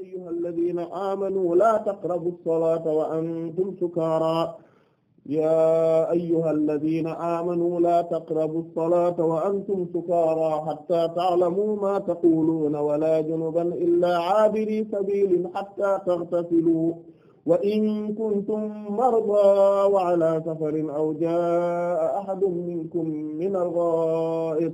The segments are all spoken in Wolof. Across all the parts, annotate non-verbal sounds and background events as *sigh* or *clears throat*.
ayyuha alladhina amanu la taqrabu as-salata wa antum sukara ya ayyuha alladhina amanu la taqrabu as-salata wa antum sukara hatta ta'lamu ma taquluna wa la junuban illa 'abiri sabilin hatta taghtasilu wa in kuntum marda wa 'ala safarin aw jaa'a ahadun minkum min al-gha'it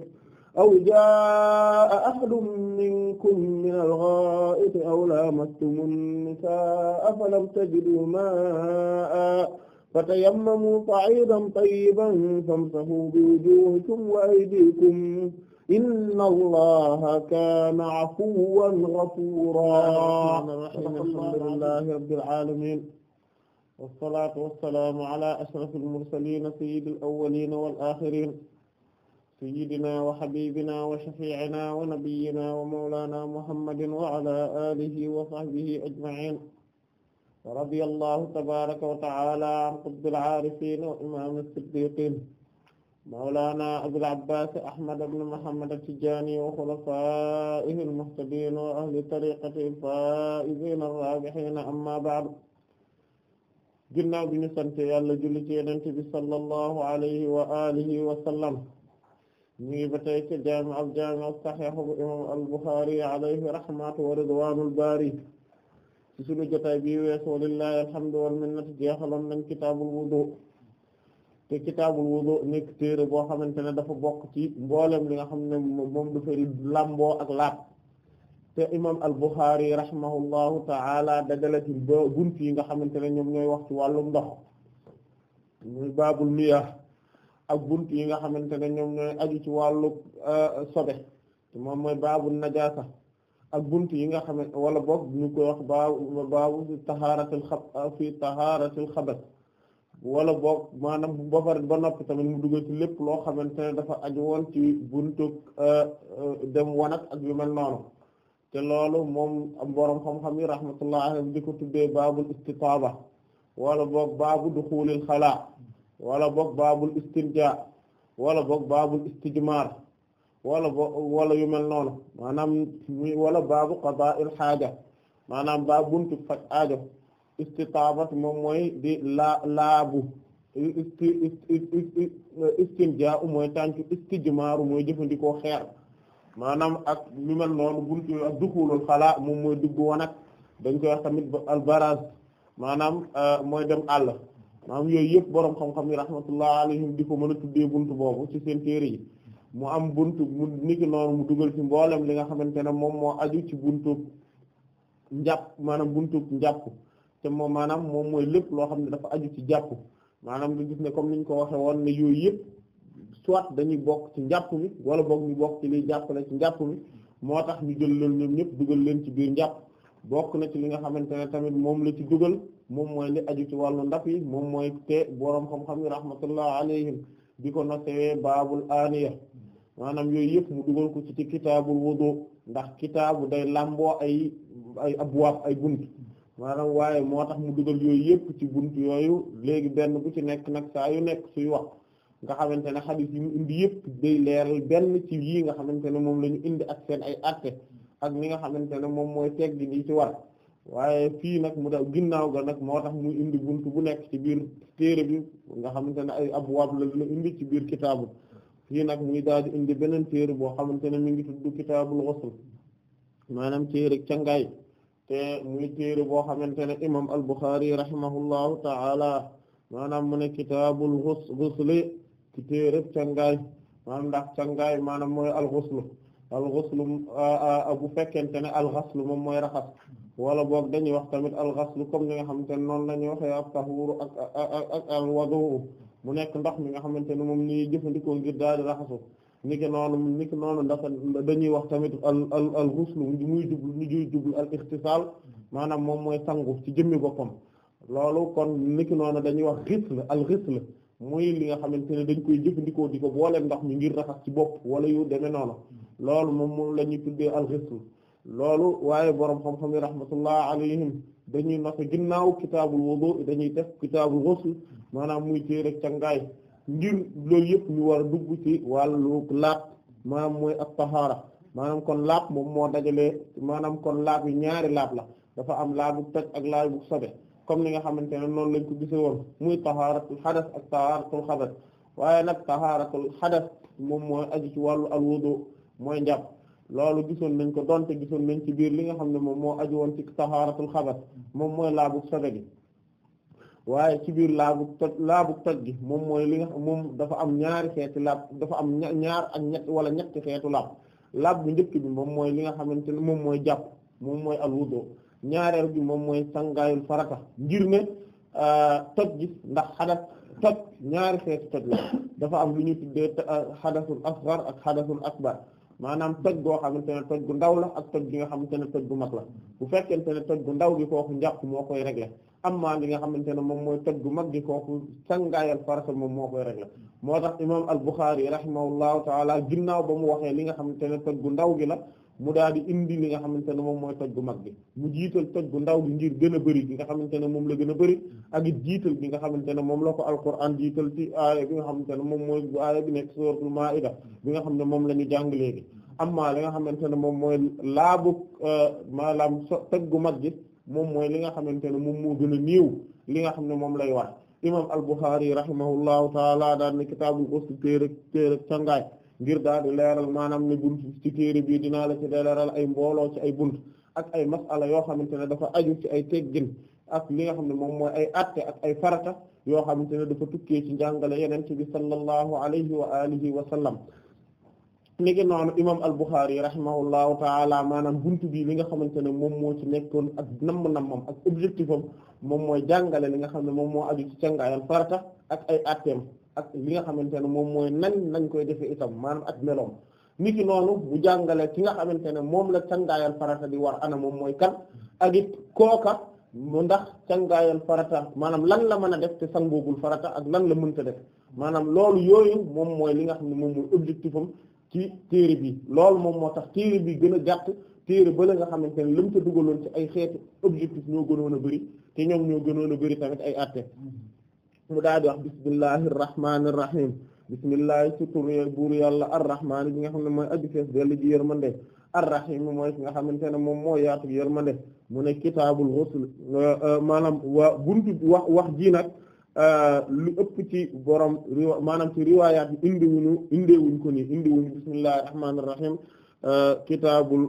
aw jaa ahadun minkum minal ghaa'iti aw laamastumun nisaa'a falam tajiduu maa'an fatayammamuu sa'iidan tayyiban famsahuu biwujuuhikum wa aydiikum inna allaha kaana afuwwan ghafuuraa. alhamdulillaahi rabbil aalamiin wassalaatu wassalaamu alaa ashrafil mursaliin sayyidil awwaliin wal aaxiriin sayyidina wa habibina wa shafi'ina wa nabiyyina wa mawlana muhammadin wa ala alihi wa sahbihi ajma'in wa radiyallahu tabaraka wa ta'ala an qutbil aarifin wa imam as-siddiqin mawlana abil abbas ahmad ibn muhammad at-tijani wa khulafa'ihi al-muhtadin wa ahli tariqatihi al-faa'izin ar-raabihin amma ba'd ginnaaw bi ñu sant yàlla julli ci yonent bi sallallahu alayhi wa alihi wa sallam ñu ba tey ci jaami al jaami al saxiix bu imam al buxaari alayhi rahmatu wa ridwaanul baari ci sunu jotaay bi weesu walillahi alhamdu wal jeexaloon nañ kitaabul wudu te kitaabul wudu nekk téere boo xamante ne dafa bokk ci mboolem li nga xam ne moom dafay làmboo ak laab te imam al buxaari rahimahullahu ta'ala dajale ci bunt yi nga xamante ne ñoom ñooy wax ci wàllum ndox muy baabul miyaah ak bunt yi nga xamante ne ñoom ñooy aju ci wàllu euh, sobe te moom mooy baabu najaasa ak bunt yi nga xam wala boog ñu koy wax baabu baabu fi tahaaratil xab euh, fi wala boog maanaam bu bafar ba noppi tamit mu duggal ci lépp loo xamante ne dafa aju woon ci buntu euh, dem wanag ak yu mel noonu te loolu moom boroom xam-xam yi rahmatullah alayhi di ko tuddee baabul istitaaba wala boog baabu duxulil xalaa wala boog baabul istinjaa wala boog baabul istijmaar wala boog yu mel noonu maanaam wala baabu qadaa'il xaaja maanaam baa buntu faj aajo istitaabat moom mooy di laa laabu isti istinjaa mooy jëfandikoo xeer maanaam ak lu mel noonu buntu a duxulul xalaa moom mooy dugg wanag dañ koy tamit ba baraz maanaam euh, mooy dem àll maanaam yooyu yëpp boroom xam-xam yi rahmatullah alayhim di ko mën a tuddee buntu boobu ci seen téere yi mu am buntu mu niki noonu mu dugal ci mboolem li nga xamante ne moom moo aju ci buntu njàpp maanaam buntu njàpp te moom maanaam moom mooy lépp loo xam ne dafa aju ci jàpp maanaam nga gis ne comme niñ ko waxee woon ne yooyu yëpp soit dañuy bokk ci njàpp mi wala boog ñu bokk ci liy jàppale ci njàpp mi moo tax ñu jël leen ñoom ñëpp dugal leen ci biir njàpp bokk na ci li nga xamante ne tamit moom la ci dugal moom mooy li aju ci wàllu ndap yi moom mooy te boroom xam-xam yi rahmatullah alayhim di ko nasewee baabul aaniya maanaam yooyu yëpp mu dugal ko ci ci kitaabul wudu ndax kitaabu day làmboo ay ay abwaab ay bunt maanaam waaye moo tax mu dugal yooyu yëpp ci bunt yooyu léegi benn bu ci nekk nag saa yu nekk suy wax nga xamante ne xadis yi mu indi yëpp day leeral benn ci yii nga xamante ne moom la ñu indi ak seen ak ni nga xamante ne moom mooy teggin yi ci war waaye fii nag mu da ginnaaw ga nag moo tax mu indi buntu bu nekk ci biir téere bi nga xamante ne ay abwaab la la indi ci biir kitaabu fii nag muy daal di indi beneen téere boo xamante ne mi ngi tudd kitaabul ghusl maanaam téere cangaay te muy téere boo xamante ne imam al-Bukhari rahimahullahu ta'ala maanaam mu ne kitaabul ghusl téere cangaay maanaam ndax cangaay maanaam mooy al-ghusl al-ghusl ah, ah, bu fekkente ne al-ghusl moom mooy raxas wala boog dañuy wax tamit alxaslu comme ni nga xamante ne noonu la ñuy waxee ak tahuuru ak ak ak alwadu mu nekk ndox mi nga xamante ne moom ni jëfandikoo ngir daal di raxasu niki noonu niki noonu dafa dañuy wax tamit al al al xuslu muy jublu muy jublu al ixtisaal maanaam moom mooy sangu ci jëmmi boppam loolu kon niki noonu dañuy wax xisl al xisl muy li nga xamante ne dañ koy jëfandikoo di ko boole ndox mi ngir raxas ci bopp wala yu demee noonu loolu moom moom la ñuy tuddee al loolu waaye borom xam-xam yi rahmatullah alayhim dañuy naka ginnaaw kitaabul wudu dañuy def kitaabul ghusl maanaam muy téere cangaay ngir loolu yëpp ñu war dugg ci wàllu laab maanaam mooy at-tahaara maanaam kon laab moom moo dajalee maanaam kon laab yi ñaari laab la dafa am laabu toj ak laabu sobe comme ni nga xamante ne noonu lañ ko gisee woon muy tahaaratul xadas ak tahaaratul xadas waaye nag tahaaratul xadas moom mooy aju ci wàllu al wudu mooy njàpp loolu gisoon nañ ko donte gisoon nañ ci biir li nga xam ne moom moo aju woon ci tahaaratul xabas moom mooy laabu sobe gi waaye ci biir laabu toj laabu toj gi moom mooy li nga moom dafa am ñaari xeeti laab dafa am ñaar ak wala ñetti xeetu laab laab bu njëkk moom mooy li nga xamante ne moom mooy jàpp moom mooy alwudo ñaareel bi moom mooy sangaayul farata ngir ne euh, toj gi ndax xadas toj ñaari xeetu toj la dafa am lu ñu tuddee euh, xadasul asgar ak xadasul akbar maanaam tëj goo xamante ne toj gu ndaw la ak tëj gi nga xamante ne toj gu mag la bu fekkente ne toj gu ndaw gi kooku njàpp moo koy am maa li nga xamante ne moom mooy toj gu mag gi kooku foofu sangaayal farasal moom moo koy régler moo tax imam al Bukhari rahimahullahu taala ginnaaw ba mu waxee li nga xamante ne tëj gu ndaw gi la mu daal di indi li nga xamante ne moom mooy toj gu mag bi mu jiital toj gu ndaw bi ngir gën a bëri bi nga xamante ne moom la gën a bëri ak it jiital bi nga xamante ne moom la ko alquran jiital ci aaya bi nga xamante ne moom mooy bu aaya bi nekk suratul maida bi nga xam ne moom la ñu jàng léegi li nga xamante ne moom mooy laabu euh, maanaam so toj gu mag gi moom mooy li nga xamante ne moom moo gën a néew li nga xam ne moom lay wax imam al-Bukhari rahimahullahu taala daan ne kitaabul ghusl téerek téerek cangaay ngir daal di leeral maanaam ne bunt ci téere bii dinaa la ci leeral ay mbooloo ci ay bunt ak ay masala yoo xamante ne dafa aju ci ay teggin ak li nga xam ne moom mooy ay atte ak ay farata yoo xam ne dafa tukkee ci njàngale yenente bi sallallahu alayhi wa alihi wa sallam ni ngi noonu imam al-Bukhari rahimahullahu taala maanaam buntu bi li nga xamante ne moom moo ci nekkoon ak namm-nammam ak objectif am moom mooy jàngale li nga xam ne moom moo aju ci cangaayal farata ak ay atteem ak li nga xamante ne moom mooy nan nañ koy defee itam maanaam ak meloom nit ki noonu bu jàngalee ki nga xamante ne moom la cangaayal farata di war ana moom mooy kan ak it kooka mu ndax cangaayal farata maanaam lan la mën a def te sangoogul farata ak lan la mënta def maanaam loolu yooyu moom mooy li nga xam ne moom mooy objectif ci téere bi loolu moom moo tax téere bi gën a gàtt téere ba la nga xamante ne lam ca dugaloon ci ay xeetu objectif ñoo gënoon a bari te ñoom ñoo gënoon a bari tamit ay mu daal di wax bismillahi irrahmani irrahim bismillahi ci tur buur yàlla arrahmaani bi nga xam ne mooy aji fees dellu ji yërmande arrahim mooy ki nga xamante ne moom moo yaatu yërmande mu ne kitaabul ghusl maanaam waa buntu wax wax ji nag euh, lu ëpp ci borom maanaam ci riwaayaat bi indiwuñu indiwuñ ko nii indiwuñu bismillahi irrahmani irrahim euh, kitaabul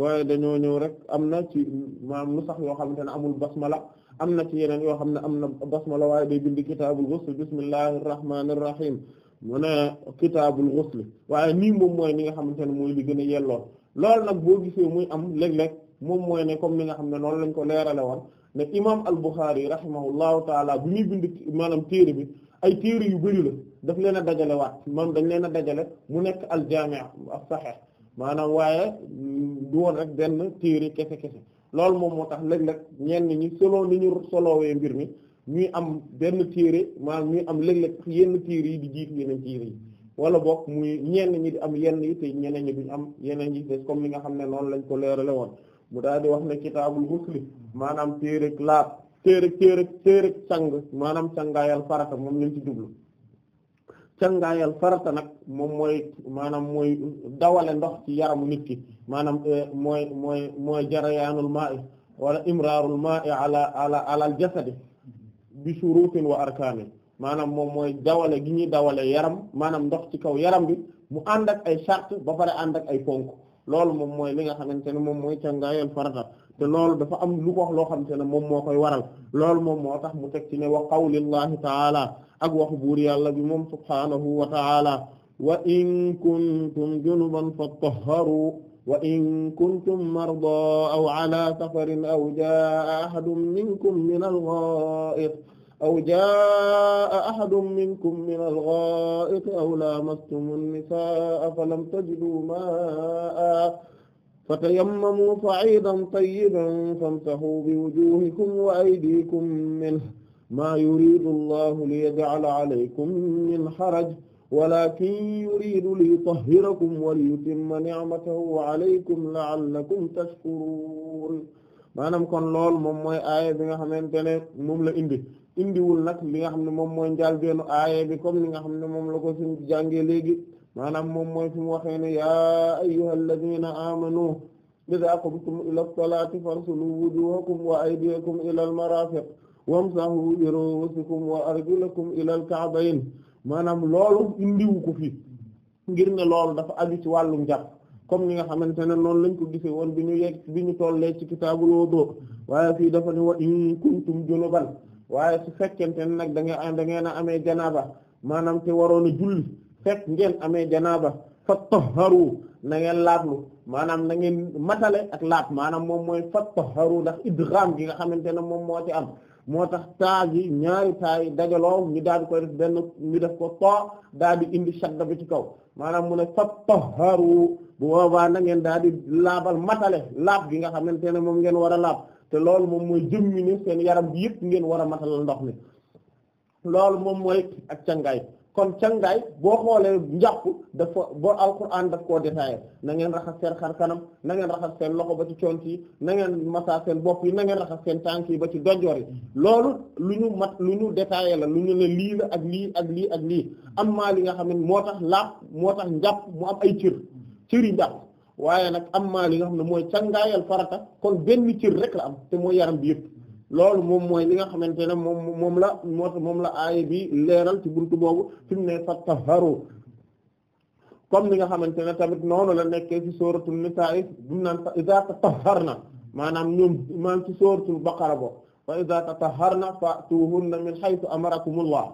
waaye dañoo ñëw rek am na ci maanaam lu sax yoo xamante ne amul basmala am na ci yeneen yoo xam ne am na basmala waaye day bind kitaabul ghusl bismillahir rahmanir rahim mu ne kitaabul ghusl waaye nii moom mooy li nga xamante ne mooy li gën a yelloo loolu nag boo gisee muy am léeg moom mooy ne comme nga xam ne noonu lañ ko leerale woon ne imam al-Bukhari rahimahullahu taala bi muy bind maanaam téere bi ay téere yu bari daf leen a dajale waat dañ leen a dajale mu nekk al-Jaami' as-Sahih maanaam waaye du woon rek benn téere kese kese loolu moom moo tax léeg-léeg ñenn ñi selon ni ñu soloowee mbir mi ñuy am benn téere maanaam ñuy am léeg-léeg yenn téere yi di jiitu yeneen téere yi wala boog muy ñenn ñi di am yenn yi te ñeneen ñi duñ am yeneen yi comme li nga xam ne noonu lañ ko leerale woon mu daal di wax ne kitaabul ghusl maanaam téere laab téere téere téere sang maanaam sangaayal farata moom lañ ci jublu cangaayal farata nag moom mooy maanaam mooy dawale ndox ci yaramu nit ki maanaam eh, mooy mooy mooy jarayaanul maa'i wala imraarul maa'i ala ala alal jasadi bi shurutin wa arkaani maanaam moom mooy dawale gi ñuy dawale yaram maanaam ndox ci kaw yaram bi mu ànd ak ay charte ba pare ànd ak ay ponk loolu moom mooy li nga xamante ne moom mooy cangaayal farata te loolu dafa am lu ko wax loo xamante ne moom moo koy waral loolu moom moo tax mu teg ci ne wa qawlillahi taala ak waxu buur yàlla bi moom subhaanahu wa taala wa in kuntum junuban fattaharu wa in kuntum marda aw ala safarin aw jaa ahadun minkum min al-ghaa'it aw jaa ahadun minkum min al-ghaa'it aw lamastum an-nisaa falam tajiduu maa'an fatayammamu sa'idan tayyiban famsahu biwujuhikum wa aydikum minhu maa yuridu Allahu liyaj'ala 'alaykum min haraj walakin yuridu liyutahhirakum wa liyutimma ni'matahu 'alaykum la'allakum tashkurun maanaam kon lool moom mooy aaya bi nga xamante ne moom la indi indiwul nag li nga xam ne moom mooy njàlbeenu aaya bi comme li nga xam ne moom la ko suñu jàngee léegi maanaam moom mooy fi mu waxee ne yaa ayyuhal ladina amanu idha qumtum ila salati faghsilu wujuhakum wa aydiyakum ila al marafiq wamsahu bi ru'usikum wa arjulakum ila al ka'bayn maanaam loolu indiwu ko fi ngir ne lool dafa aju ci wàllu njàpp comme ni nga xamante ne noonu lañ ko gisee woon bi ñu yegg bi ñu tollee ci kitaabul wudu waaye fii dafa ne wa in kuntum junuban waaye su fekkente ne nag da nga da ngeen a amee janaaba maanaam te waroon a julli fekk ngeen amee janaaba fattaharu na ngeen laatlu maanaam na ngeen matale ak laat maanaam moom mooy fattaharu ndax idgham gi nga xamante ne moom moo ci am moo tax taa gi ñaari taa yi dajaloo ñu daal di benn ñu def ko too daal di indi shadda bi ci kaw maanaam mu ne fattaharu bu boobaa na ngeen daal di laabal matale laab gi nga xamante ne moom ngeen war a laab te loolu moom mooy jëmmi ni seen yaram bi yëpp ngeen war a matalal ndox mi loolu moom mooy ak cangaay kon cangaay boo xoolee njàpp dafa boo alquran daf koo détaillé na ngeen raxas seen xar kanam na ngeen raxas seen loxo ba ci coon yi na ngeen seen bopp yi nangeen ngeen raxas seen tànk yi ba ci donjoor yi loolu lu ñu mat lu ñu détaillé la lu ñu ne lii la ak lii ak lii ak lii am maa li nga xam ne moo tax laaf moo tax njàpp mu am ay cër cëri njàpp waaye nag am maa li nga xam ne mooy cangaayal farata kon benn cër rek la am te mooy yaram bi loolu moom mooy li nga xamante ne moom moom la moo tax moom la aaya bi leeral ci buntu boobu fi mu ne fattaharu comme li nga xamante ne tamit noonu la nekkee ci sooratu nisaa bi mu naan fa iza na maanam ñoom maanaam ci sooratul baqara bo fa iza tatahharna fa'tuhunna min haythu amarakumullah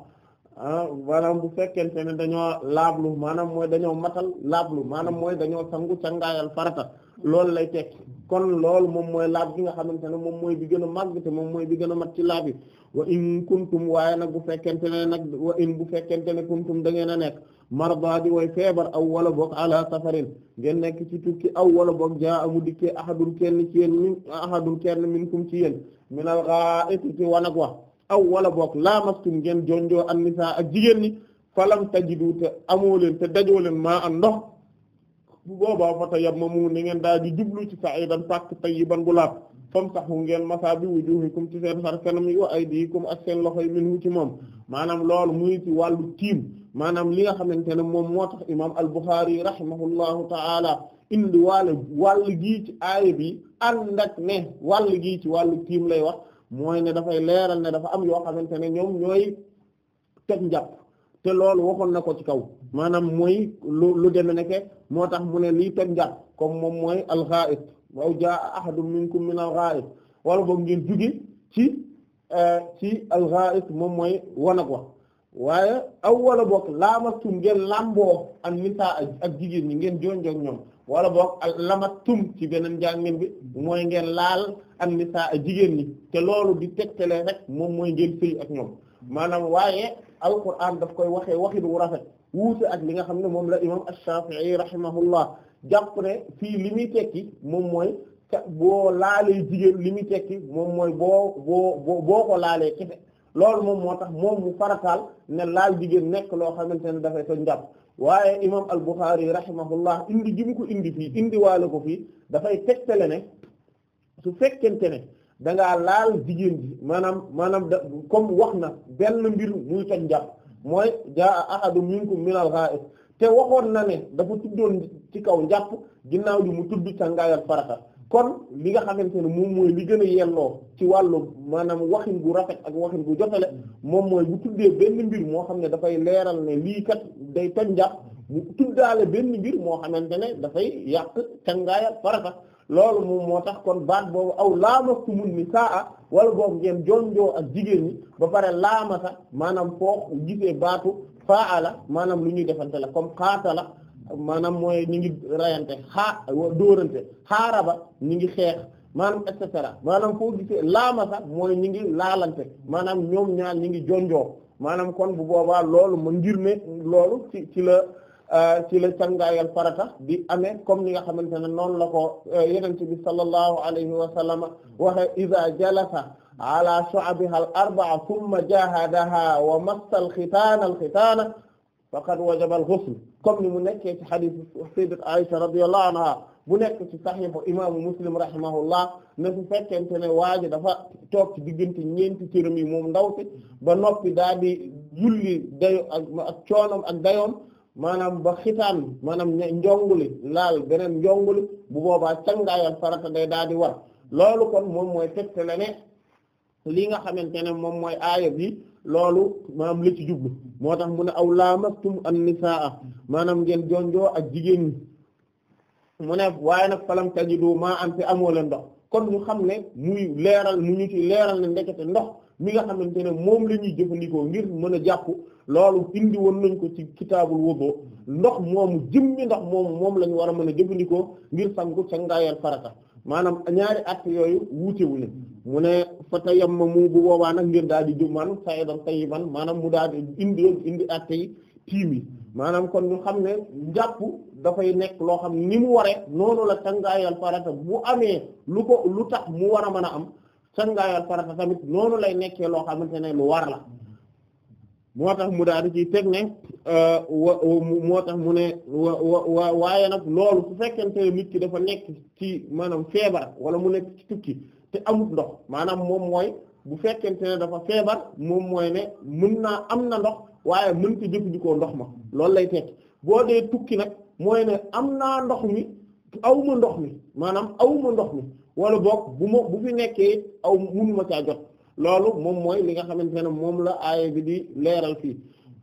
ah, maanaam bu fekkente ne dañoo laablu maanaam mooy dañoo matal laablu maanaam mooy dañoo sangu cangaayal farata loolu lay tekki kon loolu moom mooy laab gi nga xamante ne moom mooy bi gën a màgg moom mooy bi gën a mat ci laab yi wa in kuntum waaye nag bu fekkente ne nag wa in bu fekkente ne kuntum da ngeen a nekk marba di way feebar aw wala boog ala safarin ngeen nekk ci tukki aw wala boog jaa amu dikkee ahadun kenn ci yéen min ahadun kenn minkum ci yéen minal gha'it ci wanag wa aw wala boog laamastum ngeen jonjoo an nisaa ak jigéen ñi falam tajidu te amoo leen te dajoo leen maa an ndox bu boobaa fa tayammamu ni ngeen daal di jublu ci sa'idan pàkk tayyiban bu laab famsahu ngeen masa bi wujuhikum ci seen xar kanam yi wa aydikum ak seen loxo yi minhu ci moom maanaam loolu muy ci wàllu tiim maanaam li nga xamante ne moom moo tax imam al-Bukhari rahimahullahu ta'ala indi wàll wàll gii ci aaya bi ànd ak ne wàll gii ci wàllu tiim lay wax mooy ne dafay leeral ne dafa am yoo xamante ne ñoom ñooy teg njàpp te loolu waxoon na ko ci kaw maanaam mooy lu lu deme neke moo tax mu ne lii toj njàpp kom moom mooy alxaa'it waw jaa ahadun minkum min alxaa'it wala book ngeen juge ci eh, ci alxaa'it moom mooy wanag wa waaye aw wala boog laamattum ngeen lamboo ak nisaa ak jigéen ñi ngeen jonjog ñoom wala boog tum ci beneen jàngin bi mooy ngeen laal ak nisaa ak jigéen ñi te loolu di tegtale rek moom mooy ngeen sëy ak ñoom maanaam waaye alquran daf koy waxee waxin wu rafet wuute ak li nga xam ne moom la imam ash-Shafi'i rahimahullah jàpp ne fii li muy tekki moom mooy boo laalee jigéen li muy tekki moom mooy boo boo boo ko laalee kese loolu moom moo tax moom mu farataal ne laal jigéen nekk loo xamante ne dafay ko njàpp waaye imam al-Bukhari rahimahullah indi ji mu ko indi fii indiwaale ko fii dafay tegtale ne su fekkente ne da laal jigéen ji maanaam maanaam da comme wax na benn mbir muy toj njàpp mooy jaa ahadu minkum minal gha'is te waxoon na ne dafa tuddoon ci kaw njàpp ginnaaw bi mu tudd cangaayal farata kon li nga xamante ne mu mooy li gën a yelloo ci wàllu maanaam waxin gu rafet ak waxin gu jotale moom mooy bu tuddee benn mbir moo xam ne dafay leeral ne lii kat day toj njàpp mu tuddaale benn mbir moo xamante ne dafay yàq cangaayal farata loolu moom moo tax kon baat boobu aw saa nisaa wala boobu ngeen jonjoo ak jigéen ñi ba pare laamata maanaam foo gisee baatu faala maanaam lu ñuy defante la comme xaatala maanaam mooy ñu ngi rayante xaa dóorante xaaraba ñu ngi xeex maanaam et cetera maanaam foo gisee laamata mooy ñu ngi laalante maanaam ñoom ñaar ñu ngi jonjoo maanaam kon bu boobaa loolu ma ngir ne loolu ci la Euh, ci la cangaayal farata di amee comme ni nga xamante ne noonu la ko euh, yenente bi sallallahu alayhi wa waxe iza jalasa ala shu'abiha al arba'a thumma jahadaha wa massa al khitana al khitana faqad wajaba al ghusl comme ni mu nekkee ci hadith sayyidat Aisha radiyallahu anha bu nekk ci saxiixu imaamu muslim rahimahullah ne su fekkente ne waa ji dafa toog ci diggante ñeenti cëram yi moom ndaw si ba noppi daal di julli dayo ak ak maanaam ba xitaan maanaam njonguli laal beneen njonguli bu boobaa cangaayal farata day daal di war loolu kon moom mooy tegtale ne li nga xamante ne moom mooy aaya bi loolu maanaam li ci moo tax mu ne aw laamastum an nisaa maanaam ngeen jonjoo ak jigéen ñi mu ne waaye na falam tajidu maa am te amoo leen ndox kon ñu xam ne muy leeral mu ñu ci leeral ndox mi nga xamante ne moom la ñuy jëfandikoo ngir mën a jàpp loolu indi woon nañ ko ci kitaabul wudu ndox moomu jëmmi ndox moomu moom la war a mën a jëfandikoo ngir sangu sangaayal farata maanaam ñaari at yooyu wuute wuñu mu ne fa tayammamu bu boobaa nag ngeen daal di jëm man sa'idan tayyiban maanaam mu daal di indi indi at yi tiim maanaam kon ñu xam ne njàpp dafay nekk loo xam ni mu waree noonu la sangaayal farata bu amee lu ko lu tax mu war a mën a am sangaayal farata tamit noonu lay nekkee loo xamante ne lu war la moo tax mu daal di ciy teg ne euh, wa moo tax mu ne wa waaye nag loolu su ne nit ki dafa nekk ci maanaam feebar wala mu nekk ci tukki te amut ndox maanaam moom mooy bu fekkente ne dafa feebar moom mooy ne mun naa am na ndox waaye mën ci jëfandikoo ndox ma loolu lay tekki boo dee tukki nag mooy ne am naa ndox mi awma ndox mi maanaam awma ndox mi wala boog bu ma bu fi nekkee aw munuma caa jot loolu moom mooy li nga xamante ne moom la aaya bi di leeral fii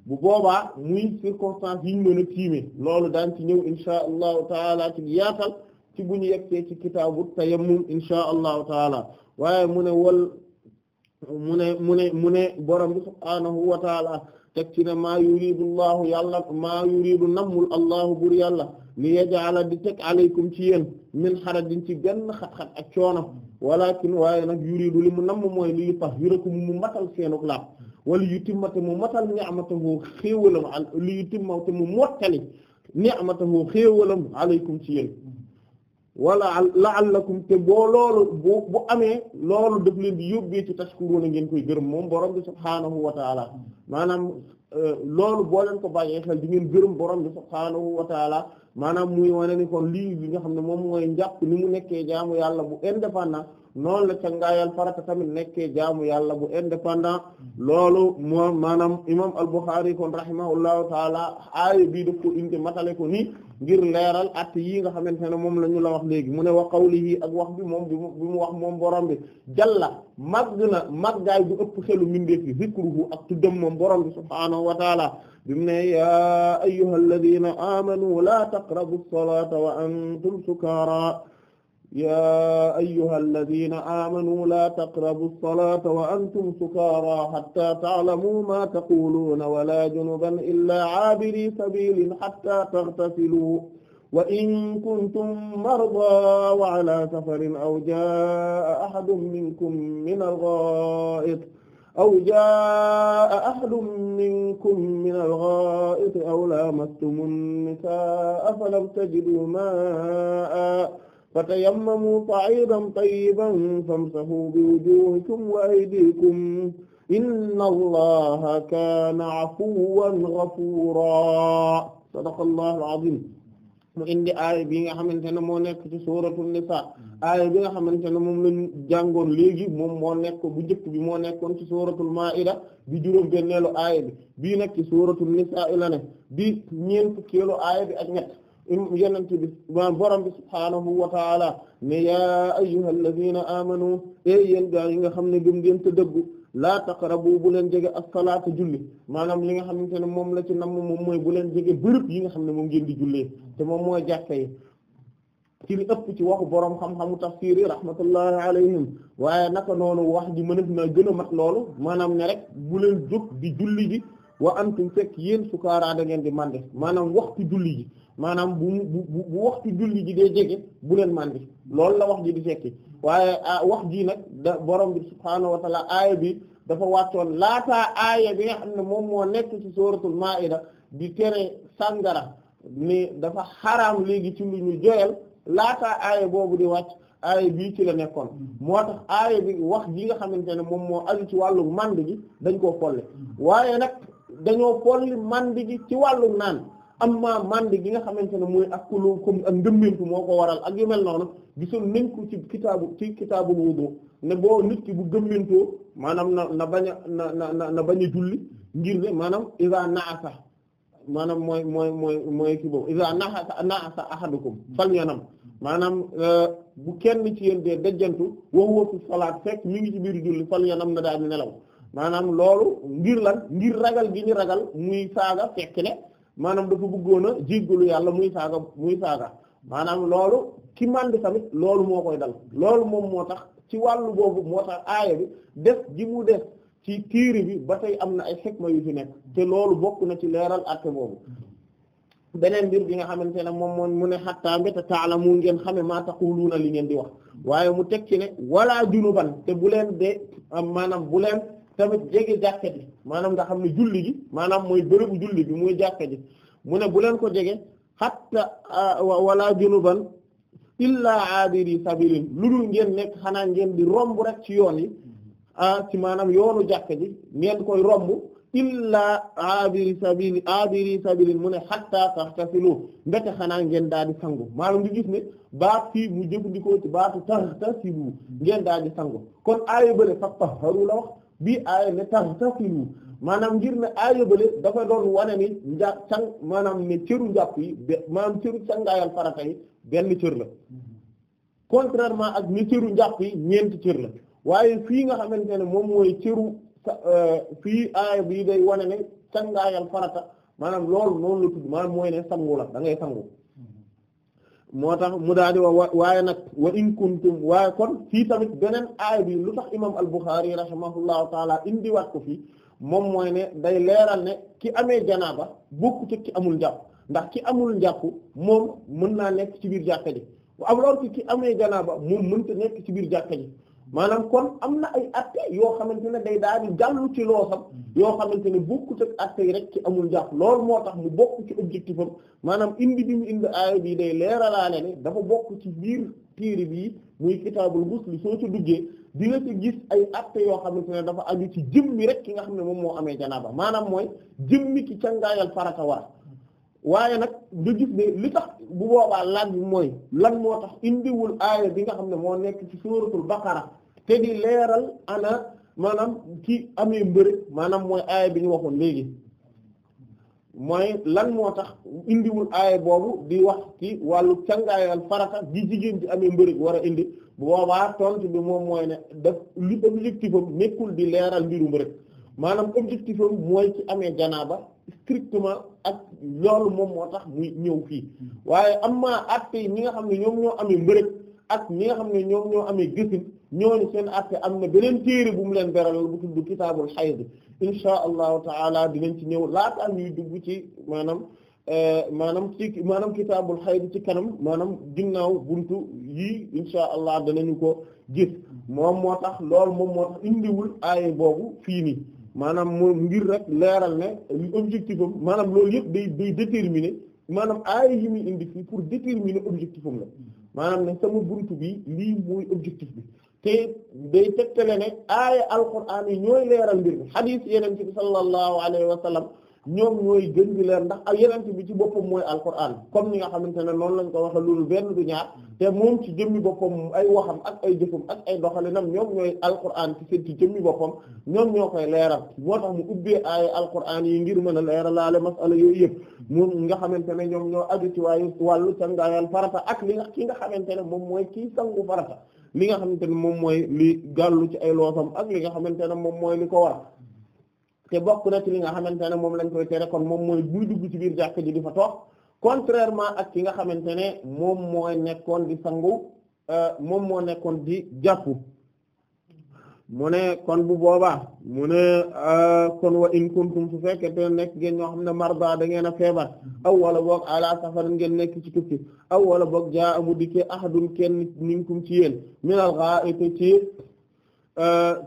bu boobaa muy circonstance yi ñu mën tiime loolu daan ci ñëw insha allahu taala ci yaatal ci bu ñu yeggee ci kitaabu tayammum insha allahu taala waaye mu ne wal mu ne mu ne mu ne borom bi subhaanahu wa taala teg ci ne maa yuridu llahu yàlla maa yuridu nammul allahu bur yàlla li yaj'ala di teg aleykum ci yéen min xarajin ci genn xat-xat ak coono walakin waaye nag yuridu li mu namm mooy li yutahhirakum mu matal seenuk laab wala yutimma te mu matal ni'matahu xéewalam li yutimma te mu mottali ni'matahu xéewalam aleykum ci yéen wala la'allakum te boo loolu bu amee loolu daf leen di yóbbee ci tashkuruna ngeen koy gërëm moom borom bi subhaanahu wa taala maanaam euh, loolu boo leen ko bàyyee xel di ngeen gërëm borom bi subhaanahu wa taala maanaam muy wane ni kon lii li nga xam ne moom mooy njàpp ni mu nekkee jaamu yàlla bu indépendant noonu la cangaayal farata tamit nekke jaamu yàlla bu indépendant loolu moom maanaam imam al-Bukhari kon rahimahullahu taala aaya bii daf ko indi matale ko nii ngir leeral at yii nga xamante ne moom la ñu la wax léegi mu wax wa qawlihi ak wax bi moom bi mu wax moom borom bi jalla màgg na màggaay bu ëpp xelu mbindeef yi zikruhu ak tuddam moom borom bi subhaanahu wa taala bi mu ne yaa ayyuha alladina amanu wa antum sukara يا أيها الذين آمنوا لا تقربوا الصلاة وأنتم سكارى حتى تعلموا ما تقولون ولا جنبا إلا عابري سبيل حتى تغتسلوا وإن كنتم مرضى وعلى سفر أو جاء أحد منكم من الغائط أو جاء أحد منكم من الغائط أو لامستم النساء فلم تجدوا ماء fatayammamu sa'idan tayyiban famsahu bi wujuhikum wa aydikum inna allaha kaana afuwan ghafuura sadaqallahu al-azim mu indi aaya bi nga xamante ne moo nekk ci suuratul nisaa aaya bi nga xamante ne moom lañ jàngoon léegi moom moo nekk bu njëkk bi moo nekkoon ci suuratul maa'ida bi juróom benneelu aaya bi bii nag ci suuratul nisaa la ne bi ñeent fukkeelu aaya bi ak ñett yenente bi maanaam borom bi subhaanahu wa taala ne yaa ayyuhal ladina amanu e eh, yéen gaa yi nga xam ne gën ngeen te dëggu laa taqrabu bu leen jege as-salaata julli maanaam li nga xamante ne moom la ci namm moom mooy bu leen jege bërëb yi nga xam ne moom ngeen di jullee te moom mooy jàkka yi ci li ëpp ci waxu boroom xam-xamu tafsiir yi rahmatullahi alayhim waaye naka noonu wax ji mënat na gën a mat loolu maanaam ne rek bu leen jóg di julli ji wa antum fekk yéen sukaaraa da ngeen di màndi maanaam waxtu julli ji maanaam bu bu bu waxtu julli ji day jege bu leen màndi loolu la wax ji di fekki waaye wax ji nag da borom bi subhaanahu wa bi dafa wàccoon laata aaya bi nga xam ne moom moo nekk ci suratul maa'ida di tere sàngara ni dafa xaraam léegi ci lu ñu joyal laataa aaya boobu di wàcc aaya bii ci nekkoon moo tax aaya bi wax ji nga xamante ne moom moo aju ci wàllu mànd gi dañ koo folle mm-hmm. waaye nag dañoo folli mandi gi ci wàllu naan amma mandi gi nga xamante ne mooy ak kuloo comme ak ndëmmintu moo ko waral ak yu mel noonu gisoon nañ ko ci kitaabu ci kitaabul wudu ne boo nit ki bu gëmmintoo maanaam na na bañ a na na na bañ julli ngir ne maanaam iza naasa maanaam mooy mooy mooy mooy ki boobu iza naasa naasa ahadukum fal yanam maanaam euh, bu kenn ci yéen dee dajjantu wa huwa fi salaat fekk mi ngi ci biir julli fal yanam na daal di nelaw maanaam loolu ngir lan ngir ragal gi ñu ragal muy saaga fekk ne maanaam dafa bëggoon a jéggalu yàlla muy saaga muy saaga maanaam loolu ki màndi tamit loolu moo koy dal loolu moom moo tax ci wàllu boobu moo tax aaya bi def ji mu def ci tiiri bi ba tey am na ay xikma yu fi nekk te loolu bokk na ci leeral àtte boobu beneen mbir bi nga xamante ne moom moom mu ne xattaa mbéta taala mu ngeen xame maa taquluuna li ngeen di wax waaye mu teg wala junuban te bu tamit jege jàkka ji maanaam nga xam ne julli gi maanaam mooy bërëbu julli bi mooy jàkka ji mu ne bu leen ko jege hatta ah, wala junuban illaa aabiri sabilin lu dul ngeen nekk xanaa ngeen di romb rek ci yoon yi ah, ci maanaam yoonu jàkka ji ngeen koy romb illaa aabiri sabili aabiri sabilin mu ne hatta taxtasilu mbete xanaa ngeen daal di sangu maanaam ngi gis ne baat fii mu jëfandikoo ci baatu taxtasilu ngeen daal di sangu kon aaya bële fa taharu wax bii aaya ne taxtasilu maanaam ngir ne aaya bële dafa doon wane ni nja càng maanaam ne cëru njàpp yi be maanaam cëru cangaayal farata yi benn cër la contrairement ak ne cëru njàpp yi ñeenti cër la waaye fii nga xamante ne moom mooy cëru euh, fi aaya bii day wane ne cangaayal farata maanaam loolu noonu la tudd maanaam mooy ne sangu la da ngay sangu moo tax mu daal di wa waaye nag wa in kuntum waaye kon fii tamit beneen aay bi lu tax imam al-Bukhari rahimahullahu taala indi waat ko fii moom mooy ne day leeral ne ki amee janaaba bokku ci amul njàpp ndax ki amul njàpp moom mën naa nekk ci biir jàkka am alors que ki amee janaaba moom mënta nekk ci biir jàkka ji maanaam kon am na ay atte yoo xamante ne day daal di jàllu ci loosam yoo xamante ne bokkut ak atte yi rek ci amul jàpp loolu moo tax mu bokk ci objectif am maanaam indi bi mu indi aaya bi day leeralaale ne dafa bokk ci biir téere bii muy kitaabul musli soo ci duggee dina ci gis ay atte yoo xamante ne dafa aju ci jëmmi rek ki nga xam ne moom moo amee janaaba maanaam mooy jëmmi ci cangaayal farata waaye nag nga gis ne li tax bu boobaa laaj bi mooy lan moo tax indiwul aaya bi nga xam ne moo nekk ci suuratul baqara te di leeral ana maanaam ci amee mbëri maanaam mooy aaya bi ñu waxoon léegi mooy lan moo tax indiwul aaya boobu di wax ci wàllu cangaayal farata di jigéen ci amee mbëri war a indi bu boobaa tontu bi moom mooy ne daf li objectif am nekkul di leeral mbiru mbëri maanaam objectif am mooy ci amee janaaba strictement ak loolu moom moo tax muy ñëw fii waaye amma atte ñi nga xam ne ñoom ñoo amee mbërëg ak ñi nga xam ne ñoom ñoo amee gisin ñooñu seen atte am na beneen téere bu mu leen beralal bu tudd kitaabul xayd inshaa allahu taala dinañ ci ñëw laata ñuy dugg ci maanaam eh, maanaam ci maanaam kitaabul xayd ci kanam maanaam ginnaaw buntu yi inshaa allah danañu ko gis moom moo tax loolu moom moo tax indiwul aaye boobu fii nii maanaam moom ngir rek leeral ne objectif am maanaam loolu yëpp day day déterminer maanaam aay yi indi fii pour déterminer objectif am la maanaam ne sama buntu bi lii mooy objectif bi te day tegtale ne aaya alxuraan yi ñooy leeral mbir mi xadiis yeneen ci sallallahu alayhi wa ñoom ñooy gën di leer ndax ak yeneen bi ci boppam mooy alquran comme ni nga xamante ne noonu lañ ko waxe loolu benn du ñaar te moom ci jëmmi boppam ay waxam ak ay jëfam ak ay doxalinam ñoom ñooy alquran ci seen ci jëmmi boppam ñoom ñoo koy leeral moo tax mu ubbee ay alquran yi ngir mën a leeralaale masala yooyu yëpp moom nga xamante ne ñoom ñoo aju ci waaye wàllu cangaayal farata ak li nga ki nga xamante ne moom mooy kii sangu farata li nga xamante ne moom mooy li gàllu ci ay loosam ak li nga xamante ne moom mooy li ko war te bokk na ci li nga xamante ne moom lañ koy tere kon moom mooy buy dugg ci biir jàkk ji di fa toog contrairement ak ki nga xamante ne moom mooy nekkoon di sangu euh, moom moo nekkoon di jàppu mu ne kon bu boobaa mu euh, kon wa in kuntum su fekkete nekk ngeen ñoo xam ne marda da ngeen a feebar aw wala boog ala safarin ngeen nekk ci tukki aw wala boog jaa amu dikkee ahadun kenn ninkum ci yéen minal ghaa'iti ci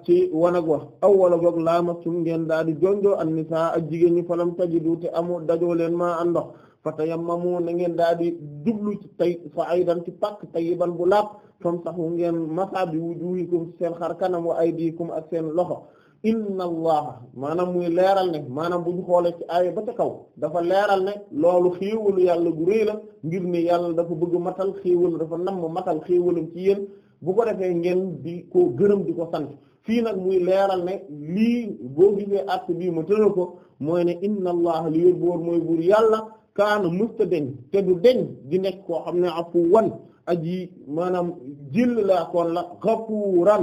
ci wanag wax aw wala boog laamastum ngeen daal di jonjoo an nisaa ak jigéen ñi falam tajidu te amu dajoo leen maa an ndox fa tayammamu na ngeen daal di jublu ci tay sa'idan ci pàkk tayyiban bu laab famsahu ngeen masa bi wujuhikum seen xar kanam wa aydikum ak seen loxo inna allaha maanaam muy leeral ne maanaam bu ñu xoolee ci aaya ba ca kaw dafa leeral ne loolu xéewalu yàlla gu rëy ngir ne yàlla dafa bëgg matal xéewalu dafa namm matal xéewalam ci yéen bu ko defee ngeen di ko gërëm di ko sant fii nag muy leeral ne lii boo gisee acte bii ma tëral ko mooy ne inna allah li yor boor mooy buur yàlla kaana musta deñ te du deñ di nekk koo xam ne afu wan aji maanaam jill laa koon la xafuuran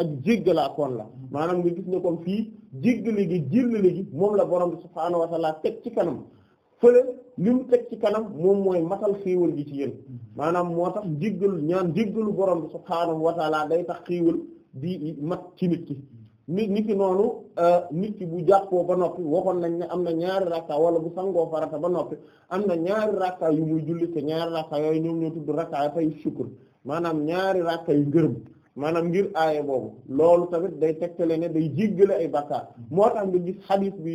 aji jégg laa koon la maanaam nga gis ne kon fii jégg léegi jill léegi moom la borom bi subhaanahu wa ta'ala teg ci kanam fële li mu teg ci kanam moom mooy matal xéewal gi ci yéen maanaam moo tax njéggalu ñaan njéggalu borom bi subhaanahu wa taala day tax xéewal bi mat ci nit ki nit nit ki noonu euh, nit ki bu jàppoo ba noppi waxoon nañ ne am na ñaari rakka wala bu sangoo farata ba noppi am na ñaari rakka yu muy julli te ñaari rakka yooyu ñoom ñoo tudd rakka fay shukr maanaam ñaari rakka yu ngërëm maanaam ngir aaye boobu loolu tamit day tegtale ne day jéggale ay bakkaar moo tax nga gis xadiis bi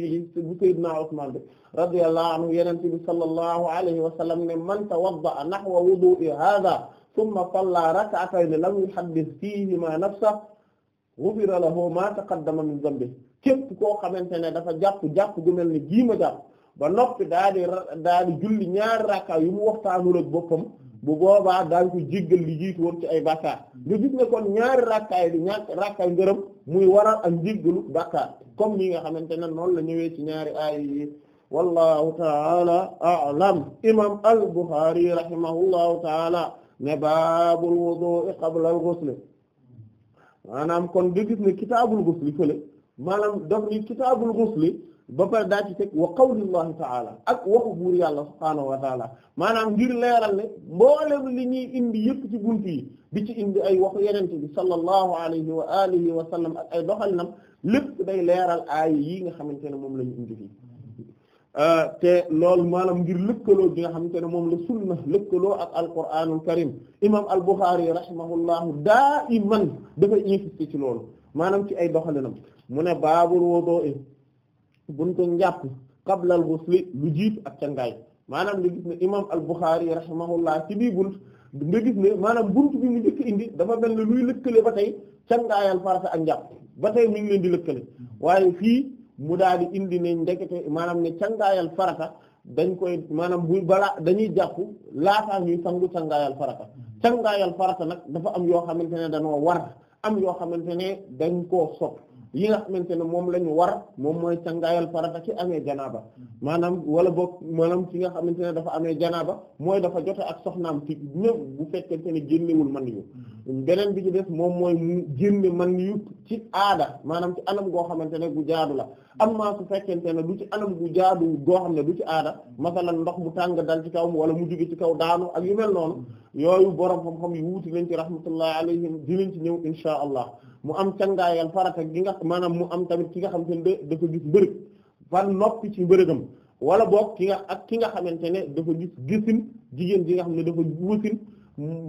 bu Seydina Usmaan bi radiyallahu anhu yenente bi sallallahu alayhi wa sallam ne man tawadda'a nahwa wudu'i hadha thumma salla rak'atayn lam yuhaddith fihima nafsahu ghufira lahu ma taqaddama min dhanbihi képp koo xamante ne dafa jàpp jàpp gu mel ni gii ma jàpp ba noppi daa di daa di julli ñaari rakka yu mu waxtaanul ak boppam bu boobaa daañ ko jéggal li jiitu woon ci ay bàkkaar nga gis ne kon ñaari rakkaay bi ñaar rakkaay ngërëm muy waral ak njéggalu bàkkaar comme ni nga xamante ne noonu la ñëwee ci ñaari aay yi wallahu taala a'lam imam al-Bukhari rahimahullahu taala ne baabul wudu'i qabla al-ghusl kon nga gis ne kitaabul ghusli fële maanaam daf ni kitaabul ba pare daa wa qawlillahi taala ak waxu buur yàlla subhaanahu wa ngir leeral ne mboolem li ñuy indi yëpp ci bunt yi bi ci indi ay waxu yenente bi sallallahu alayhi wa alihi wa sallam ak ay doxalinam lépp day leeral aay yi nga xamante ne moom la ñu indi fii euh, te loolu maanaam ngir lëkkaloo gi nga xamante ne moom la sunna lëkkaloo ak alquraanul karim imam al Bukhari rahimahullahu daa iman dafay insister ci loolu maanaam ci ay doxalinam mu ne baabul wudu'i buntu njàpp qablal ghusli lu jiit ak cangaay maanaam nga gis ne imam al-Bukhari rahimahullah bunt nga gis maanaam bunt mu njëkk indi dafa mel luy lëkkale ba tey cangaayal farata ak njàpp ba tey mi ngi leen di lëkkale waaye fii mu daal di indi na ndekete maanaam ne cangaayal farata dañ koy maanaam bu balaa dañuy jàpp laataa ngi sangu càngaayal farata cangaayal farata nag dafa am yoo xamante ne dañoo war am yoo xamante ne dañ koo sopp yi nga xamante ne moom la ñu war moom mooy cangaayal farata ci amee janaaba maanaam wala boog maanaam ci nga xamante ne dafa amee janaaba mooy dafa jote ak soxnaam ci ñëw bu te ne génnewul man yu beneen bi ci des moom mooy mu génne man yu ci aada maanaam ci anam goo xamante ne gu jaadu la am amma su fekkente ne du ci anam gu jaadu goo xam ne du ci aada masalan ndox mu tàng dal ci kawam wala mu jóge ci kaw daanu ak yu mel noonu yooyu borom xam-xam yu wuuti nañ ci rahmatullah alayhim dinañ ci ñëw insha allah mu am cangaayal farata gi nga maanaam mu am tamit ki nga xamante ne dafa gis mbërëg ba noppi ci mbërëgam wala boog ki nga ak ki nga xamante ne dafa gis gisin jigéen ji nga xam ne dafa wusin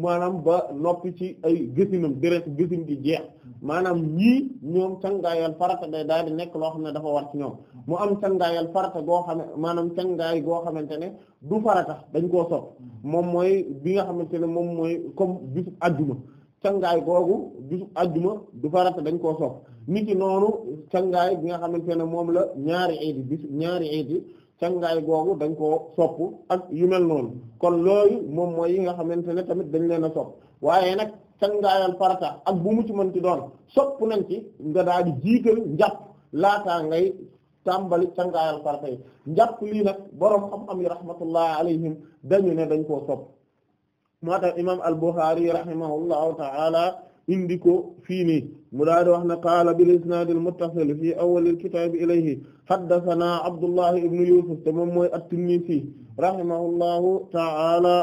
maanaam ba noppi ci ay gësinam deret gësin gi jeex maanaam ñii ñoom cangaayal farata day daal di nekk loo xam ne dafa war ñoom mu am cangaayal farata goo xam maanaam cangaay goo xamante ne du farata dañ koo sopp moom mooy bi nga xamante ne moom mooy comme bisu àjjuma cangaay googu bisub ajjuma du farata dañ koo sopp nit ki noonu cangaay bi nga xamante ne moom la ñaari iid bis ñaari iid cangaay googu dañ koo sopp ak yu mel noonu kon loolu moom mooy yi nga xamante ne tamit dañ leen a sopp waaye nag cangaayal farata ak bu mu ci mën ci doon sopp nañ ci nga daal di jiital njàpp laataa ngay tàmbali cangaayal farata yi njàpp lii nag boroom xam-xam yi rahmatullah alayhim dañu ne dañ koo sopp moo tax imam al-Bukhari rahimahullahu ta'ala indi ko fii nii mu daal di wax ne qaala bil isnaad al muttasil fii awwal al kitaab ilayhi haddathana Abdullah ibn Yusuf te moom mooy at-Tinnisi rahimahullahu ta'ala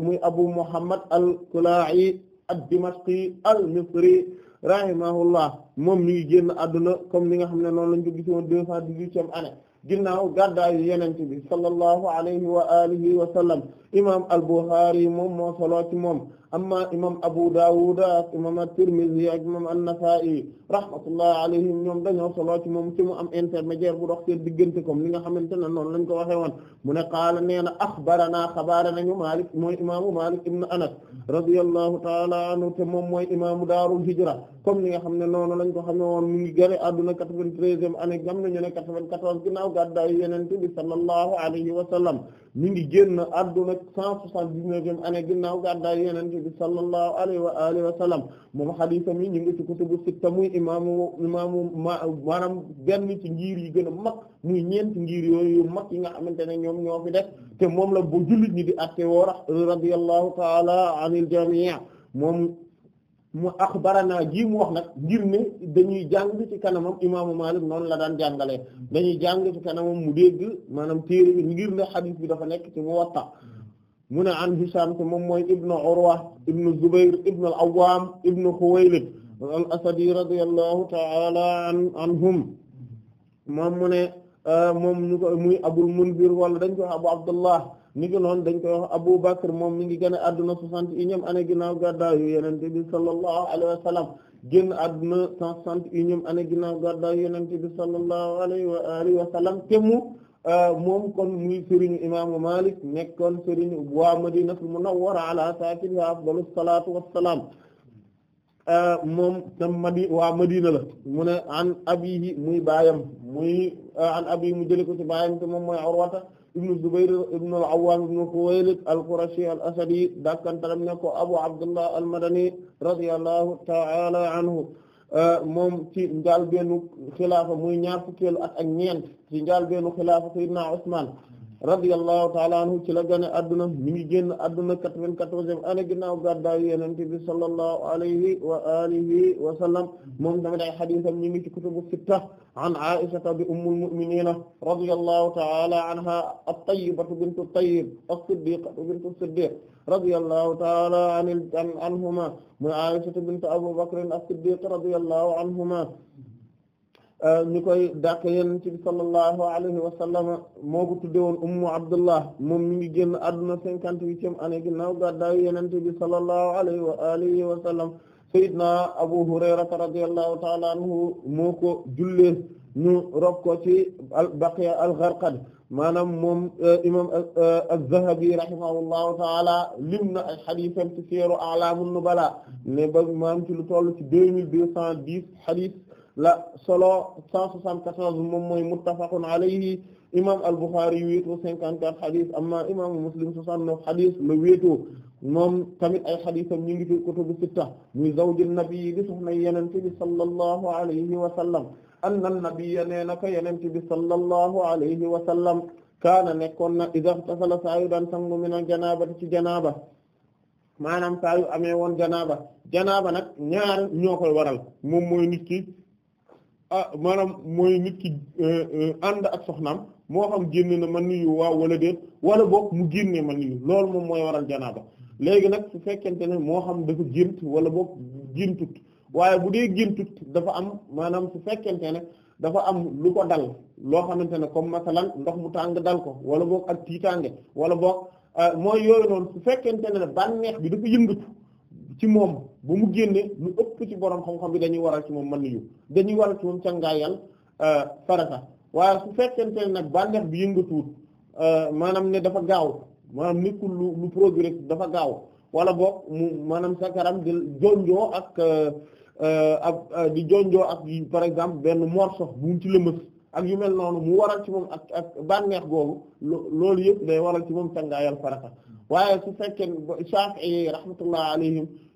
muy Abu Muhammad al-Kalaa'i ad-Dimashqi al-Misri rahimahullah moom mi ngi génn àdduna comme ni nga xam ne noonu lañ ko gis woon deux cent dix-huitième année ginnaaw gàddaayu Yonent bi sallallahu alayhi wa alihi wa sallam imam al-Bukhari moom moo solo ci moom amma imam Abu Dawud ak imam at-Tirmidhi ak imam an-Nasa'i rahmatullah ñoom dañoo solo moom ci mu am intermédiaire bu dox seen diggante comme li nga xamante ne noon lañ ko waxee woon mu ne qaala nee na naa xabaara nañu Malik mooy imaamu Malik ibn Anas radiyallahu ta'ala anhu te moom mooy imaamu daarul hijra comme li nga xam ne noon lañ ko xamee woon mu ngi gëre adduna quatre-vingt-treizième année gam nañu ne ginnaaw gàddaayu Yonent bi sallallahu alayhi wa sallam mi ngi génn adduna cent soixante-dix-neuvième année ginnaaw gàddaay yonent bi sallallahu alayhi wa alihi wa sallam moom xadiisam yi ñu ngi ci kutubu sitta muy imaamu imaamu ma maanaam benn ci njiir yi gën a mag muy ñeenti ngir yooyu yu yi nga xamante ne ñoom ñoo fi def te moom la bu jullit ñi di atte woo radiyallahu ta'ala anil jami' moom mu axbarana ji mu wax nag ngir ne dañuy jàng ci kanamam imaamu Maalik noonu la daan jàngalee dañuy jàng ci kanamam mu dégg maanaam téere ngir ne xadiis bi dafa nekk ci Muwatta mu ne an Hishaam te moom mooy ibnu Urwa ibnu Zubayr ibnu al-Awwaam ibnu Xuwaylid al-Asadi radiyallahu ta'ala anhum moom mu ne ah, moom muy Abul Munzir wala dañ ko Abu Abdullah ni ngi noonu dañ koy Abu Bakr moom mi ngi gën a adduna soixante et unième année ginnaaw gàddaayu Yonent bi sallallahu alayhi wa sallam génn adduna cent soixante et unième année ginnaaw gàddaayu Yonent bi sallallahu alayhi wa alihi wa sallam te mu euh, moom kon muy sëriñu imaamu Malik nekkoon sëriñu waa Madinatul Munawwara ala saakinihaa afdalu salaatu wassalaam euh, moom tam madi waa Madina la mu ne an abiihi muy baayam muy euh, an abiihi mu jëlee ko ci baayam te mooy Urwata ibnu Zubayr ibnu al-Awwam ibnu Khuwaylid al-Qurashi al-Asadi dakkantalam ne ko Abu Abdullah al-Madani radiyallahu ta'ala anhu euh, moom ci njaal bennu xilaafa muy ñaar fukkeelu at ak ñeent ci njaal bennu xilaafa Sayyidina Usman radiyallahu taala anhu ci la gane adduna mi ngi génn adduna quatre-vingt-quatorzième année ginnaaw gàddaayu yonent bi sallallahu alayhi wa alihi wa sallam moom tamit ay xadiisam ñu ngi ci kutubu sitta an Aisha bi ummul mu'minina radiyallahu taala anha at-tayyibatu bintu at-tayyib as-siddiqatu bintu as-siddiq radiyallahu taala anil anhuma mu Aisha bintu Abu Bakr as-siddiq radiyallahu anhuma ni euh, koy dàq yonent bi sallallahu alayhi wa sallam moo ko tudde woon ummu abdullah moom mi ngi génn àdduna cinquante-huitième année ginnaaw gàddaayu yonent bi sallallahu alayhi wa alihi wa abu hurayrata radiyallahu ta'ala anhu moo ko jullee ñu rob ko ci al baqiya al gharqad maanaam moom euh, imam euh, az-zahabi rahimahullahu ta'ala lim na ay xadisam ci seeru a'lamun nubala ne ba maam ci lu toll ci deux mille deux cent dix xadis la solo 174 moom mooy muttafaqun alayhi imam al-Bukhari wéetoo 54 xadis amma imam Muslim 69 xadis la wéetoo moom tamit ay xadisam ñu ngi fi kutubu sitta muy zawjun nabi di soxna yonent bi sallallahu alayhi wa sallam anna nabiyya nee na ko yonent bi sallallahu alayhi wa sallam kaana nekkoon na idha ightasala saa yu daan sangu min al-janaabati ci janaaba maanaam saa yu amee woon janaaba janaaba nag ñaar ñoo koy waral moom mooy ah maanaam mooy nit ki euh, euh, ànd ak soxnaam moo xam génn na man nuyu waaw wala déet wala boog mu génnee man nuyu loolu moom mooy waral janaaba léegi nag su fekkente ne moo xam dafa gént wala boog géntut waaye bu dee géntut dafa am maanaam su fekkente ne dafa am lu ko dal loo xamante ne comme masalan ndox mu tàng dal ko wala boog ak tiitaange wala boog euh, mooy yooyu noonu su fekkente ne bànneex bi dafa yëngatu ci moom ba mu génnee lu ëpp ci borom xam-xam bi dañuy waral ci moom mën yu dañuy waral ci moom cangaayal euh, farata waaye su fekkee ne nag bànneex bi yëngatuwut euh, maanaam ne dafa gaaw maanaam nekkul lu lu progrès dafa gaaw wala boog mu maanaam sakaram di jonjoo ak euh, ak di jonjoo ak par exemple benn morceau bu ci lëmës ak yu mel noonu mu waral ci moom ak ak bànneex googu loolu yëpp day waral ci moom cangaayal farata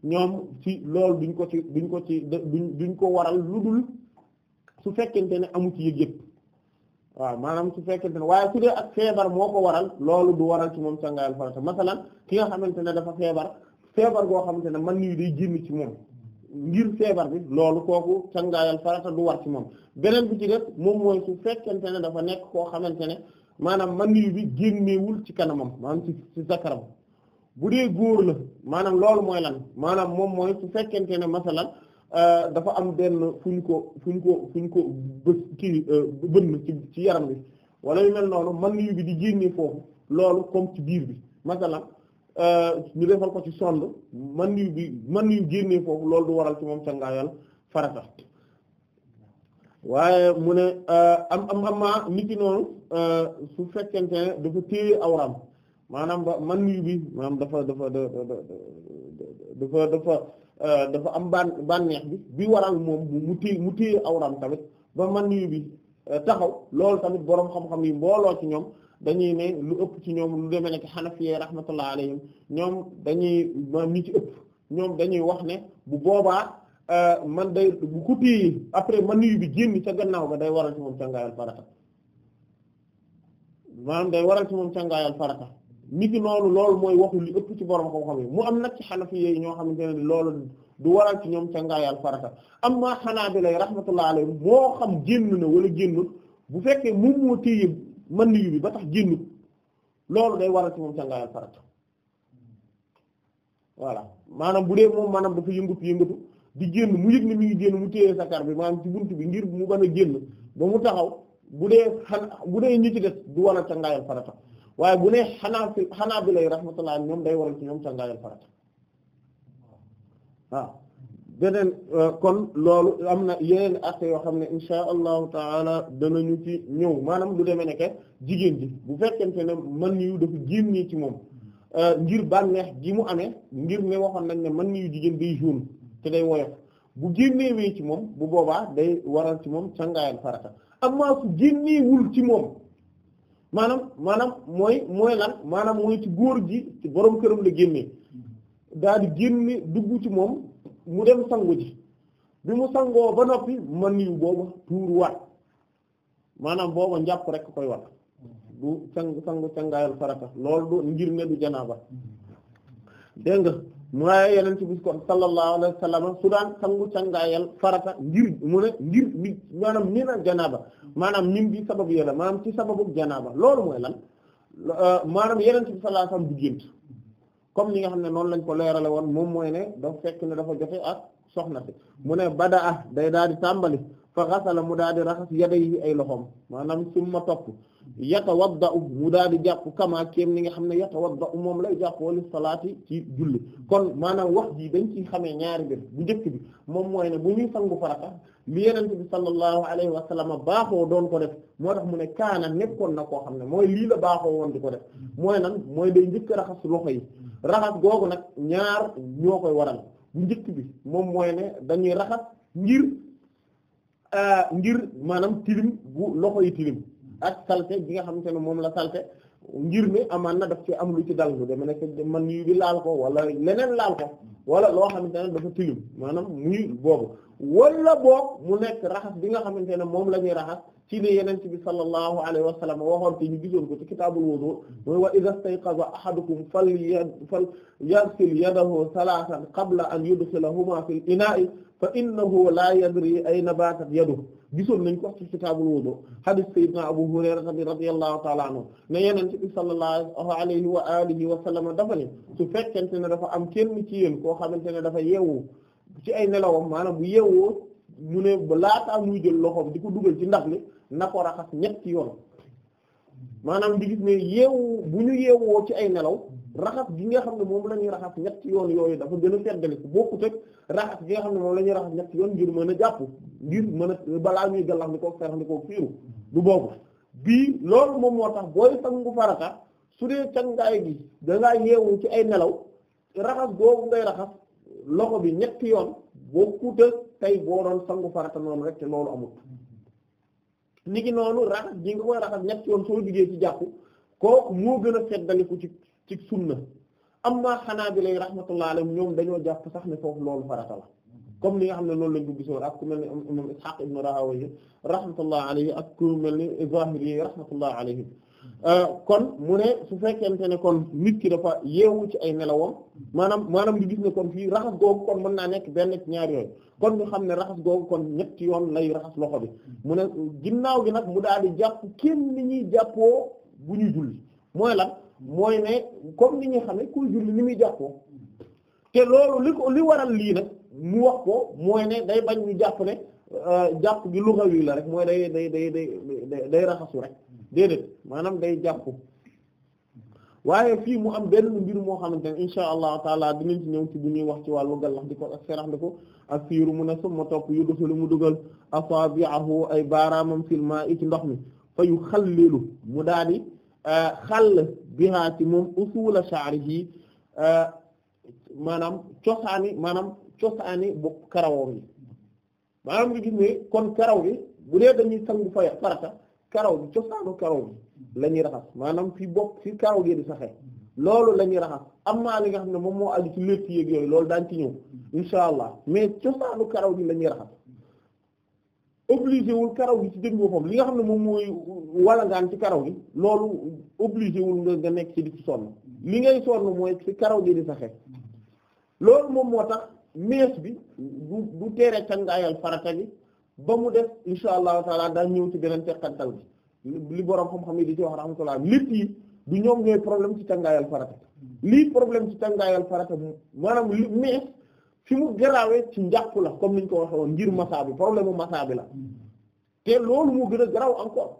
ñoom ci loolu duñ ko ci duñ ko ci duñ duñ ko waral lu dul su fekkente ne amu ci yëg-yëg waaw maanaam su fekkente ne waaye su dee ak feebar moo ko waral loolu du waral ci moom sangaayal farata masalan ki nga xamante ne dafa feebar feebar goo xamante ne man nii day génn ci moom ngir feebar bi loolu kooku sangaayal farata du war ci moom beneen bi ci moom mooy su fekkente ne dafa nekk koo xamante ne maanaam man nii bi génneewul ci kanamam maanaam ci ci zakaram bu dee góor la maanaam loolu mooy lan maanaam moom mooy su fekkente ne masalan euh, dafa am benn fu ñu ko fu ñu ko fu ñu ko bës euh, ci yaram bi wala yu mel noonu man yu bi di génne foofu loolu comme ci biir bi masalan euh, ñu defal ko ci sonde man yu bi man yu génnee foofu loolu du waral ci moom cangaayal farata waaye mu ne am am am nit ki noonu su fekkente ne dafa téye awram maanaam man yu bi maam dafa dafa dafa dafa euh, dafa am ban bànneex bi bi waral moom mu téye mu téye awram tamit ba man yu bi euh, taxaw loolu tamit boroom xam-xam yi mbooloo ci ñoom dañuy ne lu ëpp ci ñoom lu demee nekk xanafiyee rahmatullah alayhim ñoom dañuy maanaam ñi ci ëpp ñoom dañuy wax ne bu boobaa euh, man day bu ko téye après man yu bi génn ca gannaaw ba day waral ci moom cangaayal farata maanaam day waral ci moom cangaayal farata nit ki noonu loolu mooy waxul li ëpp ci borom mu xam yi mu am nag ci xanafi yi ñoo xamante ne loolu du waral ci ñoom cangaayal farata amma xanaabila rahmatullah alayhim moo xam génn na wala génnut bu fekkee moom moo téye man yu bi ba tax génnut loolu day waral ci moom cangaayal farata voilà maanaam bu dee moom maanaam dafa yëngatu yëngatu di génn mu yëg ne mi ngi génn mu téye sakar bi maanaam ci bunt bi ngir mu ban a génn ba mu taxaw bu dee xan bu dee ñi ci des du waral cangaayal farata waaye bu nee xanaa fi xanaa bi lay rahmatullah ñoom day waral ci ñoom càngaayal farata beneen euh, kon loolu am na yeneen acte yoo xam ne insha allahu taala danañu ci ñëw maanaam lu demee nekk jigéen ji bu fekkente ne mën yu dafa génn ci moom euh, ngir bànneex gi mu amee ngir ne waxoon nañ ne mën yu jigéen day jaune te day woyof bu génnewee ci moom bu boobaa day waral ci moom càngaayal farata amma su génneewul ci moom maanaam maanaam mooy mooy lan maanaam mooy ci góor gi ci borom këram la génne daal di génne dugg ci moom mu dem sangu ji bi mu sangoo ba noppi man yu booba tuur waat maanaam booba njàpp rekk koy wat du sang sangu sangaayal farata loolu du ngir ne du janaaba mm-hmm. dégg nga mooy yeneen ci bis kon sallallahu alayhi wa sallam su daan sangu cangaayal farata ngir mu ne ngir bi maanaam mi na janaaba maanaam min bi sababu yàlla maanaam ci sababu janaaba loolu mooy lan euh, maanaam yeneen ci bi sallallahu alayhi wa comme ni nga xam ne noonu lañ ko leerale woon moom mooy ne dafa fekk ne dafa jote ak soxna si mu ne bada a day daal di tàmbali fa xasala mu daal di raxas yada yi ay loxoom maanaam summa topp yatawadda u mu daal di jàpp kama kem ni nga xam ne yatawadda u moom lay jàpp wala salaati ci julli kon maanaam wax ji dañ ciy xamee ñaari bir bu bi moom mooy ne bu ñuy sangu farata li yenente bi sallallahu alayhi wa sallam baaxoo doon ko moo tax mu ne kaana nekkoon na koo xam ne mooy lii la baaxoo woon di ko def mooy nan mooy day njëkk raxas loxo yi raxas googu nag ñaar ñoo koy waral bu njëkk bi moom mooy ne dañuy raxas ngir Euh, ngir maanaam tilim bu loxo yi tilim ak salte bi nga xamante ne moom la salte ngir ne amaan na daf ci am lu ci dal bu dama nekk man yu bi laal ko wala leneen laal ko wala loo xamante ne dafa tilim maanaam muy boobu wala boog mu nekk raxas bi nga xamante ne moom la ñuy raxas ci li yenent bi sallallahu alayhi wa sallam waxoon te ñu gisoon ko ci kitaabul wudu mooy wa idha istayqaza ahadukum fal fal yaghsil yadahu thalathan qabla an yudkhilahuma fil ina'i fa innahu la yadri ayna batat yaduhu gisoon nañ ko ci kitaabul wudu hadith sayyidina Abu Hurayra bi radiyallahu ta'ala anhu ne yonent bi sallallahu alayhi wa alihi wa sallam dafa ne su fekkente ne dafa am kenn ci yéen koo xamante ne dafa yeewu ci ay nelawam maanaam bu yeewoo mu ne ba laataa muy jël loxoom di ko dugal ci ndax li na ko yoon maanaam di gis ne yeewu bu ñu yeewoo ci ay nelaw raxas gi nga xam ne moom la ñuy raxas ñetti yoon yooyu dafa gën a feddali ku bokkut ak raxas gi nga xam ne moom la ñuy raxas ñetti yoon ngir mën a jàpp ngir mën a balaa ñuy gallax di ko ferax di ko fiiru du boobu bii loolu moom moo tax booy sangu farata su dee cangaay gi dangaa yeewu ci ay nelaw raxas googu ngay raxas loxo bi ñett yoon bokkut ak tey boo doon sangu farata noonu rek te loolu amul niki noonu raxas gi nga koy raxas ñetti yoon soo jugee ci jàpp kooku moo gën a feddaliku ci ci sunna amma Hanaabila rahmatullahi alayhim ñoom dañoo jàpp sax ne foofu loolu farata comme li nga xam ne loolu lañ ko gisoon ak ku mel ni imam Ishaq ibn Rahawayh rahmatullahi alayhi ak ku mel ni Zahiri rahmatullahi alayhim euh, kon mu ne su fekkente ne kon nit ki dafa yeewu ci ay nelawam maanaam maanaam di gis ne kon fii raxas googu kon mën naa nekk benn ci ñaar yooyu kon xam ne raxas googu kon ñetti yoon lay raxas loxo bi mu ne ginnaaw gi nag mu daal di jàpp kenn ni ñuy jàppoo bu ñuy julli mooy lan mooy ne comme ni ñu xam ne kuy julli ni muy jàppoo te loolu li li waral lii nag mu wax ko mooy ne day bañ ñu jàpp ne euh, jàpp gi lu xaw la rek mooy day day day day day raxasu rek déedéet maanaam day jàpp waaye fii mu am benn mbir moo xamante ne insha allahu taala dinañ ñëw ci bu ñuy wax ci wàllu gallax di ko ak serax di ko ak fiiru mu ne suma topp yu dosalu mu dugal asabi'ahu ay baaraamam filma i ci ndox mi fa yu xallilu mu daal xàll bihaa ci moom usula sha'rihi maanaam cosaani maanaam cosaani bu karawoo yi maanaam li gis ne kon karaw gi bu dee dañuy sangu faya farata karaw bi cosaanu karaw bi la ñuy raxas maanaam fi bopp fi karaw gi di saxee loolu la ñuy raxas am naa li nga xam ne moom moo aju ci létt yéeg yooyu loolu daañ ci ñëw insha allah mais cosaanu karaw gi la ñuy raxas obligé wul karaw gi ci boo boppam li nga xam ne moom mooy walangaan ci karaw gi loolu obligé wul nga nga nekk ci di ci sonn li ngay sonn mooy ci karaw gi di saxe loolu moom moo tax mees bi du du tere cangaayal farata gi ba mu def insha allahu taala daal ñëw ci beneen teqantal bi li borom xam-xam yi di ci wax rahmatullah lépp yi du ñoom ñooy problème ci cangaayal farata lii problème ci cangaayal farata maanaam li mees fi mu garaawee ci njàpp la comme niñ ko waxee woon ngir masaa bi problème mu masaa bi la te loolu moo gën a garaaw encore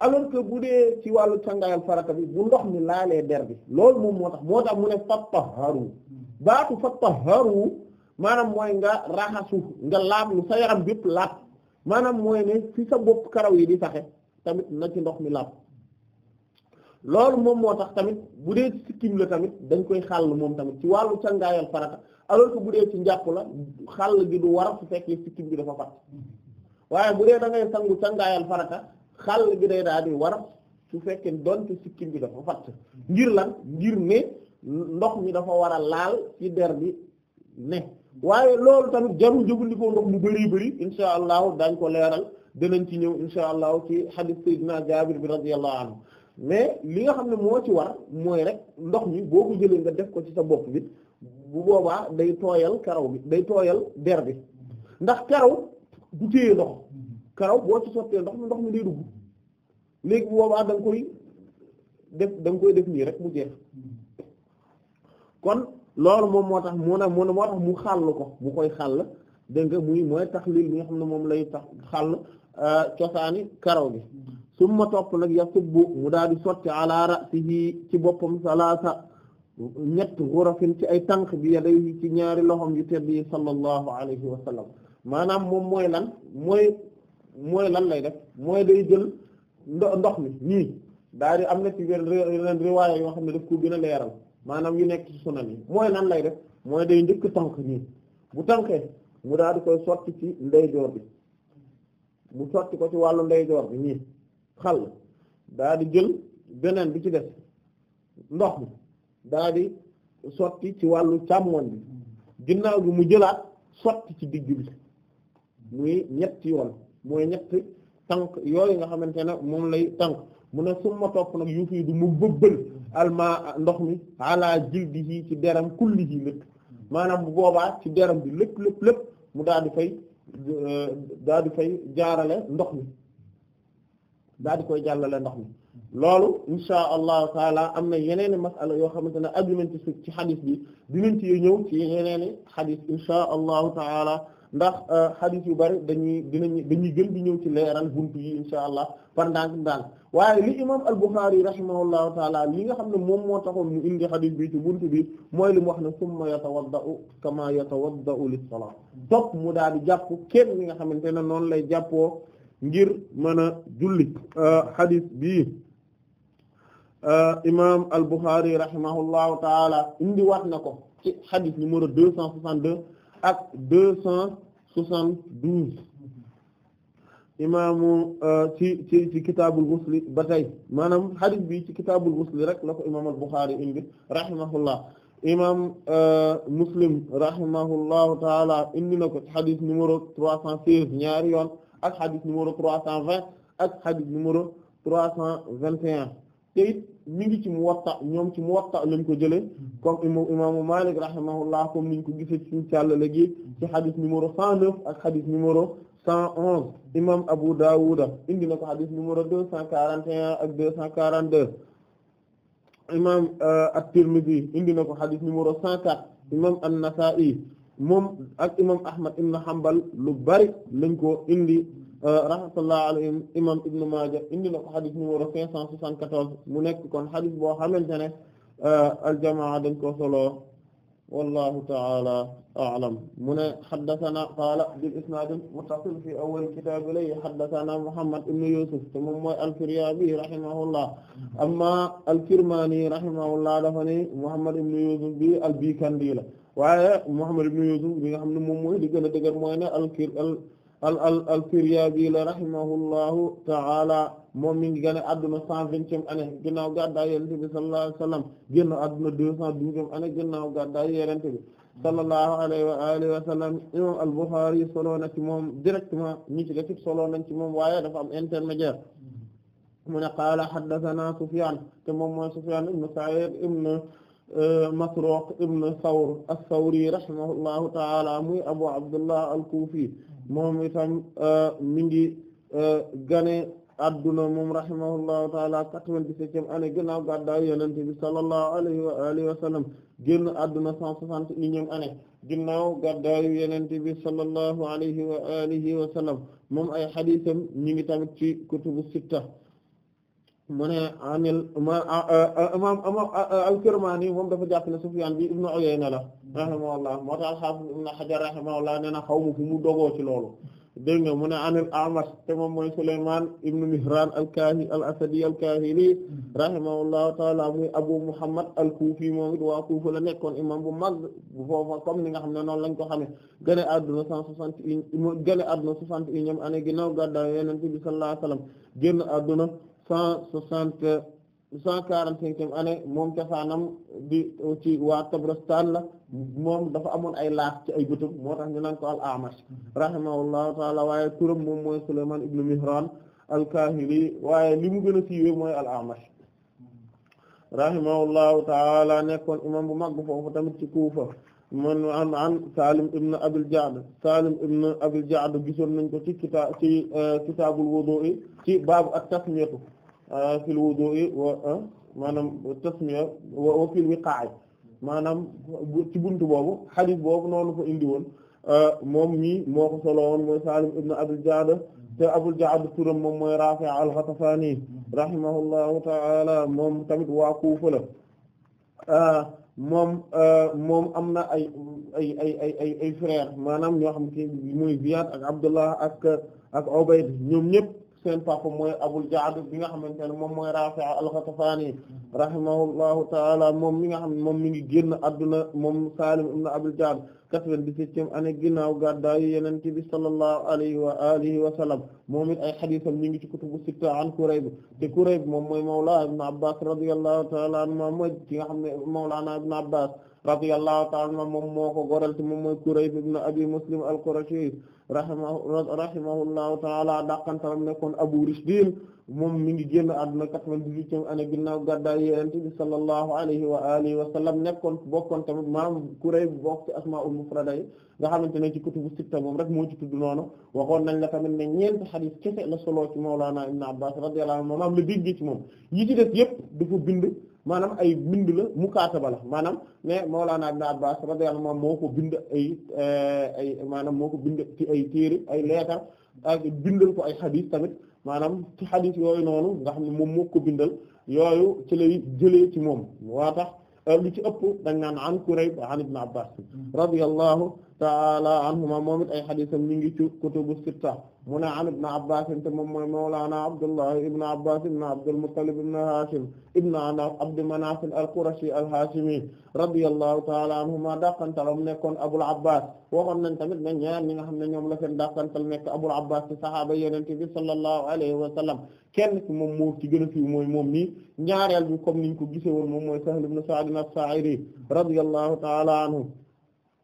alors que bu dee ci wàllu càngaayal farata bi bu ndox mi laalee der bi loolu moom moo tax moo tax mu ne fattaharu baatu fattaharu maanaam mooy nga raxasu nga laab lu sa yaram bépp laab maanaam mooy ne fi sa bopp karaw yi di saxe tamit na ci ndox mi laab loolu moom moo tax tamit bu dee sikkim la tamit dañ koy xàll moom tamit ci wàllu càngaayal alors que bu dee ci njàpp la xàll gi du war su fekkee sikkim bi dafa fat waaye bu dee da ngay sangu sangaayal farata xàll gi day daal di war su fekkee donte sikkim bi dafa fat ngir lan ngir ne ndox mi dafa war laal ci der bi ne waaye loolu tamit jarul jëfandikoo ndox mu bari bari insha allahu dañ ko leeral dinañ ci ñëw insha allahu ci hadith naa Jaabir bi radiyallahu anhu mais li nga xam ne moo ci war mooy rek ndox mi boo ko jëlee nga def ko ci sa bopp bi bu boobaa day tooyal karaw bi day tooyal der bi ndax karaw du téye ndox karaw boo ci sottee ndox mi ndox mi day dugg léegi bu boobaa da koy def da koy def nii rek mu jeex kon loolu moom moo tax mu ne mu ne moo tax mu xàll ko mu koy xàll dégg nga muy mooy taxliil bi nga xam ne moom lay tax xàll euh, cosaani karaw bi su topp nag yasubbu mu daal di sotti ala ci boppam salaasa ñett xurafin ci ay tànk bi yaday yi ci ñaari loxom yu tedd yi sallallahu alayhi wa sallam maanaam moom mooy lan mooy mooy lan lay def mooy day jël ndox mi nii daal di am na ci yeneen yoo xam ne daf ko gën a leeral maanaam yu nekk ci sunan yi mooy lan lay def mooy day njëkk tànk nii bu tànkee mu daal di koy sotti ci ndeyjoor bi mu sotti ko ci wàllu ndeyjoor bi nii xal daal di jël beneen bi ci def ndox mi daa di sotti ci wàllu càmmoñ bi ginnaaw bi mu jëlaat sotti ci digg bi muy ñetti yoon mooy ñetti tànk yooyu nga xamante ne moom lay tànk mu ne summa topp nag yu fii du mu bëbbal almaa ndox mi ala jildihi ci deram kullihi lépp maanaam bu boobaa ci deram bi lépp lépp lépp mu daal di fay euh, daal di fay jaarale ndox mi daal di koy jàllale ndox mi loolu insha allahu taala am na yeneeni masala yoo xamante ne aju nañ ci su ci xadis bi dinañ ci ñëw ci yeneeni xadis insha allahu taala ndax euh, xadis yu bari dañuy dinañ bi gën di ñëw ci leeral buntu yi insha allah par ndànk ndànk waaye li imam al-Bukhari rahimahullahu taala li nga xam ne moom moo taxoon ñu indi xadis bi ci buntu bi mooy li mu wax ne summa yatawadda'u kama yatawadda'u lis-salat topp mu daal di jàpp kenn ñi nga xamante ne noonu lay jàppoo ngir mën a julli euh, xadis bii Euh, imaam al Bukhari rahimahullahu taala indiwaat na ko ci xadis numéro deux cent soixante deux ak deux cent soixante douze imaamu euh, ci ci ci kitaabul musli ba tey maanaam xadis bi ci kitaabul musli rek la ko imaam al Bukhari indi rahimahullah imaam euh, muslim rahimahullahu taala indi na ko ci xadis numéro trois cent seize ñaari yoon ak xadis numéro trois cent vingt ak xadis numéro trois cent vingt et te it mi ngi ci Muwatta ñoom ci mu Muwatta lañu ko jëlee mm-hmm. comme imaamu Malik rahimahullah comme niñ ko gisee ci suñu càllale gi ci xadis numéro 109 ak xadis numéro 111 imam Abu Dawud indi na ko xadis numéro 241 ak 242 imam euh, At-Tirmidhi indi na ko xadis numéro 104 imam An-Nasa'i moom ak imam Ahmad ibn Hanbal lu bari lañ ko indi. rahmatullah alayhim imam Ibn Maaja indi na ko xadis cinq cent soixante mu nekk kon xadis boo xamante ne euh, aljamaa dañ ko solo wallahu taala a'lam mu ne xaddathana qaala bil isnaadil muttasil fi awwal kitaab ilayhi xaddathana Muhammad ibn Yusuf te moom mooy al-Firyaabi amma al-Kirmaani dafa ni Muhammad ibn Yusuf bi al-Bikandi la waaye Muhammad ibn Yusuf bi nga xam ne moom mooy li ne al al al Firyaabi la rahimahullahu ta'ala moom mi ngi gane adduna cent vingtième année ginnaaw gàddaay yonent bi sallallahu alayhi wa sallam génn adduna deux cent douzième année ginnaaw al Bukhari solo na ci moom directement ñi ci solo nañ ci moom waaye dafa am intermédiaire mu ne qaala haddathana Sufyan te moom mooy Sufyan ibn Sa'id ibn euh, Masruq ibn Thawr as-Thawri rahimahullahu ta'ala muy Abu Abdullah al-Kufi moom itam euh, mi ngi euh, gane adduna moom rahimahullahu taala quatre-vingt-dix-septième année ginnaaw gàddaay yonent bi sallallahu alayhi wa alihi wa sallam génn adduna cent soixante et unième année ginnaaw gàddaayu yonent bi sallallahu alayhi wa alihi wa sallam moom ay xadiisam ñi ngi tamit ci kutubu sitta mu ne anil imam al-Kirmani moom dafa jàpp ne Sufyan bi ibnu Uyayna la rahimahullah moo tax al-Hafiz na xaw ma fu mu dogoo ci loolu dégg nga mu ne anil A'mash te moom mooy Sulayman ibnu Mihran al-Kahi al-Asadi al-Kahili rahimahullahu ta'ala muy Abu Muhammad al-Kufi moom it waa Kufa la nekkoon imam bu mag bu foofa comme ni nga xam ne noonu lañ ko xamee gën a na cent soixante et un gën a adduna soixante et unième année ginnaaw gàddaay Yonent bi sallallahu alayhi wasallam génn adduna cent soixante cent quarante-cinquième moom cosaanam di ci waa Tabaristan la moom dafa amoon ay laaj ci ay bëtam moo tax ñu naan ko al-A'mash waaye turam moom mooy Sulaymaan ibnu Mihraan al waaye li mu gën a siiwee mooy al-A'mash rahimahullahu taala nekkoon imam bu mag foofu tamit ci Kuufa man an an Salim ibn Abil Ja'd Salim ibn Abil Ja'd gisoon nañ ko ci kita ci euh, kitaabul wudu'i ci baabu at-tasmiyatu fil wudu'i wa ah, maanaam tasmiya wa fil wiqa'i maanaam ci buntu boobu xadis boobu noonu ko indiwoon ah, moom mii moo ko solo woon mooy Salim ibn Abul Ja'd te Abul Ja'd turam moom mooy Rafi' al-Ghatafani rahimahullahu moom tamit waa Kufa ah, moom moom am na ay ay ay ay ay ay frère maanaam ñoo xam te ak Abdullah ak ak Ubayd ñoom ñëpp seen papa mooy Abul Ja'd bi nga xamante ne moom mooy Rafi' al-Ghatafani rahimahullahu ta'ala moom mi nga xam ne moom mi ngi génn adduna moom Salim ibn Abul Ja'd quatre-vingt-dix-septième année ginnaaw gàddaayu Yonent bi sallallahu alayhi wa alihi wa sallam moom ay xadiisam ñu ngi ci kutubu sitta an Kurayb te Kurayb moom mooy mawla Ibn Abbas radiyallahu ta'ala anhuma mooy ki nga xam ne mawlaana Ibn Abbas radiyallahu ta'ala moom moo ko goral te moom mooy Kurayb ibn Abi Muslim al-Qurashi rahimahu rahimahullahu ta'ala dàqantalam nekkoon Abu Rishdin moom mi ngi génn àdduna quatre-vingt-dix-huitième année ginnaaw gàddaay Yonent bi sallallahu alayhi wa alihi wa sallam nekkoon bokkoon tamit maam Kurayb bokk ci asmaa'ul mufrada yi nga xamante ne ci kutubu sitta moom rek moo ci noonu noonu waxoon nañ la tamit ne ñeenti xadiis kese la solo ci Mawlana Ibn Abbas radiyallahu anhu maam la moom yi ci def yépp maanaam ay bind la mukaataba la maanaam ne Mawlana Ibn Abbas radiyallahu anhu moo ko bind ay eh, ay maanaam moo ko bind ci ay téere ay leetar ak bindal ko ay xadis tamit maanaam ci xadis yooyu noonu nga xam ne moom moo ko bindal yooyu ci lay jëlee ci moom waa tax eh, li ci ëpp dañ naan an Kurayb an Ibn Abbas hmm. radiyallahu taala anhuma moom it ay xadisam ñu ngi ci kutubu sitta mu ne an ibn Abbas te moom mooy mawlaana Abdullah ibn Abbas ibn Abdul Muttalib ibn Hashim ibn Abd Manaf al-Qurashi al-Hashimi radiyallahu taala anhuma dàqantalam nekkoon Abul Abbas waxoon nañ tamit ne ñaar ñi nga xam ne ñoom la seen dàqantal nekk Abul Abbas ci saxaaba Yonent bi sallallahu alayhi wa sallam kenn ci moom moo ci gën a siiw mooy moom nii ñaareel bi comme niñ ko gisee woon moom mooy Sahl ibn Sa'd as-Sa'idi radiyallahu taala anhu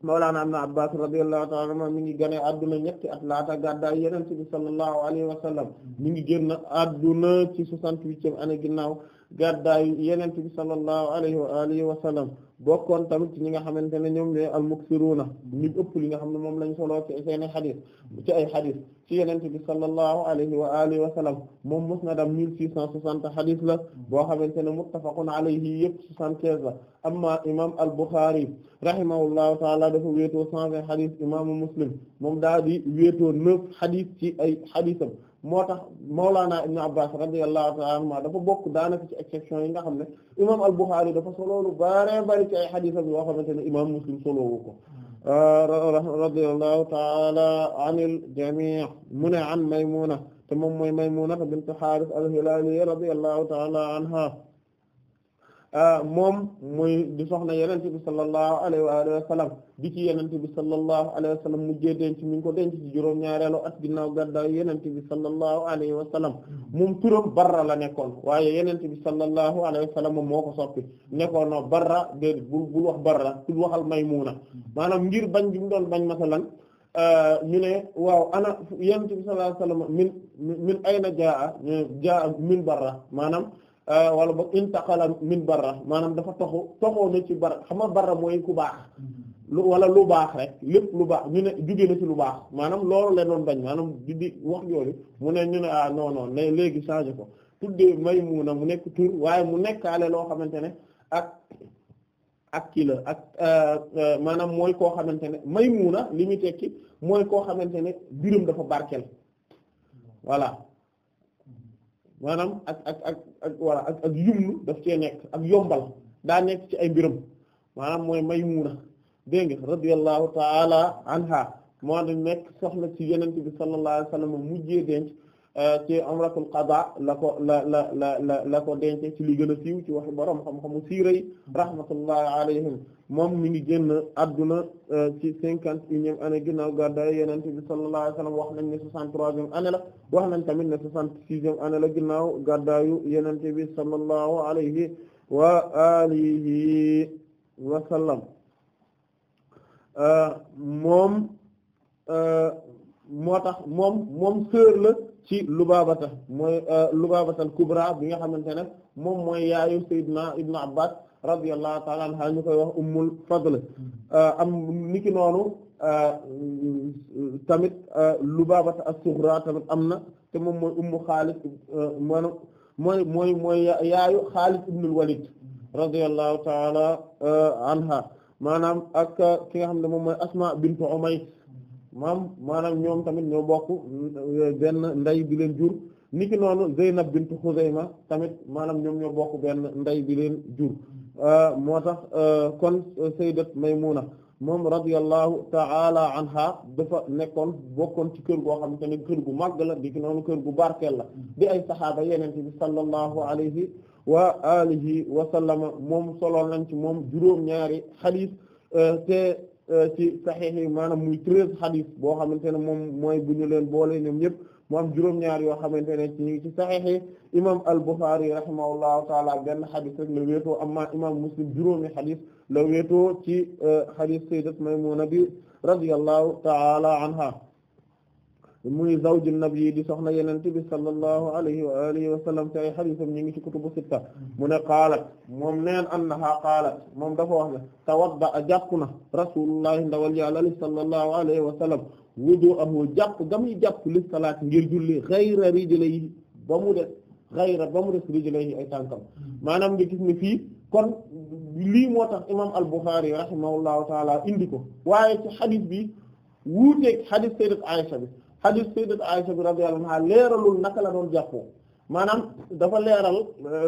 moo mawlana ibn abbas radiyallahu ta'ala anhuma mi ngi gane adduna ñetti at laata gàddaay yonent bi sallallahu alayhi wa sallam mi ngi génn adduna ci soixante-huitième année ginnaaw gàddaayu yenent bi sallallahu alayhi wa alihi wa sallam bokkoon tamit ci ñi nga xamante ne ñoom ñooy almuksiruna ñi ëpp li nga xam ne moom lañ soloo ci seen i xadis ci ay xadis ci yenent bi sallallahu alayhi wa alihi wa sallam moom musnadam mille six cent soixante xadis la boo xamante ne muttafaqun alayhi yëpp soixante-quinze la amma imam al-Bukhari rahimahullahu taala dafa wéetoo cent vingt xadis imaamu Muslim moom daal di wéetoo neuf xadis ci ay xadisam moo tax Mawlana Ibn Abbas radiyallahu ta'ala anhuma dafa bokk daanaka ci exception yi nga xam ne imaam al-Bukhari dafa solo lu bare bari ci ay xadiisam yoo xamante ne imaam Muslim solowu ko radiyallahu ta'ala anil jamii' mu ne an Maymuna te moom mooy Maymuna bint Haaris al-Hilaali radiyallahu ta'ala anha Euh, moom muy di soxna yenente bi sallallahu alayhi wa alihi wa sallam di ci yenente bi sallallahu alayhi wa sallam mujjee denc mi ngi ko denc ci juróom-ñaareelu at ginnaaw gàddaay yenente bi sallallahu alayhi wa sallam moom turam barra la nekkoon waaye yenente bi sallallahu alayhi wa sallam moom moo ko soppi nekkoon no barra déedéet bul bul wax barra tul waxal maymuna maanaam ngir bañ bi doon bañ masalan euh, ñu ne waaw ana yenente bi sallallahu alayhi wa sallam min ayna jaa min barra maanaam Euh, wala boog intaqala min barra maanaam dafa toxu toxoo na ci bar xam nga mooy ku baax mm-hmm. lu wala lu baax rek lépp lu baax ñu ne jugee na ci lu baax maanaam loolu leen doon bañ maanaam di di wax yooyu mu ne ñu ne ah non non léegi changé ko tuddee Maymuna mu nekk tur waaye mu nekkaale loo xamante ne ak ak kii la ak euh, euh, maanaam mooy koo xamante ne Maymuna li muy tekki mooy koo xamante ne biram dafa barkel voilà mm-hmm. maanaam ak ak ak ak voilà ak ak yumnu daf cee nekk ak yombal daa nekk ci ay mbiram maanaam mooy Maymuna dégg nga radiyallahu taala anha moo nekk soxna ci yenente bi sallallahu alayhi wasallam mujjee denc Euh, ci umratul qada la ko la la la ci li a siiw ci wax borom xam-xamu siira yi rahmatullahi alayhim moom mi ngi génn adduna euh, ci cinquante et unième année ginnaaw gàddaay yonent bi sallallahu alayhi wa wax nañ ne soixante-troisième année la wax nañ tamit ne soixante-sixième année la ginnaaw gàddaayu yonent bi sallallahu alayhi wa alihi wa sallam euh, moom moo tax moom moom sœur ci Lubaabata mooy euh, Lubaabatal Kubra bi nga xamante ne moom mooy yaayu Seydina Ibn Abbas radiyallahu ta'ala anha ñu koy wax Ummul euh, euh, tamit Lubaabata as-Sughra tamit am na te mooy Ummu Xaalid mooy mooy mooy yaayu Xaalid ibnul maanaam ak ki nga xam ne moom mooy Asma bintu Umays maam maanaam ñoom tamit ñoo bokk euh, benn ndey bi leen jur niki noonu Zeynab bint Xuzayma tamit maanaam ñoom ñoo bokk benn ndey bi leen jur euh, moo tax euh, kon sayyidat Maymuna moom radiyallahu ta'ala anha dafa nekkoon bokkoon ci kër goo xamante ne kër gu màgg la niki noonu kër gu barkeel la di ay saxaaba yeneen bi sallallahu alayhi wa alihi wa sallama moom soloon nañ ci moom juróom ñaari xadiis te Euh, ci saxiix yi maanaam muy treize xadis boo xamante ne moom mooy bu ñu leen boole ñoom ñëpp mu juróom-ñaar yoo xamante ne ci ñu ci saxiix yi imaam al-Bukhari rahimahullahu taala benn xadis rek la wéetoo amma imaam Muslim juróomi xadis la wéetoo ci euh, xadis sayyidat Maymuna bi radiyallahu taala anha muy zawju nabi di soxna yenente bi sallallahu alayhi wa alihi wa sallam ci ay xadiisam ñu ngi ci kutubu sitta mu ne qaalat moom neen annaha qaalat moom dafa wax ne tawadda a jàpp na rasulullahi ndawal yàllali sallallahu alayhi wa sallam wudu'ahu jàpp ga muy jàpp li salaat ngir julli xayra rijlayhi ba mu def xayra ba mu def rijlayhi ay tànkam maanaam nga gis ne fii kon lii moo tax imam al-Bukhari rahimahullahu taala indi ko waaye ci xadis bi wuuteeg xadis sayyidat Aisha bi xadis sayyidat Aisha bi radiyallahu anha leeralul naka la doon jàppoo maanaam dafa leeral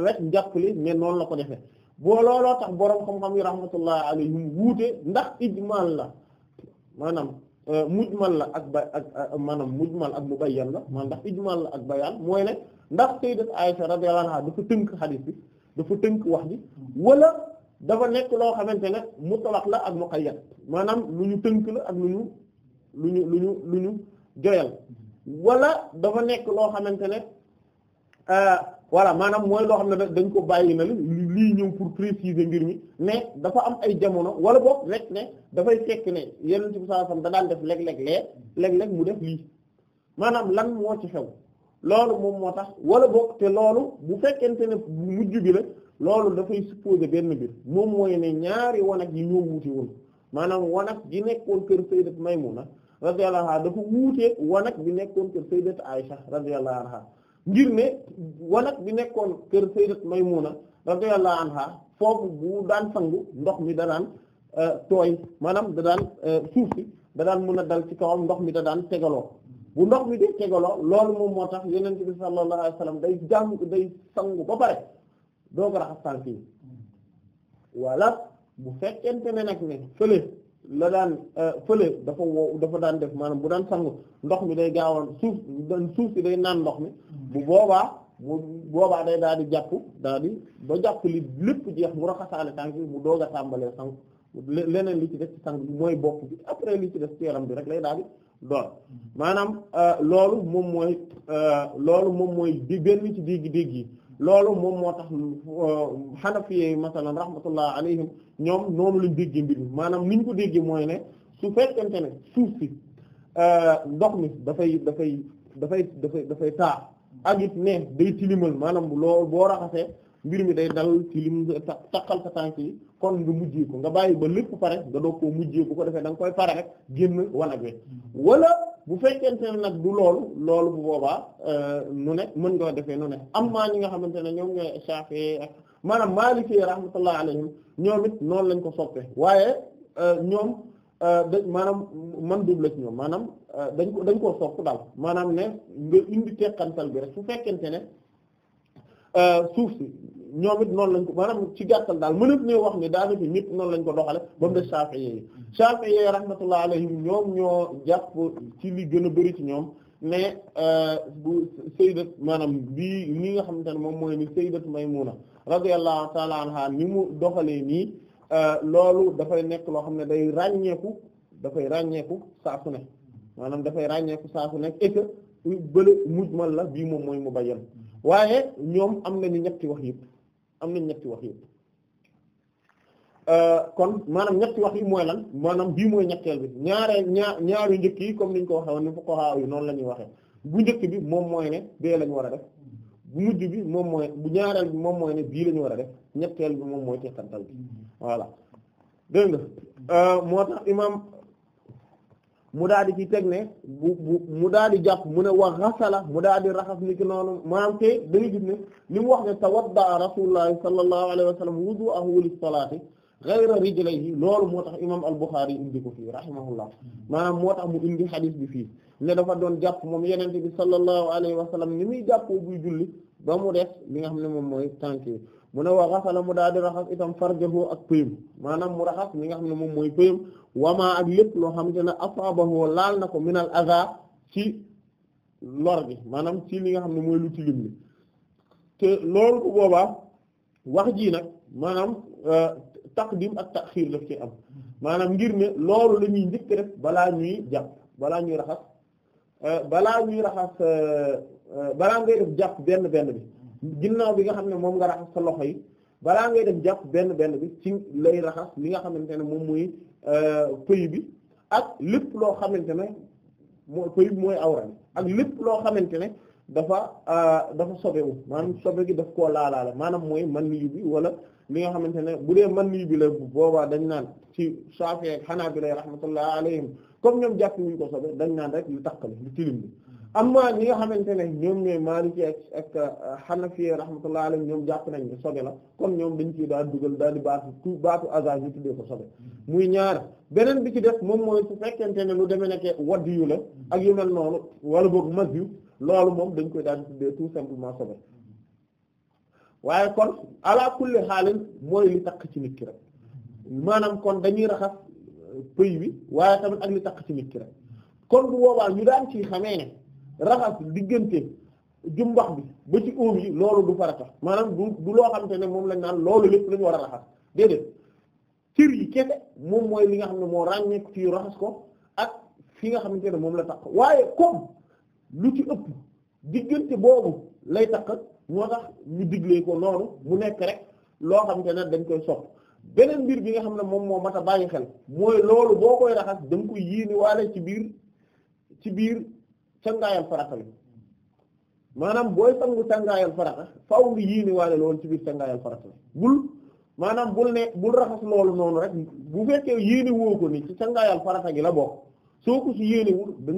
rek euh, jàpp li mais noonu la ko defee boo looloo tax boroom xam-xam yi rahmatullahi alayhim wuute ndax ijmal la maanaam euh, mujmal la ak ba maanaam mujmal ak mubayyan la maa ndax ijmal la ak bayaan mooy ne ndax sayyidat Aisha radiyallahu anha dafa tënk xadis bi dafa tënk wax bi wala dafa nekk loo xamante ne mu mutlaq la ak muqayyad maanaam lu ñu tënk la ak lu ñu lu ñu lu ñu lu ñu joyal wala dafa nekk loo xamante ne euh, voilà maanaam mooy loo xam ne dañ ko bàyyi na lii ñëw pour préciser mbir mi mais dafa am ay jamono wala boog rek ne dafay fekk ne yeneen ci bi saa da daan def léeg-léeg lee mu def lii maanaam lan moo ci xew loolu moom moo tax wala boog te loolu bu fekkente ne mujj bi la loolu dafay supposer benn mbir moom mooy ne ñaari wanag yi ñoo wuute woon maanaam wanag gi nekkoon kër may Sayyidat Maymuna radiyallahu anha dafa wuuteeg wanag bi nekkoon kër sayyidat Aisha radiyallahu anha ngir ne wanag bi nekkoon kër sayyidat Maymuna radiyallahu anha foofu bu daan sangu ndox mi da daan euh, tooy maanaam da daan euh, suuf si da daan mën a dal ci kawam ndox mi da daan tegaloo bu ndox mi di tegaloo loolu moom moo tax yonent bi sallallahu alayhi day jàng day sangu ba pare doo ko raxas yi walla bu fekkente ne nag ne fële la daan euh, fële dafa wow dafa daan def maanaam bu daan sangu ndox mi day gaawoon suuf suuf si day naan ndox mi bu boobaa bu boobaa day daal di jàpp daal di ba jàpp li lépp jeex mu raxasaale tànk mu doog a tàmbalee sangu leneen li ci def ci sang bi mooy bopp bi après li ci def ci bi rek lay daal di doon maanaam euh, loolu moom mooy euh, loolu moom mooy di benn ci dégg-dégg yi loolu moom moo tax xanafiyee euh, masalan rahmatullah alayhim ñoom noonu lañ déggee mbir mi maanaam ni ñu ko déggee mooy ne su fekkente ne suuf si euh, ndox mi dafay dafay dafay dafay dafay taa ak it ne day tilimal maanaam loolu boo raxasee mbir mi day dal tilim ta takkal sa tànk yi kon nga mujjee ko nga bàyyi ba lépp pare nga doog koo mujjee bu ko defee da nga koy pare rek génn wanag wi mm-hmm. wala bu fekkente ne nag du loolu loolu bu boobaa euh, nu ne mën nga defee nu ne am maa ñi nga xamante ne ñoom nga Shafi'i ak maanaam Maliki rahmatullah alayhim ñoom it noonu lañ ko soppe waaye euh, ñoom euh, da maanaam man dub la ci maanaam dañ ko dañ koo sopp daal maanaam ne nga indi teqantal bi rek su fekkente ne suuf si ñoom it noonu lañ ko maanaam ci gàttal daal mënat ne wax ni daanaka ñëpp noonu lañ ko doxale ba mu des Shafi'i yi mm-hmm. Shafi'i yi rahmatullah alayhim ñoom ñoo jàpp ci lii gën a bari ci ñoom ne euh, bu sayyidat maanaam bii ni nga xamante ne moom mooy ni sayyidat Maymuna radiyallahu ta'ala anha ni mu doxalee nii euh, loolu dafay nekk loo xam ne day ràññeeku dafay ràññeeku saa su maanaam dafay ràññeeku saa su nekk et que bële mujmal la bii moom mooy mu bayyan mm-hmm. waaye ñoom am nañu ñetti wax yëpp am nañ ñetti wax yëpp euh, kon maanaam ñetti wax yi mooy lan maanaam bii mooy ñetteel bi ñaaree ñaar ñaari njëkk yi comme niñ ko waxee woon ni fuqaha yu noonu la ñuy waxee bu njëkk bi moom mooy lañ war a def bu mujj moom mooy bu ñaareel bi moom mooy ne bii la war a def ñetteel bi moom mooy teqantal bi mm-hmm. voilà dégg euh, moo tax imaam mu daal di ci teg ne mu daal di jàpp mu ne wax xasala mu daal di raxas ni ki noonu maanaam te da ngay ne li mu wax ne tawadda rasulullahi sallallahu alayhi wa sallam wudu'ahu lis salaati ghayra rijlayhi loolu moo tax imam al-Bukhari indi ko fii rahimahullah maanaam moo tax mu indi xadiis bi fii ne dafa doon jàpp moom yenente bi sallallahu alayhi wa sallam ni muy jàppoo buy julli ba mu def li nga xam ne moom mooy tànk yi mu ne wa ghasala mu daal di raxas itam farjahu ak pëyam maanaam mu raxas mi nga xam ne moom mooy pëyam wamaa ak lépp loo xam te ne asaabahu laal na ko minal aza ci lor gi maanaam ci li nga xam ne mooy lu tilim li te loolu bu boobaa wax jii nag maanaam euh, taqdim ak taxiir daf ci am maanaam ngir ne loolu la ñuy njëkk def balaa ñuy jàpp balaa ñuy raxas euh, balaa ñuy raxas euh, balaa ngay def jàpp benn benn bi ginnaaw bi nga xam ne moom nga raxas sa loxo yi balaa ngay dem jàpp benn benn bi ci lay raxas li nga xamante ne moom mooy euh, pëy bi ak lépp loo xamante ne mooy pëy bi mooy awra bi ak lépp loo xamante ne dafa euh, dafa sobewu maanaam sobe gi daf koo laalaale maanaam mooy man yu bi wala li nga xamante ne bu dee man yu bi la boobaa dañ naan ci Shafi'i ak Hanabila rahmatullah alayhim comme ñoom jàpp ñu ko sobe dañ naan rek lu takkale lu tilim bi am amma ñi nga xamante ne ñoom ñooy Maliki ak ak uh, Hanafi rahmatullahi alayhim ñoom jàpp nañ ne sobe la kon ñoom dañ ciy daal dugal daal di baatu tu baatu azaz yi tuddee ko sobe muy ñaar beneen bi ci def moom mooy su fekkente ne lu demee nekke wadd yu la ak yu mel noonu wala boog mag yu loolu moom dañ koy daal di tuddee tout simplement sobe waaye kon ala kulli xaalin mooy li takk ci nit ki rek maanaam kon dañuy raxas uh, pëy bi waaye tamit ak li takk ci ki rek kon bu boobaa ñu daan ci xamee raxas diggante jumbax bi ba ci óom yi loolu du farata maanaam du du loo xamante ne moom lañ naan loolu lépp lañu war a raxas déedéet cër yi kese moom mooy li nga xam ne moo ràññeeku ci raxas ko ak fi nga xamante ne moom la takk waaye comme lu ci ëpp diggante boobu lay takk moo tax ñu ko noonu mu nekk rek loo xamante ne dañ koy sopp beneen mbir bi nga xam ne moom moo mat a bàyyi xel mooy loolu boo koy raxas da nga koy yéene waale ci biir ci biir cangaayal farata maanaam booy sangu cangaayal farata faaw nga yéene waale loolu ci biir cangaayal farata bi bul maanaam bul ne bul raxas loolu noonu rek bu fekkee yéene woo ko ni ci cangaayal farata gi la bokk soo ci yéene wul da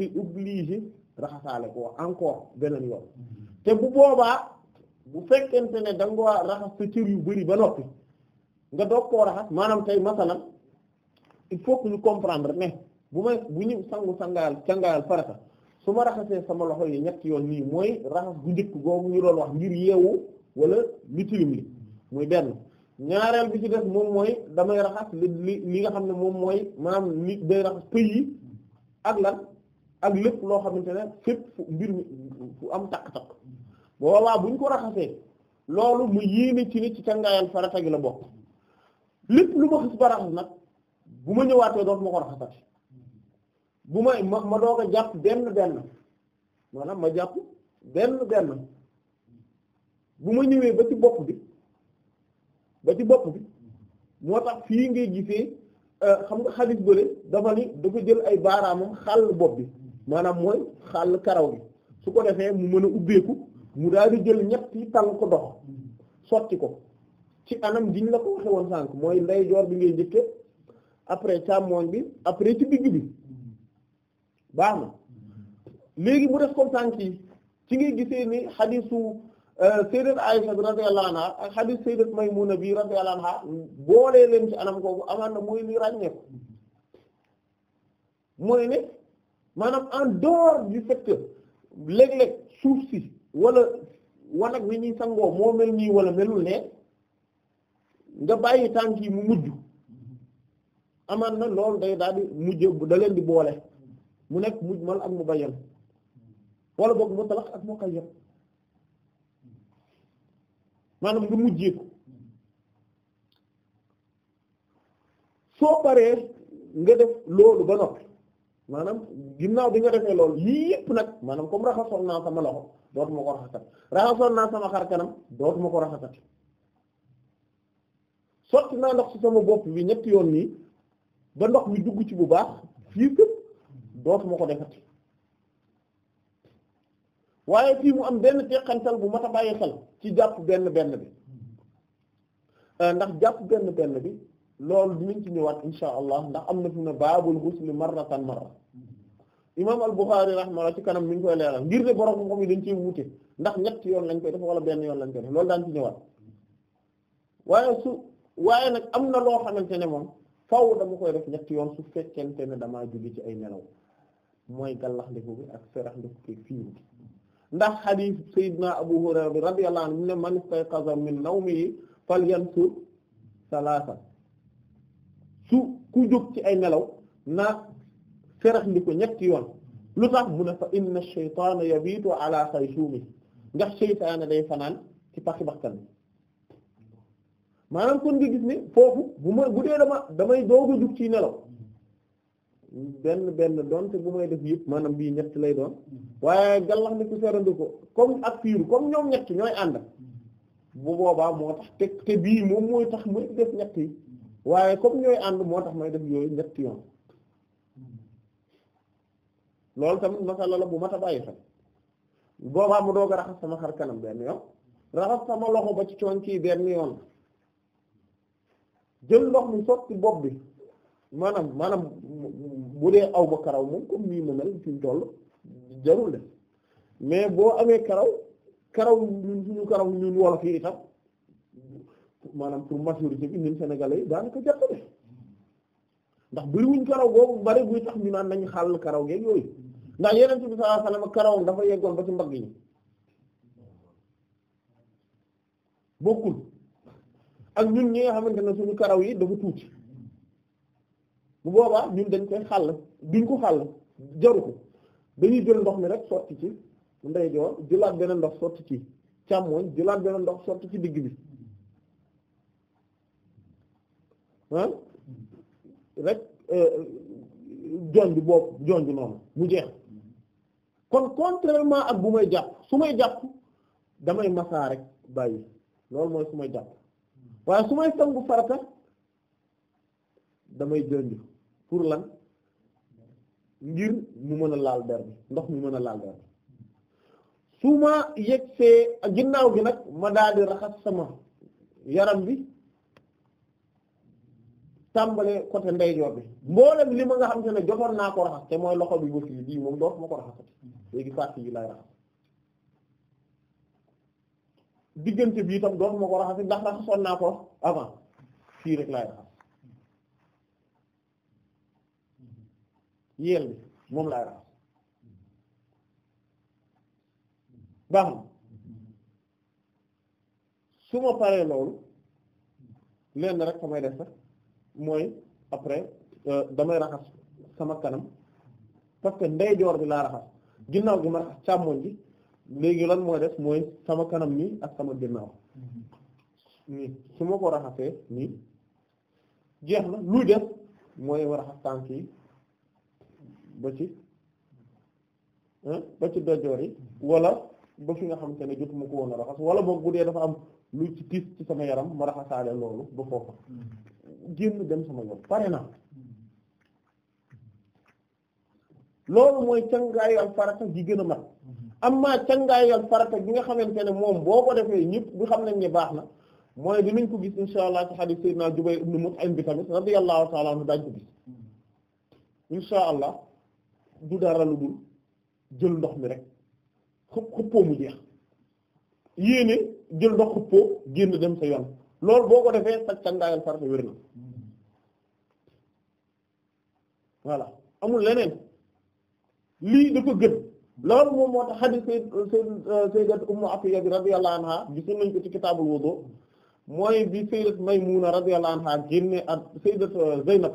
raxasaale ko encore beneen yoon te bu boobaa bu fekkente ne da nga raxas sa cër yu bëri ba noppi nga doog koo raxas maanaam tey masalan il faut que ñu comprendre ne bu may bu ñu sangu sangaayal cangaayal farata su ma raxasee sama loxo yi ñetti yoon nii mooy raxas bu njëkk googu ñu doon wax ngir yeewu wala li tilim li muy benn ñaareel bi ci def moom mooy damay raxas li li nga xam ne moom mooy maanaam nit day raxas pëy yi ak lan ak lépp loo xamante ne fépp fu mbir mi fu am takk-takk boobaa bu ñu ko raxasee loolu mu yéene ci ni ci cangaayal farata gi la bokk lépp lu ma xis ba raxas nag bu ma ñëwaatee dootuma ko raxasati bu may ma ma doog a jàpp benn benn maanaam ma jàpp benn benn bu ma ñëwee ba ci bopp bi ba ci bopp bi moo tax fii ngay gisee euh, xam nga xalis bële dafa ni dafa jël ay baaraamam xàll bopp bi maanaam mooy xàll karaw bi su ko defee mu mën a ubbeeku mu daal di jël ñetti tànk ko dox sotti ko ci anam diñ la ko waxe sànk mooy ndeyjoor bi ngay njëkke après càmmooñ bi après ci digg bi baax ma léegi bu def comme sànq yi ci ngay gisee ni xadisu euh, sayyidat Aisha bi radiyallahu anha ak xadis sayyidat Maymuna bi radiyallahu anha boolee leen ci anam kooku amaan na mooy li ràññee ko mooy ne maanaam en dehors du fait que léeg suuf si walla wanag bi ñuy sangoo moo mel nii wala melul ne nga bàyyi tànk yi mu mujj amaan na loolu day daal di mujj da leen di boole mu nekk mujmal ak mubayyan wala boog mutlaq ak muqayyad maanaam nga mujjee ko soo paree nga def loolu ba noppi maanaam ginnaaw bi nga defee lool yii yëpp nag maanaam comme raxasoon naa sama loxo dootuma ko raxasat raxasoon naa sama xar kanam dootuma ko raxasat sotti naa ndox ci sama bopp bi ñetti yoon nii ba ndox mi dugg ci bu baax fii këpp dootuma ko defati waaye fii mu am benn teqantal bu mat a bàyyi ci jàpp benn benn bi euh, ndax jàpp benn benn bi loolu dinañ ci ñëwaat insha allah ndax am na fi na baabul ghusl marratan marra imam al-Bukhari rahimahullah ci kanam mi ngi koy leeral ngir ne borom moom yi dañ cee wuute ndax ñett yoon lañ koy def wala benn yoon lañ koy def loolu daan ci ñëwaat waaye su waaye nag am na loo xamante ne moom faaw dama koy def ñett yoon su fekkente ne damaa jóge ci ay nelaw mooy gallaxndiku bi ak seraxndiku ki fiiru ndax xadiis abu hurayra bi radiyallahu anhu ne man istayqaza min nawmihi falyansur salaasa su ku jóg ci ay nelaw na seraxndiku ñetti yoon lu tax mu ne fa inna shaytaana yabiitu ala xaysuumihi ndax seytaane day fanaan ci paxi baxtan bi maanaam kon nga gis ne foofu bu ma bu dee damay doog a jug ci nelaw benn benn donte bu may def yëpp maanaam bii ñett lay doon waaye gàllax ni ku seerandu ko comme ak fiiru comme ñoom ñett ñooy ànd bu boobaa moo tax te bii moom mooy tax may def ñett yi waaye comme ñooy ànd moo tax may def yooyu ñett yoon loolu tamit masala la bu mat a bàyyi xel boobaa mu doog a raxas sama xar kanam benn yoon raxas sama loxo ba ci coon kii benn yoon jël ndox mi sotti bopp bi maanaam maanaam bu dee aw ba karaw moom comme nii ma mel fi mu toll jarul de mais boo amee karaw karaw ñun suñu karaw ñun wolof yi itam maanaam pour majorité bi ñun sénégalais yi daanaka jàpp de ndax bu wuñ karaw boobu bari buy tax ñu naan nañ xàll karaw geeg yooyu ndax yeneen bi sallallahu alayhi wasallam karawam dafa yeggoon ba ci mbagg yi bokkul ak ñun ñi nga xamante ne suñu karaw yi dafa tuuti. bu boobaa ñun dañ koy xàll duñ ko xàll jaru ko dañuy jël ndox mi rek sotti ci ndeyjoor jëlaat beneen ndox sotti ci càmmoñ jëlaat beneen ndox sotti ci digg bi ah rek euh, jonj boobu jonj noonu mu jeex kon contrairement ak bu may jàpp su may jàpp damay masaa rek bàyyi loolu mooy su may jàpp waaye su may sangu farata damay jonj pour lan ngir mu mën a laal der bi ndox mu mën a laal der bi su ma yegsee ginnaaw gi nag ma daal di raxas sama yaram bi tàmbale côté ndeyjoor bi mboolem li ma nga xam te ne naa ko raxas te mooy loxo bi ba fii bii moom dootu ma ko raxasati léegi partie yi laay raxas diggante bi itam dootu ma ko raxasati ndax raxasoon naa ko avant fii rek laay raxas yeel bi moom laay raxas baax na su ma paree loolu lenn rek samay def sax mooy après euh, damay raxas sama kanam parce que ndeyjoor bi laa raxas ginnaaw gi ma raxas càmmoñ bi léegi lan mooy def mooy sama kanam nii ak sama ginnaaw su ma ko raxasee nii jeex na luy def mooy raxas tànk yi ba ci ba ci dojoor yi wala ba ki nga xamante ne jotuma ko woon a raxas wala boog bu dee dafa am lu ci tiis ci sama yaram ma raxasaale loolu ba foofa génn dem sama yoon pare na loolu mooy cangaayu ak farata gën a mat amma cangaayu ak farata gi nga xamante ne moom boo ko defee ñëpp bu xam nañ ne baax na mooy dinañ ko gis insha allah ci hadith sayyidina Jubayr ibn Mut'im bi tamit radiyallahu ta'ala anhu daañ ko gis insha du dara lu dul jël ndox mi rek xup xuppoo mu jël ndox xuppoo génn dem sa yoon loolu boo ko defee sa cangaayal farata wér na voilà amul leneen lii dafa gën loolu moom moo tax hadith say euh, sayyidat ummu afiya bi radiyallahu anha gisoon nañ ko ci kitaabul wudu mooy bi sayyidat maymuna radiyallahu anha génne ak sayyidat euh, zaynab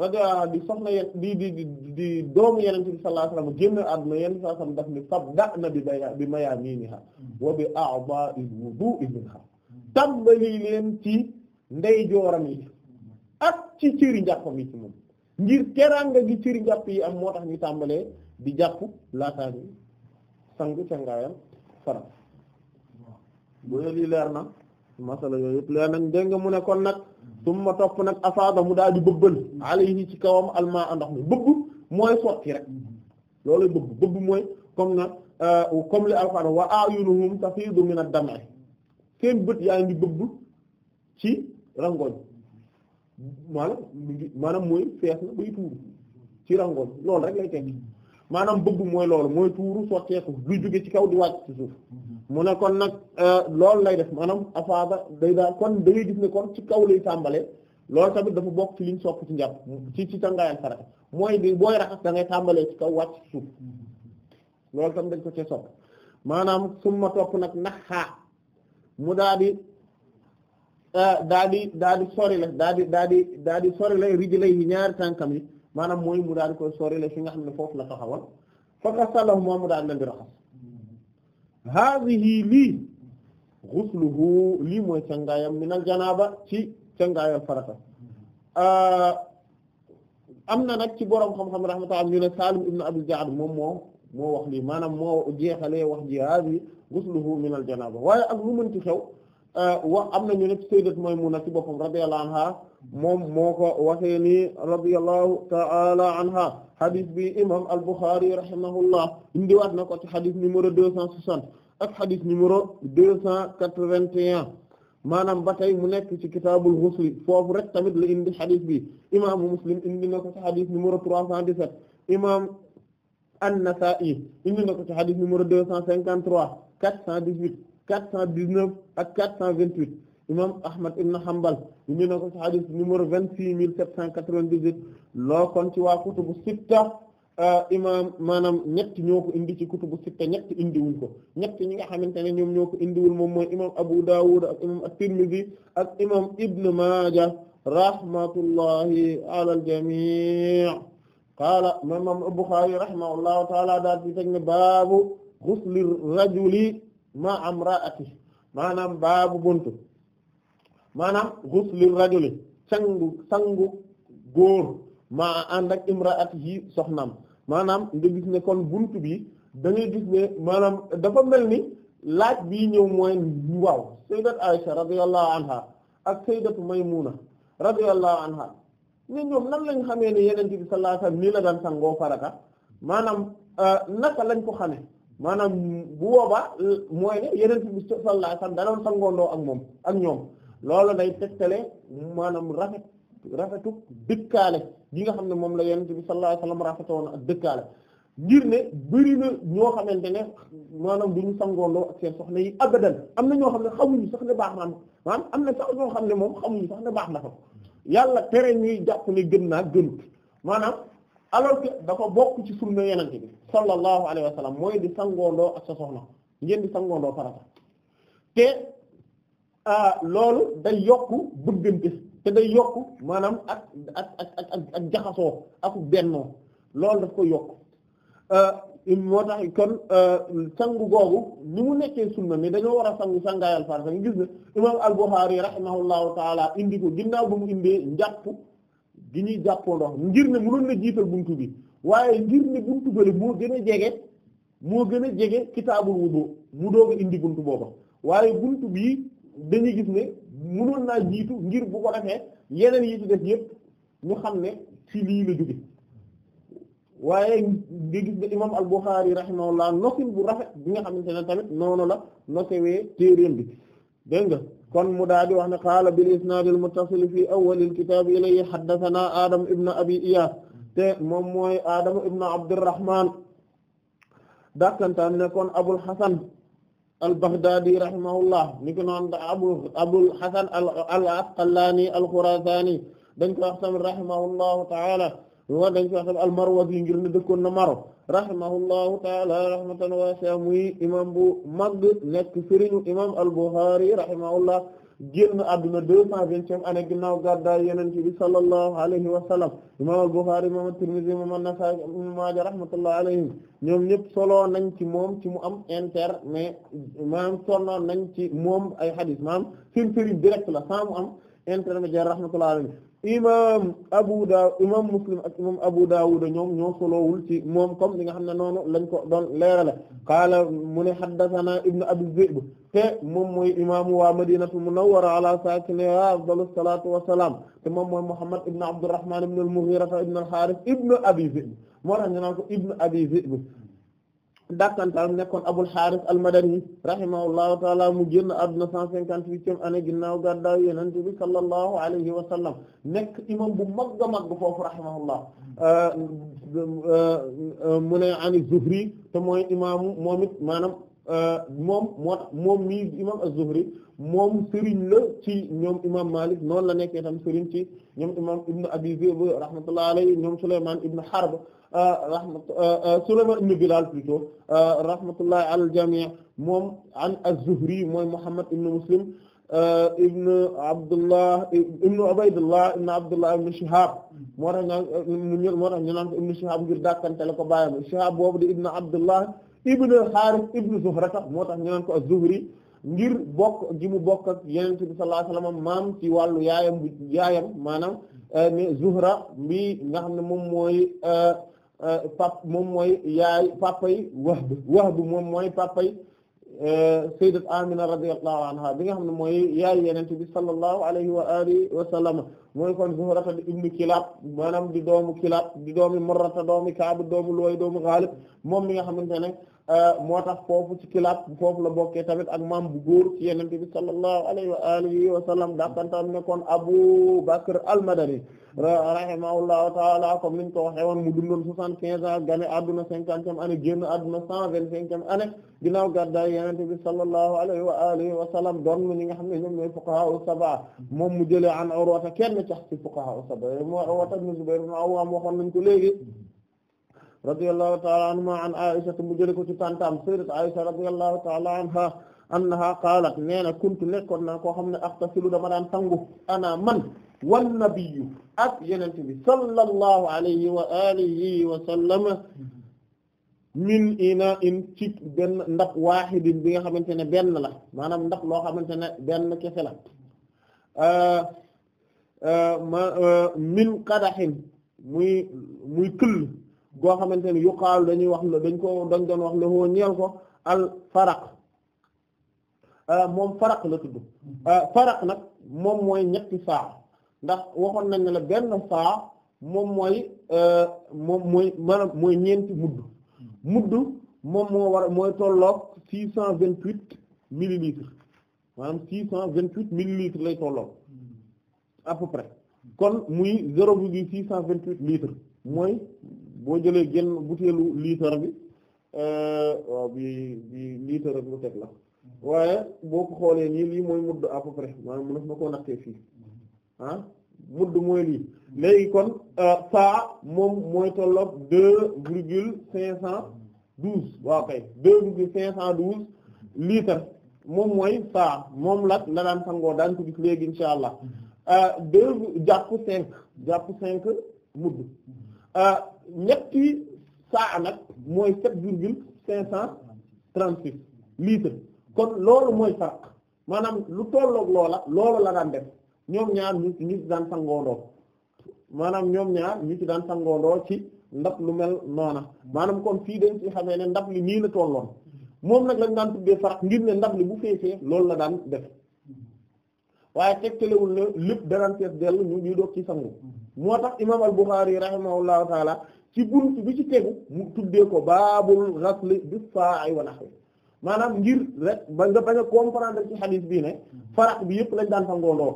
radiyallahu di soxna ye di di di doomu yenente bi sallallahu alayhi wasallam génn àdduna yenente bi sallallahu alayhi wasallam daf ni fabda'na bi baya bi mayaaminiha wa bi a'dha'i wudu'i minha tàmbali leen ci ndeyjooram yi ak ci cëri njàppam yi ci moom ngir teraanga gi cëri njàpp yi am moo tax ñu tàmbalee di jàpp laataa ñu sangu cangaayam faram bu lii leer na masala yëpp leer nañ dégg nga mu ne kon nag summa topp nag afaada mu daal di bëbbal alayhi ci kawam almaa a ndox mi bëbb mooy sotti rek loolu bëbb bëbb mooy comme na euh, comme li alqoran wa a'yunuhum tafiidu min ad-dam'i seen bët yaa ngi bëbb ci rangoñ maanaam maanaam mooy fees na bay tuuru ci rangoñ loolu rek lay tekki maanaam bëgg mooy loolu mooy tuuru sotteeku du jóge ci kaw di wàcc ci suuf mu ne kon nag euh, loolu lay def maanaam afaada day daal kon da ngay gis ne kon ci kaw lay tàmbalee loolu tamit dafa bokk ci liñ sopp ci njàpp ci ci cangaayal farata mooy di booy raxas da tàmbalee ci kaw wàcc ci loolu tamit dañ ko cee sopp maanaam summa topp nag naxaa mu euh, daal di daal di daa di sori la daa di daa di daa di sori la riji lay ñaari tànkam yi maanaam mooy mu daal di koy sori la fi nga xam ne foofu la taxawal fa xasalahu moom mu daal leen di raxas haadihi lii xusluhu lii mooy cangaayam minal janaaba ci cangaayal farata am na nag ci boroom xam-xam rahmatullah ñu ne Salim ibn Abi Ja'd moom moo moo wax lii maanaam moo jeexalee wax ji haadihi xusluhu minal janaaba waaye ak lu mën ci xew Euh, wax am na ñu ne sayyidat Maymuna ci boppam radiyallahu anha moom moo ko waxee nii radiyallahu ta'ala anha hadith bi imam al-Bukhari rahimahullah indiwaat na ko ci hadith numéro deux cent soixante ak hadith numéro deux cent quatre-vingt-un maanaam ba tey mu nekk ci kitaabul ghusl foofu rek tamit la indi hadith bi imaamu Muslim indi na ko ci hadith numéro trois cent dix-sept imam an-Nasa'i indi na ko ci hadith numéro deux cent cinquante-trois quatre cent 419 ak 428 imam Ahmad ibn Hanbal indi na ko ci hadith numéro 26798 loo kon ci waa kutubu sitta euh, imam maanaam ñett ñoo ko indi ci kutubu sitta ñett indiwul ko ñett ñi nga xamante ne ñoom ñoo ko indiwul moom mooy imam Abu Dawud ak imam at-Tirmidhi ak imam Ibn Majah rahmatullahi ala al-jami' qaala imam Bukhari rahimahullahu ta'ala daal di teg ne baabu ghusli rajuli ma amraati maanaam baabu buntu maanaam ghuslu rajuli sangu sangu góor ma ànd ak imraatihi soxnaam maanaam nga gis ne kon buntu bi da ngay gis ne maanaam dafa mel ni laaj bi ñëw mooy waaw sayyidat Aisha radiyallahu anha ak sayyidatu Maymuna radiyallahu anha ne ñoom nan lañ xamee ne yenente bi sallallahu alayhi wasallam nii la daan sangoo farata maanaam euh, naka lañ ko xamee maanaam bu boobaa euh, mooy ne yeneen bi sallallahu alayhi wasallam da doon sangoondoo ak moom ak ñoom loolu day tegtale maanaam rafet rafetu dëkkaale gi nga xam ne moom la yeneen bi sallallahu alayhi wasallam rafetoon ak dëkkaale ngir ne bëri na ñoo xamante ne maanaam du ñu sangoondoo ak seen soxna yi abadan am na ñoo xam ne xamuñu sax ne baax na maanaam am na sax ñoo xam ne moom xamuñu sax ne baax na fa yàlla tere ñuy jàpp ne gën naa gënut maanaam. alors que dafa bokk ci sunna yeneen bi sallallahu alayhi wa sallam mooy di sangoondoo ak sa soxna ngeen di sangoondoo farata te ah, loolu day yokk bëggante te day yokk maanaam ak jaxasoo ak bennoo loolu daf ko yokk ah, moo tax kon ah, sangu googu ni mu nekkee sunna ni dañoo war a sangu sangaayal farata nga gis ne imaam al-Bukhari rahimahullahu indi ko ginnaaw ba mu indee gi ñuy jàppoo ndox ngir ne mënoon na jiital buntu bi waaye ngir ne buntu bële moo gën a jege moo gën a jege kitaabul wudu mu doog indi buntu booba waaye buntu bii dañuy gis ne mënoon naa jiitu ngir bu ko defee yeneen yi ci def yépp ñu xam ne ci lii la jóge waaye nga gis ne imam al-Bukhari rahimahullah nosin bu rafet bi nga xam ne tamit noonu la nosewee téeréem bi dégg kon mu wax ne qaala bil isnaadil muttasil fii awwalil kitaab ilayhi haddasanaa Adam ibn Abi Iyaas te moom mooy Adam ibn Abdurrahman dakkantaan ne kon Abul Hasan al-Baghdadi ni ko noon Abul Abul Hasan al-Asqalaani al-Khuraasaani dañ ko ta'ala moo dañ ko xam al-Marwazi ngir ne dëkkoon na Maroc rahimahullahu taala rahmatan wasi'a muy imam bu mag nekk sëriñu imam al-Bukhari rahimahullah génn adduna deux cent vingtième année ginnaaw gàddaay yonent bi sallallahu alayhi wa sallam imam al-Bukhari imam at-Tirmidhi imam an-Nasa'i ibn Maaja rahmatullah alayhim ñoom ñëpp solo nañ ci moom ci mu am inter mais maanaam sonnoon nañ ci moom ay hadith maanaam seen sëriñ direct la sans mu am intermédiaire rahmatullah alayhi imam Abu Dawud imam Muslim ak imam Abu Dawud ñoom ñoo solowul ci moom comme li nga xam ne noonu lañ ko doon leerale qaala mu ne haddathana ibnu Abi Zi'b te moom mooy imaamu waa Madinatu Munawwara ala saakinihaa afdalu salaatu wa salaam te moom mooy Muhammad ibnu Abdurrahmaan ibnu al-Mughira ibnu al-Haaris ibnu Abi Zi'b moo tax ñu naan ko ibnu Abi Zi'b dàkkantaam nekkoon Abul Haaris al-Madani rahimahullahu taala mu génn àdduna cent cinquante-huitième ane ginnaaw gàddaa Yonent bi sallallahu alayhi wa nekk imam bu magga magg foofu rahimahullah euh, mu ne ani Zuhri te mooy imaamu moom it maanaam euh, moom moo moom mii imam az-Zuhri moom sëriñ la ci ñoom imam Malik noonu la nekkee tam sëriñ ci ñoom imam Ibn Abi Zi'b rahmatullahi alayhi ñoom Sulaymaan ibn Harb rahmat euh, euh, Sulaymaan ibn Bilaal plutôt euh, rahmatullahi ala al-jamii moom an az-Zuhri mooy Muhammad ibn Muslim ibn Abdullah ibn Ubaydullah ibn Abdullah ibn Shihab moo tax ñu moo tax ñu naan ko ibn Shihab ngir dàkkantele ko bàyyam Shihab boobu di ibn Abdullah ibn Harith ibn Zuhra sax moo tax ñu naan ko az-Zuhri ngir bokk gi mu bokk ak Yonent bi sallallahu alayhi wasallam maam ci wàllu yaayam bu yaayam maanaam ne Zuhra bi nga xam ne moom mooy Euh, pap moom mooy yaay papay Wahb Wahb moom mooy papay euh, sayyidat Amina radiyallahu anha bi nga xam ne mooy yaay Yonent bi sallallahu alayhi wa alihi wa sallam mooy kon Zuhrata di ibnu Kilab maanaam di doomu Kilab di doomi Murrata doomi Kaab doomu Luway doomu Ghalib moom mi nga xamante ne Ah, moo tax foofu ci kilaat foofu la bokkee tamit ak maam bu góor ci yenente bi sallallahu alayhi wa alihi wa sallam dàkantam nekkoon Abu Bakr al-Madani rahimahullahu taala comme niñ ko waxee woon mu dundoon soixante-quinze ans gane adduna cinquantième année génn adduna cent vingt-cinquième année ginnaaw gàddaay yenente bi sallallahu alayhi wa alihi wa sallam doon na ñi nga xam ne ñoom ñooy fuqaha as-sab'a moom mu jële an Urwata kenn cax ci fuqaha as-sab'a moo Urwata ibn Zubayr ibn nañ ko léegi radiyallahu ta'ala anhuma an Aisha mu jëlee ko ci tantam sayyidat Aisha radiyallahu ta'ala anha annaha qaalat nee na kuntu nekkoon naa koo xam ne axtasilu dama daan sangu ana man wan nabiyyu ak yenente bi sallallahu alayhi wa alihi wa sallama min ina in ci benn ndab waahidin bi nga xamante ne benn la maanaam ndab loo xamante ne benn kese la ah, ah, ma ah, min qadahin muy muy këll goo xamante ne yuqaalu dañuy wax dañ koo dañ doon wax woo ñeel ko al faraq euh, moom faraq la tudd euh, faraq nag moom mooy ñetti saa ndax waxoon nañ ne la benn saa moom mooy euh, moom mooy maanaam ñeenti mudd mudd moom moo war mooy tolloog six cent vingt huit millilitres maanaam six cent vingt huit millilitres lay tolloog à peu kon muy zéro virgule six cent vingt huit litres mooy boo jëlee genn butéelu litre bi euh, waaw bi bi litre ak lu teg la waaye boo ko xoolee nii lii mooy mudd à peu près maanaam mu def koo nattee fii ah mudd mooy lii léegi euh, moom mooy tolloog deux virgule cinq cent douze moom mooy saa moom lat la daan sangoo daan ko gis léegi insha allah euh, deux jàpp cinq jàpp cinq mudd ñetti saa nag mooy sept virgule cinq cent trente-six litres kon loolu mooy farq maanaam lu tolloog loola loolu la daan def ñoom ñaar ñu ñu ci daan sangoondoo maanaam ñoom ñaar ñu ci daan sangoondoo ci ndab lu mel noona maanaam kon fii dañ ci xamee ne ndab li nii la tolloon moom nag lañ daan tuddee faraq ngir ne ndab li bu feesee loolu la daan def waaye tegtalewul ne lépp daraan fees dellu ñu ñuy doog ci sangu moo tax imaam al-Bukhari rahimahullahu taala ci bunt bi ci tegu mu tuddee ko baabul ghasl bis sa'i wa nahwi maanaam ngir rek ba nga bañ a comprendre ci xadis bii ne farax bi yëpp lañ daan sangoondoo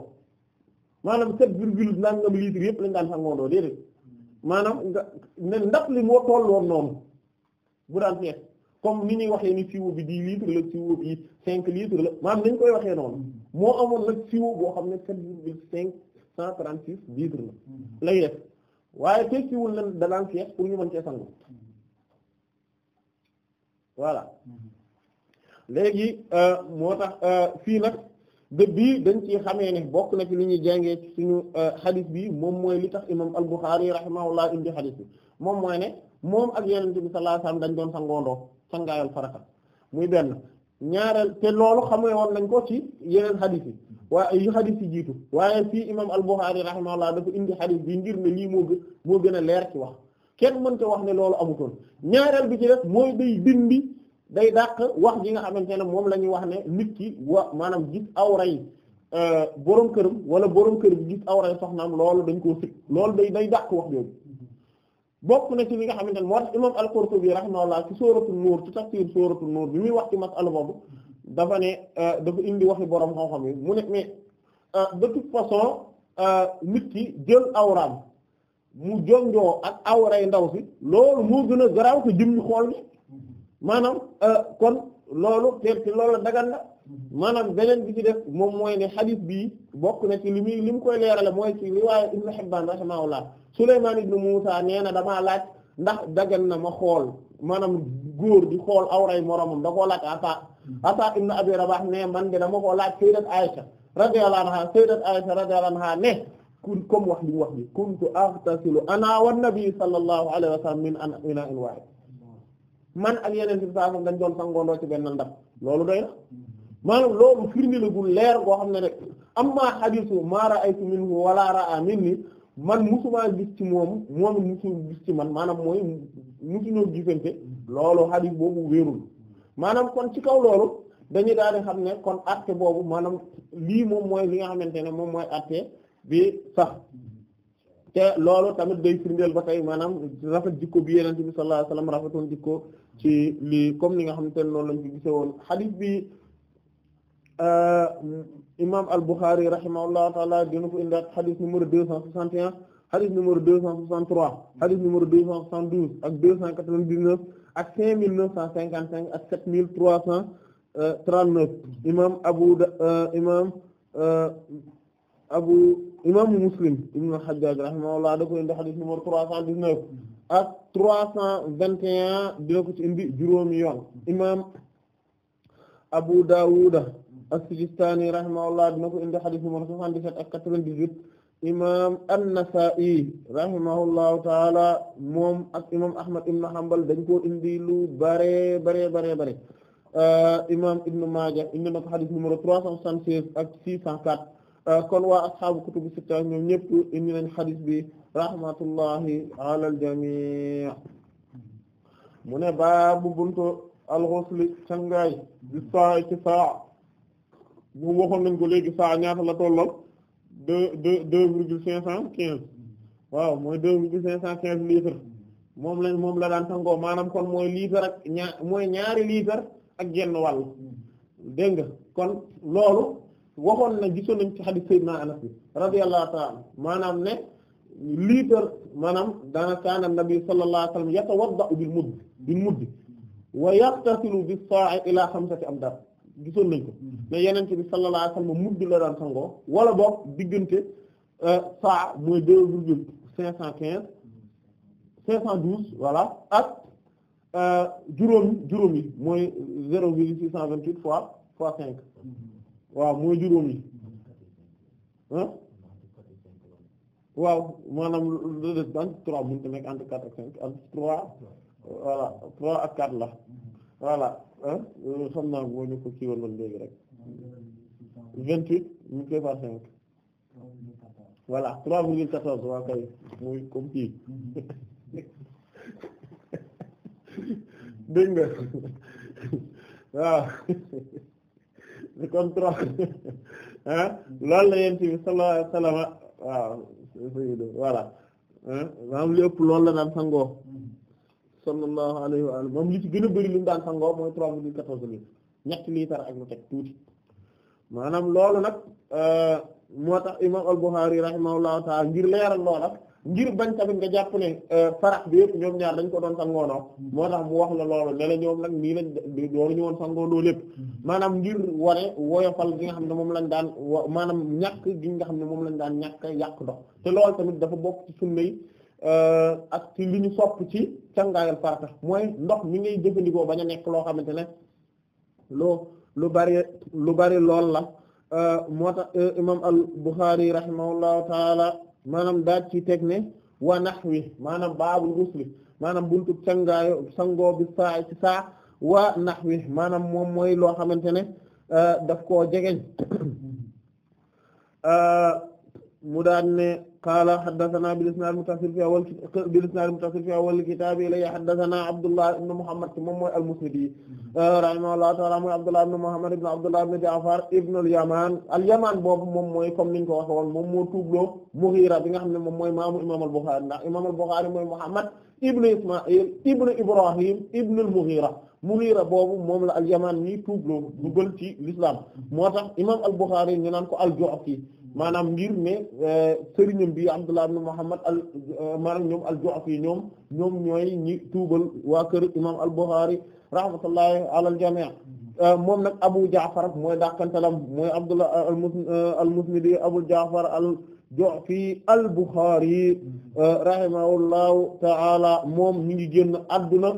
maanaam sept virgule nangam litre yëpp lañ daan sangoondoo déedéet maanaam nga ne ndax li moo tolloon noonu bu daan fees comme ni ñuy waxee ni siwo bi dix litres la siwo bi cinq litres la maanaam nañ koy waxee noonu moo amoon nag siwo boo xam ne sept virgule cent trente six litres mm-hmm. lay def waaye tekkiwul na danaan fees pour ñu mën cee sangu mm-hmm. voilà mm-hmm. léegi euh, moo tax euh, fii nag dëb bii dañ ci xamee ne bokk na ci li ñuy jàngee ci suñu xadis euh, bi moom mooy li tax imam al-Bukhari rahimahullah indi xadis bi moom mooy ne moom ak yenente bi sallallahu alayhi wasallam dañ doon sangoondoo sangaayal muy benn ñaareel te loolu xamee woon nañ ko ci yeneen xadis yi waaye yu xadis yi jiitu waaye fii imam al-Bukhari rahimahullah dafa indi xadis bi ngir ne lii moo gën moo gën a leer ci wax kenn mënta wax ne loolu amutoon ñaareel bi ci def mooy day dindi day dàq wax ji nga xamante ne moom la ñuy wax ne nit ki wa maanaam gis awray euh, borom këram wala borom kër bi gis awray soxnaam loolu dañ ko sit loolu day day dàq wax jooju bokk na ci li nga xamante ne moo tax imam al-Qurtubi rahimahullah ci sóoratu nuur ci tafsir sóoratu nuur bi muy wax ci masala boobu dafa ne euh, dafa indi waxi borom xam-xam yi mu ne mais euh, de toute façon euh, nit jël awraam mu jonjoo ak awray ndaw si loolu moo gën a garaaw ko jëm xool ni maanaam kon loolu te ci loolu dagan la maanaam beneen bi ci def moom mooy ne xadis bii bokk na ci li muy li mu koy leerale mooy ci riwaaya Ibn Hibbaan rahimahullah Sulaymaan ibn Muusaa nee na damaa laaj ndax dagan na ma xool maanaam góor di xool awray moromam da koo laaj Ataa Ataa ibn Abi Rabaah ne man de dama koo laaj sayyidat Aysa radiyallahu anha sayyidat Aysa radiyallahu anha ne kun kom wax li mu wax bi kuntu aghtasilu ana wan nabi sallallahu alayhi wa sallam min ina'in waahid man ak yeneen ci saafam dañ doon sangoondoo ci benn ndab loolu doy maanaam loolu firnde la gu leer goo xam ne ne am rek amma xadiisu maa ra'aytu minhu wala ra'a minni man musumaa gis ci moom moom musul gis ci man maanaam mooy musuñoo gisante loolu xadiis boobu wérul maanaam kon ci kaw loolu dañuy daal di xam ne kon atte boobu maanaam lii moom mooy li nga xamante ne moom mooy atte bi sax te loolu tamit day firndeel ba tey maanaam rafet jikko bi yenente bi sallallahu alayhi wasallam rafetoon jikko ci lii comme li nga xamante ne noonu lañ gisee woon xadiis bi Euh, imam al-Bukhari rahimahullahu taala dina ko indi xadis numéro deux cent soixante et un xadis numéro deux cent soixante trois xadis numéro deux cent soixante douze ak deux cent quatre vingt dix neuf ak cinq mille neuf cent cinquante cinq ak sept mille trois cent trente neuf imam abu euh, imam euh, abu imaamu Muslim ibn hajjaj rahimahullah da ko indi xadis numéro trois cent dix neuf ak trois cent vingt et dina ko ci indi juróomi yoon imam Abu Dawuda as-Sijistaani rahimahullah dina ko indi xadis numéro 77 ak 98 imaam an-Nasaa'i rahimahullahu taala moom ak imaam Ahmad ibn Hanbal dañ koo indi bare bare bare bare euh, imaam Ibn Maaja indi na ko xadis numéro 376 ak 604 euh, kon waa asxaabu kutubu sitta ñoom ñëpp indi nañ xadis bi rahmatullahi ala al-jamii mu ne baabu buntu al-ghusl sangaay bi saa ci saa bu waxoon nañ ko léegi saa ñaata la tollal deux deux deux virgule cinq cent quinze waaw mooy deux virgule cinq cent quinze litres moom lañ moom la daan sangoo maanaam kon mooy litre ak mooy ñaari litre ak genn wàll dégg nga kon loolu waxoon na gisoon nañ ci hadith sayyidina Anas bi radiyallahu ta'ala maanaam ne litre maanaam daana kaana nabi sallallahu alayhi wasallam yatawadda'u bil mudd bil mudd wa yaqtasilu bis sa'i ila am amdad gisoon nañ ko ne mm-hmm. yenente bi sallallahu alayhi wasallam mudd la daan sangoo wala boo diggante euh, saa mooy deux virgule cinq cent quinze cinq cent douze voilà ak euh, juróomi juróom yi mooy zéro virgule six cent vingt-huit fois fois cinq mm-hmm. waaw mooy juróom yi mm-hmm. waaw maanaam lu des ba entre trois mënut a nekk entre quatre ak cinq entre trois voilà trois ak quatre la voilà ah xam naa boo ñu ko kii woon léegi rek vingt huit ñu koy par cinq voilà trois virgule quatorze waa kay muy comme kii dégg waaw kon trois ah loolu la yent bi sallallahu alayhi wasallam waaw voilà ah, maanaam lépp la daan sangoo sallallahu alayhi moom li ci gën a bëri li mu daan sangoo mooy trois mille quatorze litres ñetti litre ak lu teg tuuti maanaam loolu nag euh, moo tax imam al-Bukhari rahimahullahu ta'ala ngir leeral loola ngir bañ tamit nga jàpp ne euh, farax bi yëpp ñaar dañ ko doon sangoonoo moo tax mu wax la loolu ne la nag nii lañ doolu ñu woon sangoonoo lépp maanaam ngir ware woyofal gi nga xam ne moom lañ daan maanaam ñàkk gi nga xam ne moom lañ daan ñàkk yàq dox te loolu tamit dafa bokk sunna yi Euh, ak ci li ñu sopp ci cangaayal farata mooy ndox mi ngay jëfandikoo bañ a nekk loo xamante ne loo lu bari lu bari lool la euh, moo tax euh, imam al Bukhari rahimahullahu taala maanaam daal ci teg waa wa nahwi maanaam baabul ghusli maanaam buntu cangaayo sangoo bi saa waa nax wi nahwi maanaam moom mooy loo xamante ne daf koo jegeñ *coughs* mu daan qaala haddathana bil isnad muttasil fi awwal bil isnad muttasil fi awwal kitab ilayhi haddathana Abdullah ibn Muhammad te moom mooy al-Musnadi mm-hmm. rahimahullahu ta'ala mooy Abdullah ibn Muhammad ibn Abdullah ibn Ja'far ibn al-Yaman al-Yaman boobu moom mooy comme niñ ko waxe woon moom moo tuubloo Mughira bi nga xam ne moom mooy maamu imam al-Bukhari ndax imam al-Bukhari mooy Muhammad ibn Isma'il ibn Ibrahim ibn al-Mughira Mughira boobu moom la al-Yaman ñi tuubloo dugal ci l'islam mm-hmm. moo tax imam al-Bukhari ñu naan ko al-Ju'fi maanaam ngir ne euh, sëriñam bi Abdullah ibn Muhammad al euh, ñoom al-Ju'fi ñoom ñooy ñi tuubal waa kër imaam al-Bukhari rahmatullahi ala al-jami' euh, moom nag Abu Ja'far mooy dàqantalam mooy Abdullah al-Musnidi Abu Ja'far al-Ju'fi al-Bukhari rahimahullahu ta'ala moom mi ngi génn adduna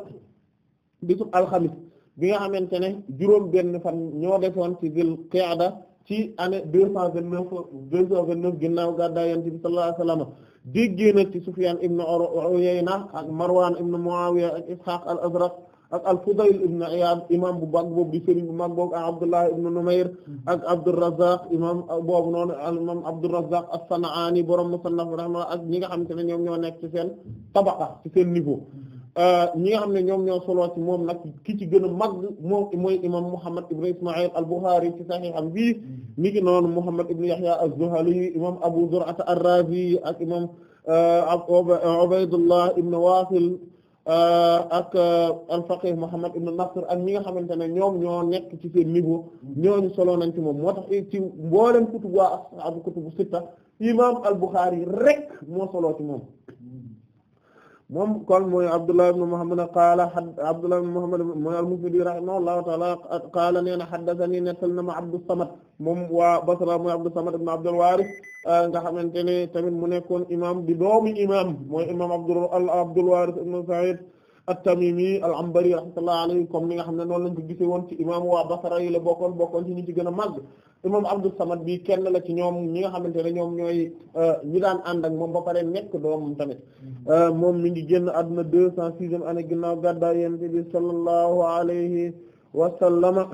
bisub alxamis bi nga xamante ne juróom benn fan ñoo defoon ci Dul Qa'da ci année deux cent vingt neuf deux cent vingt neuf ginnaaw gàddaay yonent bi sallallahu alayhi na ak Marwaan ibn Muawiya ak al-Azraq ak al-Fudayl ibn Iyaad imam bu bàgg boobu di sëriñ bu mag boobu ak Abdullah ibn Numayr ak Abdurrazzaq imam boobu noonu imam Abdurrazzaq as-San'aani borom Musannaf rahimahullah ak ñi nga xam te ne ñoom ñoo nekk ci seen tabaqa ci seen Euh, ñi nga xam ne ñoom ñoo solo ci moom nag ki ci gën a mag moom mooy imam Muhammad ibn Isma'il al-Bukhari ci sahih am bi ni mm-hmm. ki noonu Muhammad ibn Yahya az-Zuhali imam Abu Zur'at ar-Razi ak imam euh, Ubaydullah ibn Wasil euh, ak al-Faqih Muhammad ibn Nasr ak ñi xamante ne ñoom ñoo nekk ci seen niveau mm-hmm. ñooñu solo nañ ci moom moo tax ci mboolem kutubu waa ashabu kutubu sitta imam al-Bukhari rek moo solo ci moom moom kon mooy Abdullah ibn Muhammad qaala Abdullah ibn Muhammad mooy al-Mufidi rahimahullahu ta'ala qaala nee na haddathani nettal na ma Abdus Samad moom wa Basra mooy Abdus Samad ibn Abdul Waaris ah, nga xamante ne tamit mu nekkoon imaam di doomi imaam mooy imaam Abdul Abdul Waaris ibn Sa'id at-Tamimi al-Anbari rahmatullahi alayhi comme ni nga xam ne noonu la ko gisee woon ci imaam wa Basra yi la bokkoon bokkoon ci ñu ci gën màgg imam Abdou Samad bi kenn la ci ñoom ñi nga xamante ne ñoom ñooy euh, ñi daan ànd ak moom ba pare nekk doomam tamit mm-hmm. euh, moom mi ngi génn àdduna deux cent sixième année ginnaaw gàddaa yonent bi sallallahu alayhi wa sallama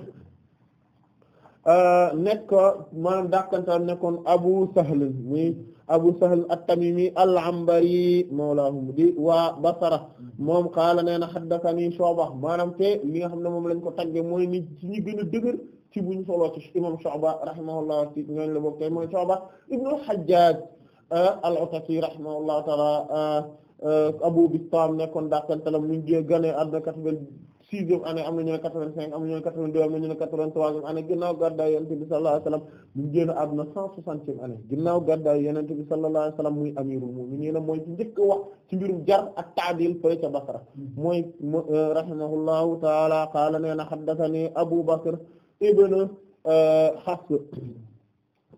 euh, nekk maanaam dàqantaan nekkoon Abu Sahl muy Abu Sahl at-Tamimi al-Anbari mawlaahum di waa Basra mm-hmm. moom qaala nee na haddathanii Shu'ba maanaam te li nga xam ne moom lañ ko tagge mooy ni ci ñi gën a dëgër ci bu ñu soloo ci imam Shu'ba rahimahullah ci ñooñ la bokk tey mooy Shu'ba ibnu al-Hajjaj ah, al-Ataki rahimahullahu ta'ala ah, Abu Bistam nekkoon daakantalam ñu ngi gane àdduna quatre-vingt-sixième année am na ne quatre-vingt-cinq am ne quatre-vingt-deux am ne quatre-vingt-troisième année ginnaaw gàddaay yonent bi sallallahu alayhi wasallam ñu génn àdduna cent soixantième année ginnaaw gàddaay yonent bi sallallahu alayhi wasallam muy amirul mu'minin mooy ci njëkk wax ci mbirum jar ak ta'dil fële ca Basra mooy ah, rahimahullahu ta'ala qaala na haddathani Abu Bakr ibn euh, Hafs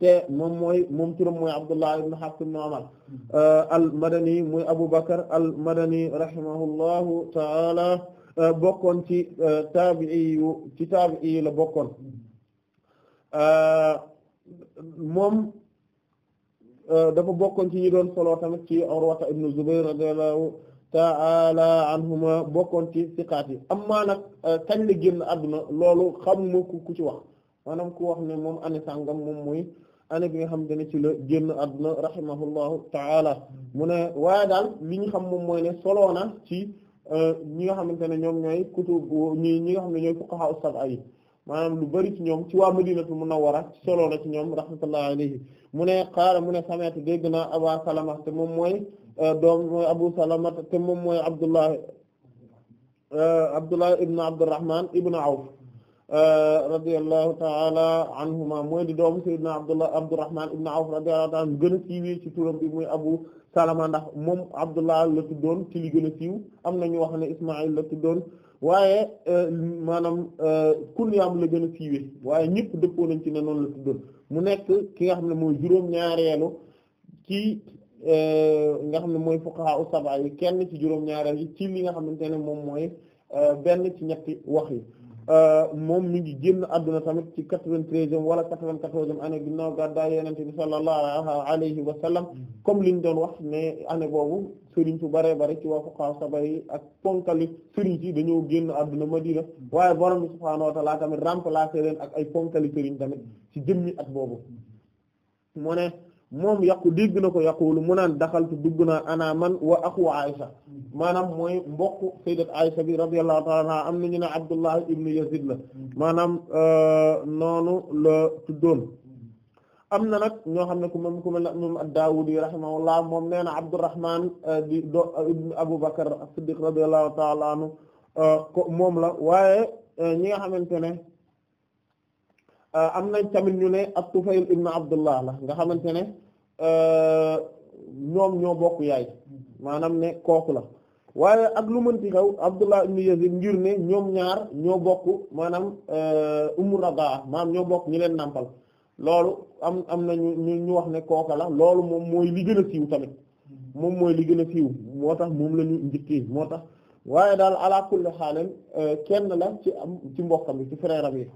te moom mooy moom turam mooy Abdullah ibn Hafs ibn Umar euh, al-Madani muy Abu Bakr al-Madani rahimahullahu ta'ala euh, bokkoon ci taabi'i yu ci taabi'i la bokkoon moom dafa bokkoon ci ñi doon solo tamit ci Urwata ibn Zubayr radiyallahu taala anhuma bokkoon ci siqaat yi amma nag euh, kañ la génn àdduna loolu xam ku ku ci wax maanaam ku wax ne moom année sàngam moom mooy année bi nga te ne ci la génn àdduna rahimahullahu taala mu ne waaye daal li ñu xam moom mooy ne soloo na ci euh, ñi nga xamante ne ñoom ñooy kutub ñii ñi nga xam ne ñooy fuqaha as-sab'a yi maanaam lu bari ci ñoom ci waa Madinatu Munawwara soloo na ci ñoom rahmatullahi alayhi mu ne qaala mu ne sami'tu dégg naa Aba Salama te moom mooy Euh, doom mooy Abu Salama te moom mooy Abdullah euh, Abdullah ibn Abdurrahman ibn Awf euh, radiyallahu ta'ala anhuma mooy di doom Sayyidina Abdullah Abdurrahman ibn Awf radiyallahu gën a siiwee ci turam bi muy Abu Salama ndax moom Abdullah la tuddoon ci li gën a siiw am na ñu wax ne Ismaïl la tuddoon waaye maanaam kunyaam la gën a siiwee waaye ñépp dëppoo nañ ci ne la tuddoon mu nekk ki nga xam ne mooy juróom ñaareelu ci Euh, nga xam ne mooy fuqaha usaba yi kenn ci juróom-ñaareel yi ci li nga xamante ne moom mooy euh, benn ci ñetti wax yi euh, moom mi ngi génn adduna tamit ci quatre-vingt-treizième wala quatre-vingt-quatorzième année ginnaaw gàddaay yonent bi sallallahu alayhi wa sallam comme liñ doon wax ne année boobu sëriñ su bare bare ci waa a saba yi ak ponkali sëriñ si dañoo génn adduna Madina waaye borom bi subhaanahu wa ta'ala tamit remplacé leen ak ay ponkali sëriñ tamit ci jëmmi at boobu mu ne moom yàqu dégg na ko yàquwul mu naan daxaltu dugg naa ana man wa axu Aisha maanaam mooy mbokk sayyidat Aisha bi radiyallahu ta'ala am nañu ne Abdullah ibn Yazid la maanaam euh, noonu la tuddoon am na na ñoo xam ne ku mel ku mel a ad-Dawudi rahimahullah moom nee na Abdurrahman euh, di do euh, ibn Abu Bakr as-Siddiq radiyallahu ta'ala anhu ko moom la waaye ñi nga xamante ne am nañ tamit ñu ne at-Tufayl ibn Abdullah la nga xamante ne ñoom ñoo bokk yaay maanaam ne kooku la waaye ak lu mënti xew Abdullah ibn Yazid ngir ne ñoom ñaar ñoo bokk maanaam Ummu Rabaa maanaam ñoo bokk ñi leen nàmpal loolu am am na ñu ñu wax ne kooka la loolu moom mooy li gën a siiw tamit moom mooy li gën a siiw moo tax moom lañu ñu moo tax waaye daal ala kulli xaalan kenn la ci am ci mbokkam bi ci frère am yi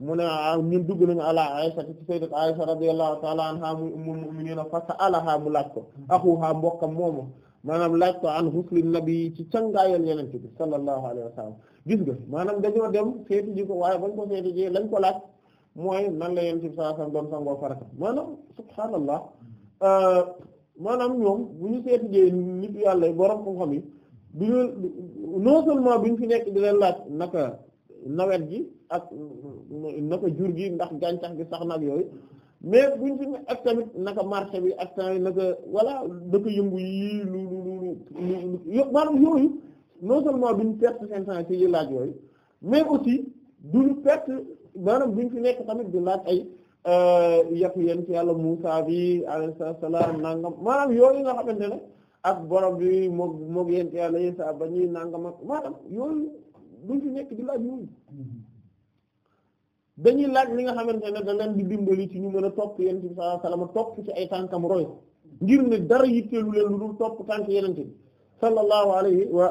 mu ne ñun dugg nañu ala Aysa ci sayyidat Aysa radiyallahu ta'ala anha muy ummul mu'minina mu laaj ko axuha mbokkam moomu maanaam laaj ko an husli nabi ci cangaayal yeneen bi sallallahu alayhi wa sallam gis nga maanaam dañoo dem seeti ji ko waaye bañ ko seeti ji lañ ko laaj mooy nan la yeneen bi sallallahu alayhi wa sallam doon sangoo farata maanaam subhaanallah euh, maanaam ñoom bu ñu seeti ji nit yàlla borom xam-xam yi du ñu non ñu fi nekk di leen laaj naka nawet gi ak naka jur gi ndax gàncax gi sax nag yooyu mais buñ ci ak tamit naka marché bi ak tamit naka voilà dëkk yëngu yi lu lu lu lu maanaam yooyu non seulement duñ perte seen temps ci yi laaj yooyu mais aussi duñu perte fi nekk tamit du laaj ay euh, yàqu yéen ci yàlla Musaa bi alayhi salaam nangam maanaam yooyu nga xamante ne ak borom bi moog moog yéen ci yàlla Isaa ba ñuy nangam ak maanaam yooyu duñ fi nekk di laaj yooyu. Mm-hmm. dañuy laaj li nga xamante ne da leen di ci ñu mën a topp yonent bi sallallahu alayhi wasallam topp ci ay tànkam roy ngir ne dara yitteelu leen lu dul topp tànk yonent bi sallallahu wa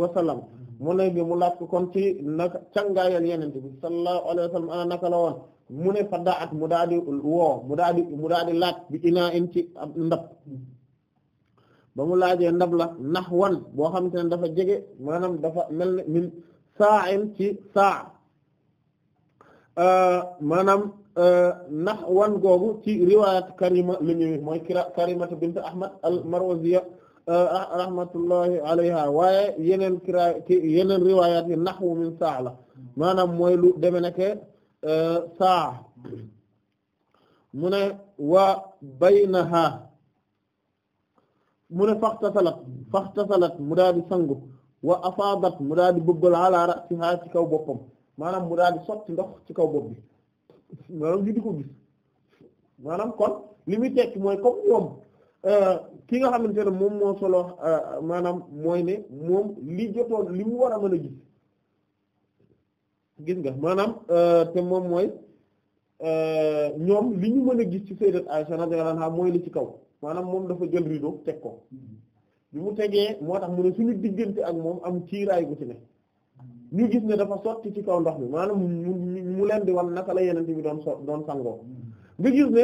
wa sallam mu mu laaj ko kon ci naka cangaayal yonent bi sallallahu alayhi naka la woon mu ne at mu daa mu daa mu daa laaj bi ci ab ndab mu laajee ndab la nax wan boo xamante ne dafa jege maanaam dafa mel ne ci saa Euh, maanaam euh, ndax wan googu ci riwaayat Karima la ñëwee mooy kira Karimatu bint Ahmad al-Marwaziya euh, ah, rahmatullahi alayha waaye yeneen kira yeneen riwaayat yi nahwu min saa la maanaam mooy lu deme nekk saa mu ne waa baynaha mu ne faxtasalat faxtasalat mu daal di sangu wa afaadat mu daal di bëbbal ala ra'siha ci kaw boppam. maanaam mu daal di sotti ndox ci kaw bopp bi maanaam ñu di ko gis maanaam kon li muy tekki mooy comme ñoom euh, ki nga xamante ne moom moo solo euh, maanaam mooy ne moom li jotoon li mu war a mën a gis gis nga maanaam euh, te moom mooy ñoom li ñu mën a gis ci sayyidat Aisha radhiyallahu anha mooy li ci kaw maanaam moom dafa jël rideau teg ko li mm-hmm. mu tegee moo tax mu ne suñu diggante ak moom am ciiraay gu ci ne ñu gis ne dafa sotti ci kaw ndox mi maanaam mu leen di wan naka la yeneen bi doon so doon sangoo nga gis ne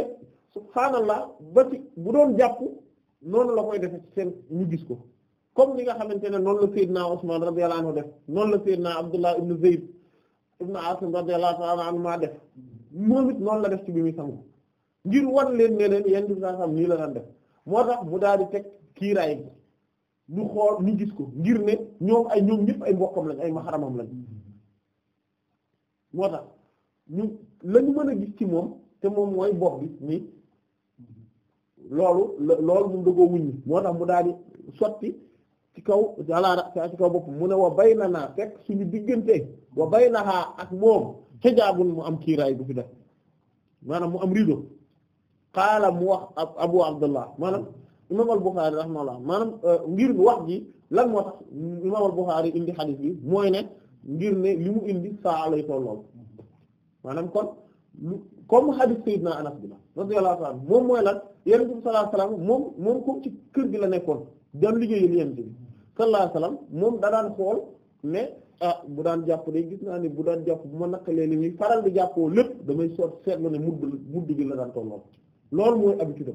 subhaanallah ba ci bu doon jàpp noonu la koy defe ci seen ñu gis ko comme li nga xamante ne noonu la Seydina Usman radiyallahu anhu def noonu la Seydina Abdullah ibn Zayd ibn Asim radiyallahu ta'ala anhu maa def moom it noonu la def ci bi muy sangu ngir wan leen ne leen yenn saa sam nii la daan def moo tax mu daal di teg kiiraay bi ñu xool ñu gis ko ngir ne ñoom ay ñoom ñëpp ay mbokkam lañ ay maxaramam lañ moo lañu mën a gis ci moom te moom mooy bopp bi nii loolu loolu mu dëggoo wuñ ñi moo tax mu daal di sotti ci kaw alaara ci kaw bopp mu ne wa bay na naa fekk suñu diggante wa bay naxaa ak moom xëjaabun mu am kiiraay bu fi def maanaam mu am rido xaala mu wax abu abdullah maanaam imam al-Bukhari rahimahullah maanaam ngir euh, wax gi lan moo tax imam al indi xadis bi mooy ne ngir ne li mu indi saa lay tollool maanaam kon comme xadis sayyidina Anas bi la radiyallahu anhu moom mooy lan yonent bi moom moom comme ci kër gi la nekkoon daan liggéeyal yonent bi sallallahu alayhi wasallam moom da daan xool ne ah bu daan jàpp de gis naa ne bu daan jàpp bu ma naqalee li muy faral di jàppoo lépp damay soot seetlu ne mudd mudd gi la daan tollool loolu mooy habitude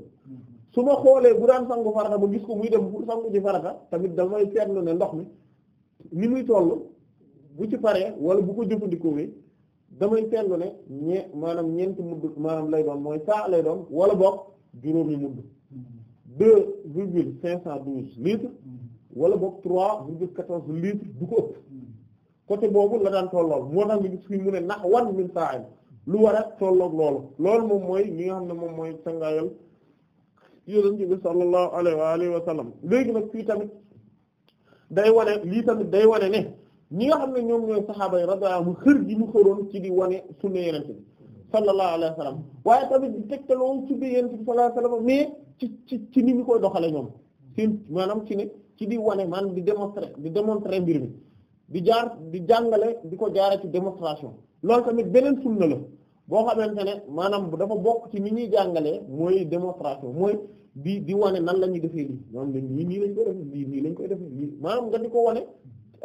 su ma xoolee bu daan sangu farata ba gis ko muy dem pour sangu ci farata tamit damay seetlu ne ndox mi ni muy toll bu ci paree wala bu ko jëfandikoo damay seetlu ne ñe maanaam ñeenti mudd maanaam lay doon mooy saa lay doon wala boog juróomi mudd deux virgule cinq cent douze litres wala boog trois virgule quatorze litres du ko ëpp côté boobu la daan tollool moo tax nga gis fi mu ne nax wan min saa lu war a tolloog loolu loolu moom mooy li nga xam ne moom mooy sangaayal ci yonent bi sallallahu alayhi wa alihi wa sallam léegi nag fii tamit day wane lii tamit day wane ne ñi nga xam ne ñoom ñooy saxaaba yi radiyallahu anhum xër gi mu xëroon ci di wane sunna yonent bi sallallahu alayhi wa sallam waaye tamit di tegtaloo ci biir yonent bi sallallahu wa sallam mais ci ci ci ni ñu koy doxale ñoom seen maanaam ci ci di wane maanaam di démontrer di démontrer mbir mi di jaar di jàngale di ko jaara ci démonstration loolu tamit beneen sunna la boo xamante ne maanaam dafa bokk ci ni ñuy jàngalee mooy démonstration mooy di di wane nan la ñuy defee lii maanaam lii nii lañ koy def lii nii lañ koy def lii maanaam nga di ko wane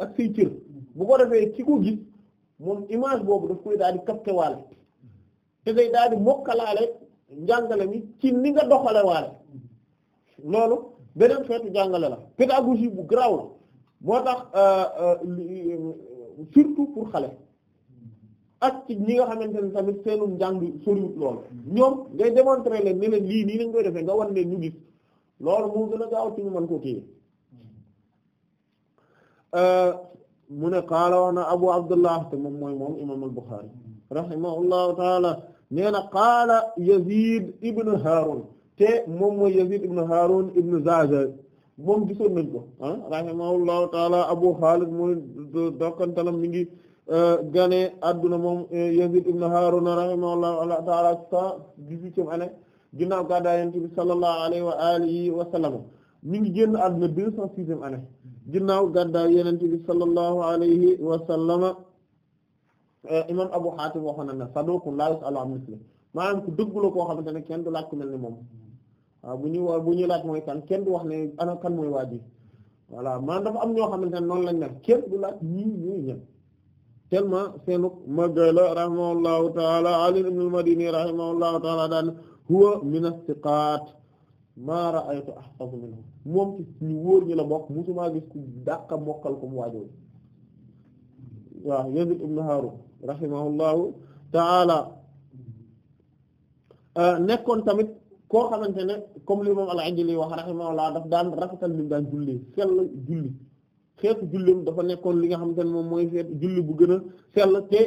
ak say cër bu ko defee ci ko gis moom image boobu daf koy daal di capté waale te day daal di mokkalaale njàngale mi ci ni nga doxale waale loolu beneen xeetu jàngale la pédagogie bu garaaw la moo tax euh, euh, euh, surtout pour xale ak ci ñi nga xamante ne tamit seenum njàng soriwut lool ñoom ngay démontrer leen ne leen lii nii lañ koy defee nga wan leen ñu gis loolu moo gën a gaaw ci ñu mën koo euh, mu ne qaala wax na Abu Abdullah te moom mooy moom imaam al-Bukhari rahimahullahu taala nee na qaala Yazid ibn te moom mooy Yazid ibn Harun ibn Zaza moom gisoon nañ ko ah rahimahullahu taala Abu Khalid mooy dokkantalam mi ngi Euh, gane adduna moom euh, Yazid ibn Harun rahimahullahu ta'ala cent dix-huitième année ginnaaw gàddaay Yonent bi sallallahu alayhi wa alihi wa sallam mi ngi génn adduna deux cent sixième année ginnaaw gàddaay Yonent bi sallallahu alayhi wa euh, imam Abu Hatim waxoon na ne saduqun la yus'alu an misli maanaam ku dëgg koo xamante ne kenn du laaj ku mel ni moom bu ñuy bu ñuy laaj mooy kan kenn du wax ne ana kan mooy waa ji voilà maanaam am ñoo xamante ne noon lañ ne kenn du laaj ñii ñooy ñen tellement seenu ma la rahimahullahu taala ali ibn al-Madini rahimahullahu taala daan huwa min as-siqaat maa ra'aytu ahfaza minhu moom ci ñu wóor ñi la bokk musuma gis ku dàqa mokkal ko mu waajoo waaw Yazid ibn Harun rahimahullahu taala euh, nekkoon tamit koo xamante ne comme l'imam al-Ajli wax rahimahullah daf daan rafetal li daan julli sell julli xeetu julleem dafa nekkoon li nga xamante ne moom mooy xeetu julli bu gën a sell te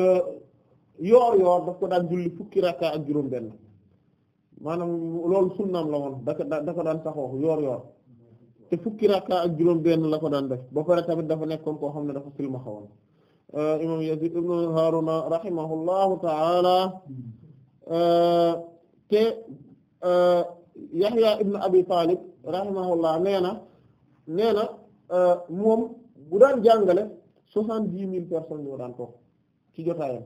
euh, yoor yoor daf ko daan julli fukki rakka ak juróom benn maanaam loolu sunnaam la woon daka dafa daan saxoo yoor yoor te fukki rakka ak juróom benn la ko daan def ba pare tamit dafa nekkoon koo xam ne dafa silmaxa woon euh, imam Yazid ibn Haruna rahimahullahu euh, te Yahya ibn Abi Talib rahimahullah nee na nee na Euh, moom bu daan jàngale soixante dix mille personnes ñoo daan toog ci jotaayam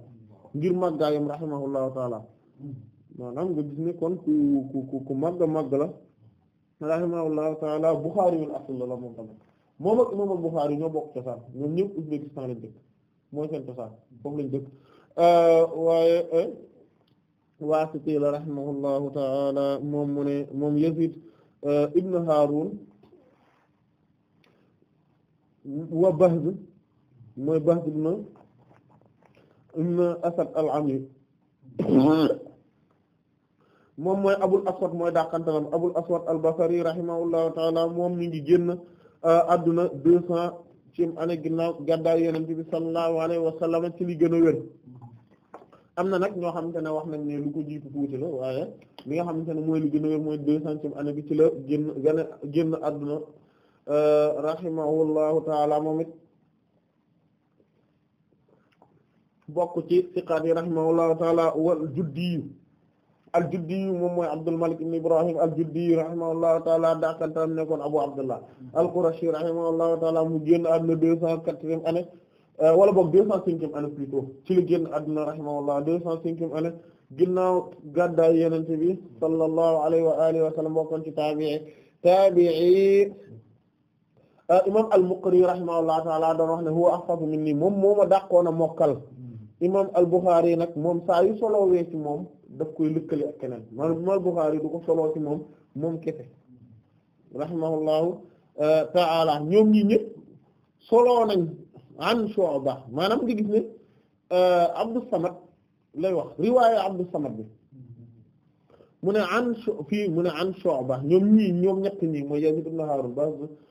ngir màggaayam rahimahullahu taala maanaam nga gis kon ku ku ku màgg màgg la rahimahullahu taala Bukhari yul asl la moom tamit moom ak imam ñoo bokk cosaan ñoom ñëpp Ouzbékistan lañ dëkk mooy seen cosaan foofu lañ dëkk euh, waaye euh, waasiti la rahimahullahu taala moom moom Yazid ibn Harun wa Bahz mooy Bahz ibn ibn Asad al-Amir moom mooy Abul Aswad mooy dàqantalam Abul Aswad al-Basri rahimahullahu taala moom mi ngi génn adduna euh, deux cent ci année ginnaaw gàddaay Yonent bi sallallahu alayhi wa sallam ci li gën a wér am na nag ñoo xamante ne wax nañ ne lu ko jiitu tuuti waaye li nga xamante ne mooy li gën a wér mooy deux cent ci année bi la génn gën génn àdduna Euh, rahimahullahu taala moom it ci siqaat yi rahimahullahu taala aljuddiyu moom mooy Abdul Malik ibn Ibrahim aljuddiyu rahimahullahu taala daakantaam nekkoon Abu Abdullah al-Qurashi rahimahullahu mu génn àdduna deux cent quatrième année euh, wala boog deux cent cinquième année plutôt ci la génn àdduna rahimahullah deux cent cinquième année ginnaaw gàddaay Yonent bi sallallahu alayhi wa alihi wa ci taabi'i taabi'i Euh, imam al-Muqri rahimahullahu taala doon wax ne huwa ahfazu minni moom moo ma dàqoon a mokkal imam al-Bukhari nag moom saa yu solowee ci moom daf koy lëkkale ak keneen maanaam imam al-Bukhari du ko soloo ci moom moom kese rahimahullahu euh, taala ñoom ñi ñëpp soloo nañ an Shu'ba maanaam nga gis ne euh, Abdus Samad lay wax riwaayu Abdus Samad bi mu ne an fii mu ne an Shu'ba ñoom ñii ñoom ñett ñi mooy Yazid ibn Harun ba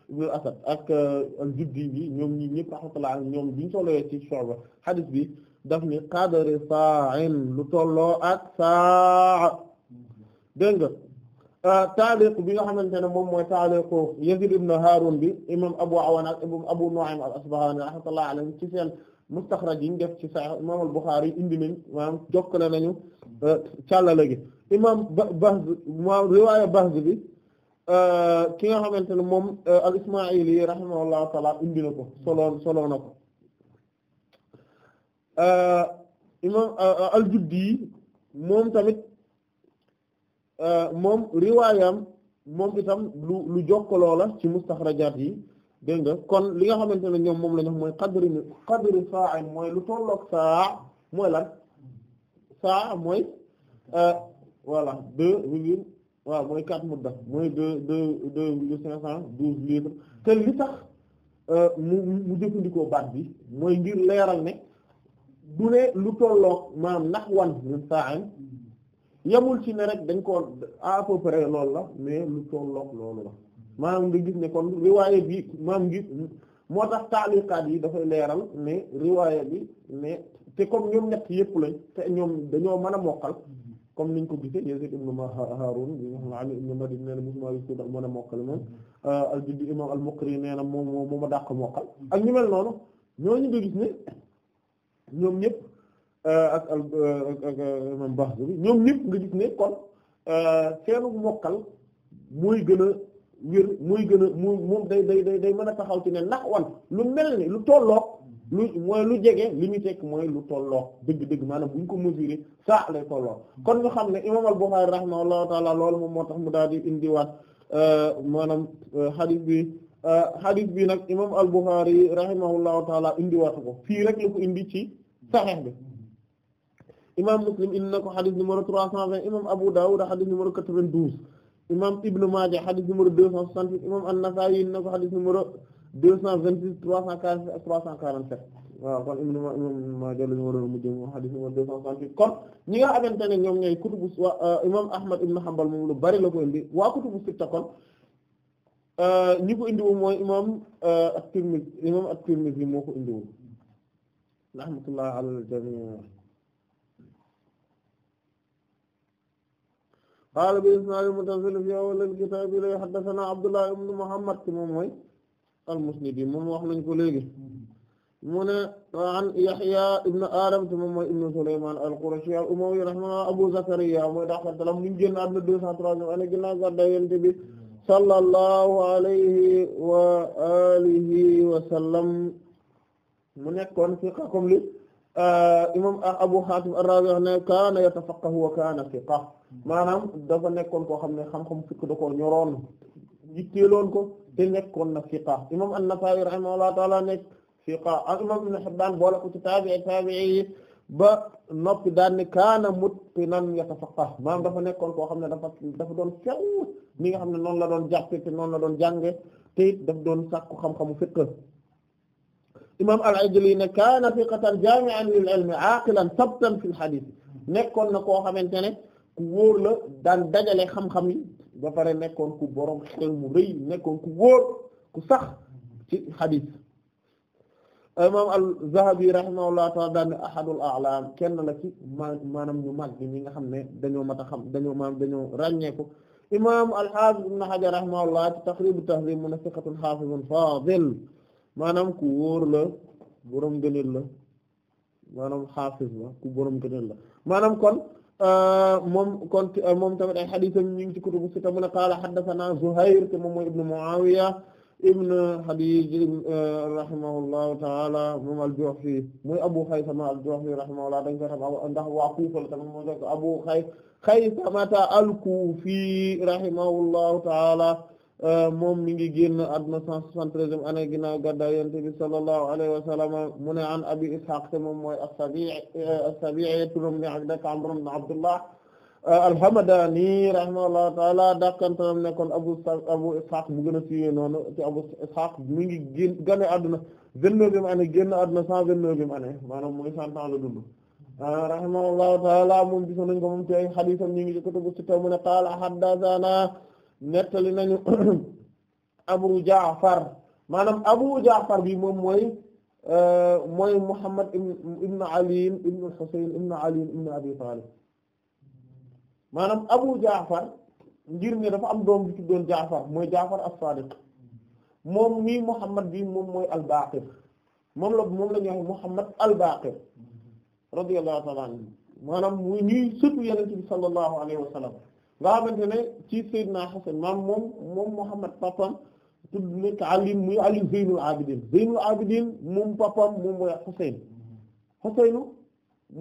ibn Asad ak euh, al-Juddi bi ñoom ñii ñëpp rahmatullah ñoom biñu solowee ci Shu'ba hadith bi daf ni qadri sa'in lu tolloo ak saa dégg nga euh, taaliq bi nga xamante ne moom mooy taaliqu Yazid ibn Harun bi imam Abu Awan ak imam Abu Nu'aym al-Asbahani rahmatullah alayhi ci seen mustakhraj yi ñu def ci Sahih imam al-Bukhari indi nañ maanaam jokkale nañu euh, càllala gi imaam Bahz ma riwaaya Bahz bi euh, ki nga xamante ne moom euh, al Ismaa'ili rahimahullahu taala indi ko soloon soloo na ko euh, imaam al Juddi moom tamit moom riwaayam moom itam lu lu jokkaloo la ci mustaxrajaat yi dégg nga kon li nga xamante ne ñoom moom la mooy qadri qadri saa mooy lu tolloog saa mooy lan saa mooy. voilà deux virgule waaw mooy quatre mudda mooy deux deux deux virgule cinq cent douze litres te li tax euh, mu mu jëfandikoo baat bi mooy ngir leeral ne du ne lu tolloog maanaam nax wan min sa'in yamul ci ne rek dañ ko à peu la mais lu tolloog loolu la maanaam nga gis ne kon riwaayé bi maam ngi moo tax taaliqaat yi dafay leeral ne riwaayé bi ne te comme ñoom ñett yépp lañ te ñoom dañoo mën a mokkal comme niñ ko gisee Yazid ibn Harun bi nga xam ne Ali ibn Madini nee na ko ndax mën a mokkal moom mm-hmm. euh, al-Juddi imam al-Muqri nee moom moo ma ak ñu mel noonu ñooñu nga ñëpp euh, euh, ak ak imam Bahzi bi ñoom muy gën muy gën a muy moom day day mën a taxaw ci ne ndax wan lu mel ni lu tollook lu mooy lu jege li ñu tekk mooy lu tolloo dëgg-dëgg maanaam bu ñu ko mesurer saa lay tolloo kon ñu xam ne imaam al-Bukhari rahimahullahu taala loolu moom moo tax mu daal di indiwaat euh, maanaam euh, hadith bi euh, hadith bi nag imaam al-Bukhari rahimahullahu taala indiwaat ko fii rek la ko indi ci Sahih bi imaam Muslim indi na ko hadith numéro 320 imaam Abu Dawud hadith numéro 92 imaam Ibn Maaja hadith numéro 268 imaam An-Nasa'i indi na ko hadith numéro. deux cent vingt-six trois cent quarante-six trois cent quarante-sept waaw kon Ibn Maaja la ñu waroon a mujj moom xadis numéro deux cent kon ñi nga xamante ne ñoom ñooy kutubu wa euh, imam Ahmad ibn Hanbal moom lu bari la ko indi waa kutubu sitta kon euh, ñi ko indiwu mooy imam euh, at-Tirmidhi imam at-Tirmidhi moo ko indiwu rahmatullah ala al-jami' qaala bi isnaadin muttasil fi awwal al-kitaab ilay haddathana Abdullah ibn Muhammad moom mooy al-Musnadi moom wax nañ ko léegi mm-hmm. mu ne an Yahya ibn Adam te moom mooy ibn Sulayman al-Qurashi al-Umawi rahimahullah Abu Zakariya mooy daa xantalam mu ngi génn àdduna deux cent trois ñoom année ginnaaw gàddaay Yonent bi sallallahu wa alihi wa sallam mu nekkoon fiqa comme li euh, imam Abu Hatim ar-Razi wax ne kaana wa kaana fiqa mm-hmm. maanaam dafa nekkoon ko xam ne xam-xam fiq da ko ñoroon jitteeloon ko te nekkoon na siqa imam an-Nasa'i rahimahullahu ta'ala nekk siqa ak imam Ibn Hibban boole ko ci taabi'i taabi'i ba noppi daan ne kaana mutqinan yatafaqqah maanaam dafa nekkoon koo xam ne dafa dafa doon sew mi nga xam ne noonu la doon jàppe te noonu la doon jànge te daf doon sàkku xam-xamu fiqh imam al-Ajli ne kaana thiqatan jaami'an lil ilmi aqilan sabtan fil hadith nekkoon na koo xamante ne ku wóor la daan dajale xam-xam yi ba pare nekkoon ku borom xel mu rëy nekkoon ku wóor ku sax ci xadis imam al-Zahabi rahimahullah ta'ala daanne ahadul a'lam kenn la ci ma maanaam ñu mag ñi nga xam ne dañoo mat a xam dañoo maanaam dañoo ràññeeku imam al-Hafiz ibn Hajar rahimahullah ci mu ne thiqatun hafizun fadil maanaam ku wóor la borom gëneel la maanaam xaafis la ku borom gëneel la maanaam kon Euh, moom kon euh, moom tamit ay xadisam ñu ngi ci kutubu sitta mu ne qaala haddathana Zuhayr te moom mooy ibnu Muawiya ibn Hadij euh, rahimahullahu ta'ala moom al-Juhfi muy Abu Khaythama al-Juhfi rahimahullah dañ ko xam ndax waa Kufa la tamit moo tax Abu Khaythama al-Kufi rahimahullahu ta'ala Euh, moom mi ngi génn àdduna 173e année ginnaaw gàddaay Yonent bi sallallahu alayhi wa sallam mu ne an Abi Ishaq te moom mooy as-Sabi'i euh, as-Sabi'i turam ne ak dëkk Amr ibn Abdullah euh, al-Hamadani rahimahullahu ta'ala dàkkantalam nekkoon Abu Abu Ishaq bu gën a siiwee noonu ci Abu Ishaq mi ngi génn gane àdduna 29e année génn àdduna 129e année maanaam mooy 100 ans la dund rahimahullahu ta'ala moom gis nañ ko moom ci ay hadiisam ñu ngi mu ne qaala haddathana nettali nañu *clears throat* abu jaafar maanaam abu jaafar bi moom mooy euh, mooy muhammad ibn ali ibn husayn ibn ali ibn abi talib maanaam abu jaafar ngir ne dafa am doom bi tuddoon jaafar mooy jaafar as-sadiq moom mii muhammad bi moom mooy al-baqir moom la moom la ñu wax muhammad al-baqir radiyallahu ta'ala anhu maanaam muy ñuy sëtu yonent bi sallallahu alayhi wa sallam nga xamante ne ci Seydina Hasan maam moom moom Muhammad papam tudd nekk Ali muy Ali Zeynul Abidin Zeynul Abidin moom papam moom mooy Husayn Husaynu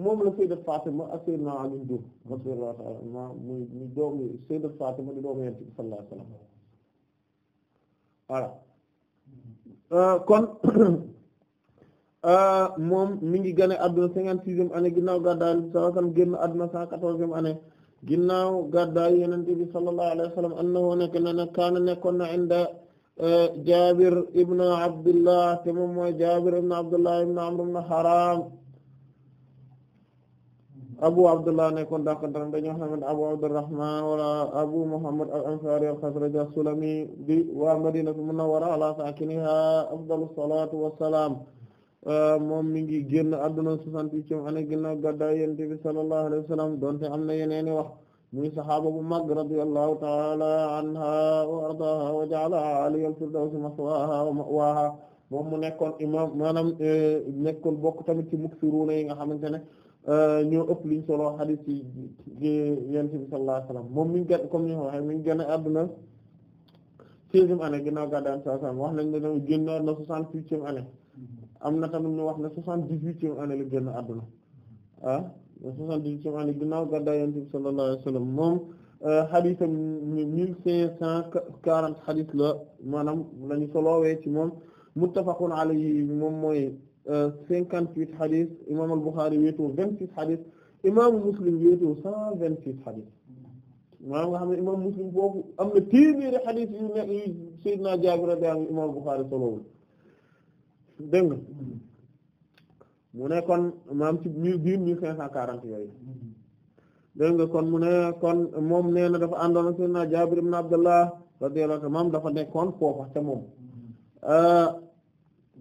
moom la Sayyidat Fatima ak Seydina Ali jur radiyallahu ta'ala anha muy muy doomu Sayyidat Fatima di bi sallallahu euh, kon *coughs* euh, moom mi ngi gane àdduna cinquante-sixième année ginnaaw gàddaay sallallahu alayhi wasallam génn àdduna cent quatorzième année ginnaaw gàddaay yonent bi sallallahu alayhi wa sallam annahu nekk ne kaana nekkoon na inda eh, Jaabir ibn Abdullah te moom mooy Jaabir ibn Abdullah ibn Amr ibn Abu Abdullah nekkoon dàqantan dañu Abu Muhammad al-Ansari al-Khazraji as-Sulami di waa Madinatu Munawwara ala saakiniha afdalu salaatu wa salaam Euh, moom mi ngi génn adduna soixante-huitième année ginnaaw gàddaay yonent bi sallallahu alayhi wa sallam donte am na yeneeni wax muy saxaaba bu mag radiyallahu ta'ala anha wa ardaaha wa ja'ala aliyal firdawsi maswaaha wa ma'waaha moom mu nekkoon imam maanaam euh, nekkoon bokk tamit ci muksiruuna yi nga xamante ne euh, ñoo ëpp liñ solo xadiis yi yonent bi sallallahu alayhi wa sallam moom mi ngi génn comme ni nga waxee mi ngi génn adduna seizième année ginnaaw gàddaay yonent bi sallallahu alayhi wa sallam wax nañ ne génn na soixante-huitième année am na tamit ñu wax ne soixante-dix-huitième année la génn àdduna ah soixante-dix-huitième année ginnaaw gàddaay Yonent bi sallallahu alayhi wasallam moom euh, xadisam mille cinq cent quarante xadis la maanaam la ñu soloowee ci moom muttafaqun alayhi moom mooy euh, cinquante-huit xadis imam al-Bukhari wéetoo vingt-six xadis imam Muslim wéetoo cent vingt-six xadis maanaam nga xam ne imam Muslim foofu am na téeméeri xadis yu ne yu Seydina Jaabir radiyallahu anhu imam al-Bukhari solowul dégg nga mu ne kon maam ci mille biir mille cinq cent yooyu dégg nga kon mu ne kon moom nee na dafa àndoona sayyidina Jaabir ibn Abdullah radiyallahu anhu maam dafa nekkoon foofa ca moom uh,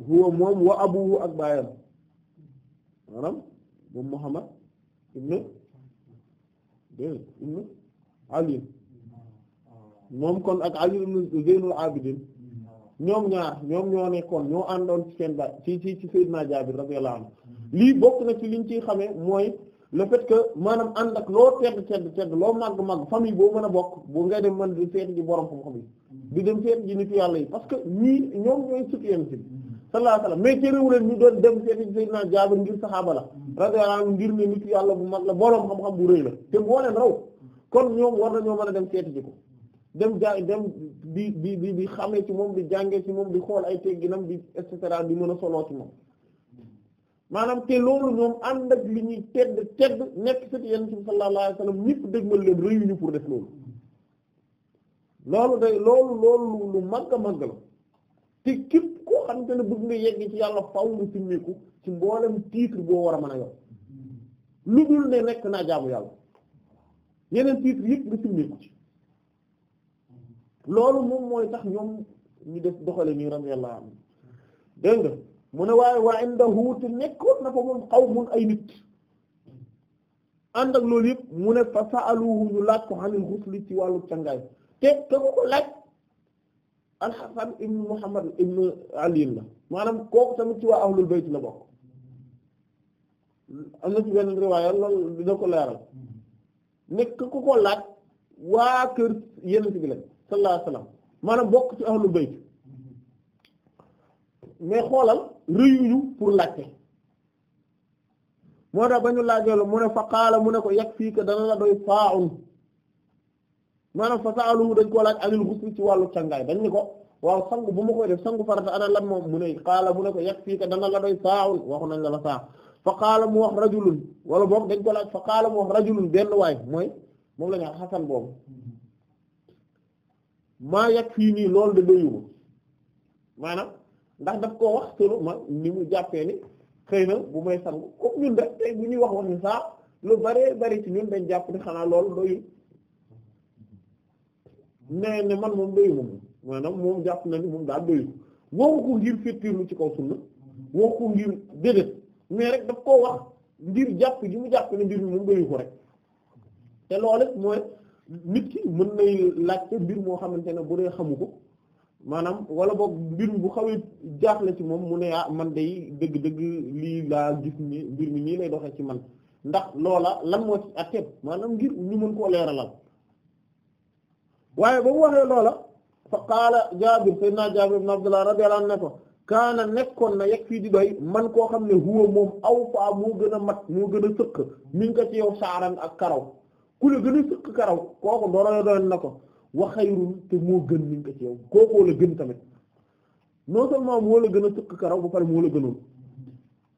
huwa moom wa abuhu ak baayam maanaam moom Muhammad ibn dégg ibn moom kon ak Ali ibn Abidin ñoom ñaar ñoom ñoo nekkoon ñoo àndoon ci seen ba ci ci ci Seydina Jaabir radiyallahu anhu lii bokk na ci liñ ciy xamee mooy le fait que maanaam ànd ak loo tedd tedd tedd loo màgg màgg famille boo mën a bokk bu ngay dem mën di seet ji borom xam-xam yi di dem seet ji nitu yàlla yi parce que nii ñoom ñooy sutuyeen ci sallallahu alayhi wasallam mais teréwu leen ñu doon dem seet ji Seydina Jaabir ngir saxaaba la radiyallahu anhu ngir ne nitu yàlla bu mag la borom xam-xam bu rëy la te moo leen raw kon ñoom war na ñoo mën a dem seet ji ko dem ja dem di di bi di xamee ci moom di jàngee ci moom di xool ay tegginam bi et cetera di mën a soloo ci moom maanaam te loolu ñoom ànd ak li ñuy tedd tedd nekk ci yenn ci sallallahu alayhi wasallam ñëpp dégmal leen réunion pour def loolu loolu day loolu loolu lu màgg a la te képp koo xam te ne bëgg nga yegg ci yàlla faw nga simmeeku ci mboolem titre boo war a man a yor lu dul ne nekk naa jaamu yàlla yeneen titre yëpp nga simmeeku ci loolu moom mooy tax ñoom ñu def doxale nii radiyallahu anhu dégg nga mu ne waaye waa indahu te nekkoon na fa moom qawmun ay nit ànd ak loolu yëpp mu ne fa sa'aluhu ñu laaj ko anil ghusli ci wàllu cangaay te te ku ko laaj al ibn Muhammad ibn Ali la maanaam kooku tamit ci waa ahlul bayt la bokk am na ci benn riwaaya loolu dina ko leeral nekk ku ko laaj waa kër yenn ci bi sallallahu alayhi wasallam maanaam bokk ci ahlul bayt mais xoolal rëyuñu pour laajte moo tax ba ñu la mu ne fa qaala mu ne ko yakfiika dana la doy faa'un maanaam fa saaluhu dañ koo laaj anil ghusl ci wàllu cangaay dañ ni ko waaw sangu bu ma koy def sangu farata ana lan moom mu ne mu ne ko yakfiika dana la doy faa'un waxu nañ la la saa fa qaala mu wax rajulun wala boog dañ ko laaj fa qaala mu wax rajulun benn waay mooy moom lañu ñu xasan boobu maa yàgg fii nii loolu de doyuma maanaam ndax daf koo wax solo ma ni mu jàppee ni xëy na bu may sangu comme ñun rek tey bu ñuy wax wax ni saa lu bare bari ci ñun dañ jàpp ni xanaa loolu doyul nee ne man moom doyuma moom maanaam moom jàpp na ni moom daal doyul waxu ko ngir féttirlu ci kaw sunna waxu ngir dédét mais rek daf koo wax ngir jàpp ji mu jàpp ne mbir mi moom doyu ko rek te loolu mooy nit ki mën nay laajte mbir moo xamante ne bu dee xamu ko maanaam wala boog mbir bu xawee jaaxle ci moom mu ne ah man day dëgg-dëgg lii laa gis ni mbir mi nii lay doxee ci man ndax loola lan moo ci atteeb maanaam ngir ñu mën koo leeralal waaye ba mu waxee loola fa qaala Jaabir sayyidina Jaabir ibn Abdullah radiyallahu anhu ne ko kaana nekkoon na yegg fii di doy man koo xam ne huwa moom aw faa moo gën a mat moo gën a sëkk mi ngi ko ci yow saaran ak karaw ku la gën a sëkk karaw kooku doole doon na ko wa xayrun te moo gën ñu ko ci yow kookoo la gën tamit non seulement moo la gën a sëkk karaw ba pare moo la gënoon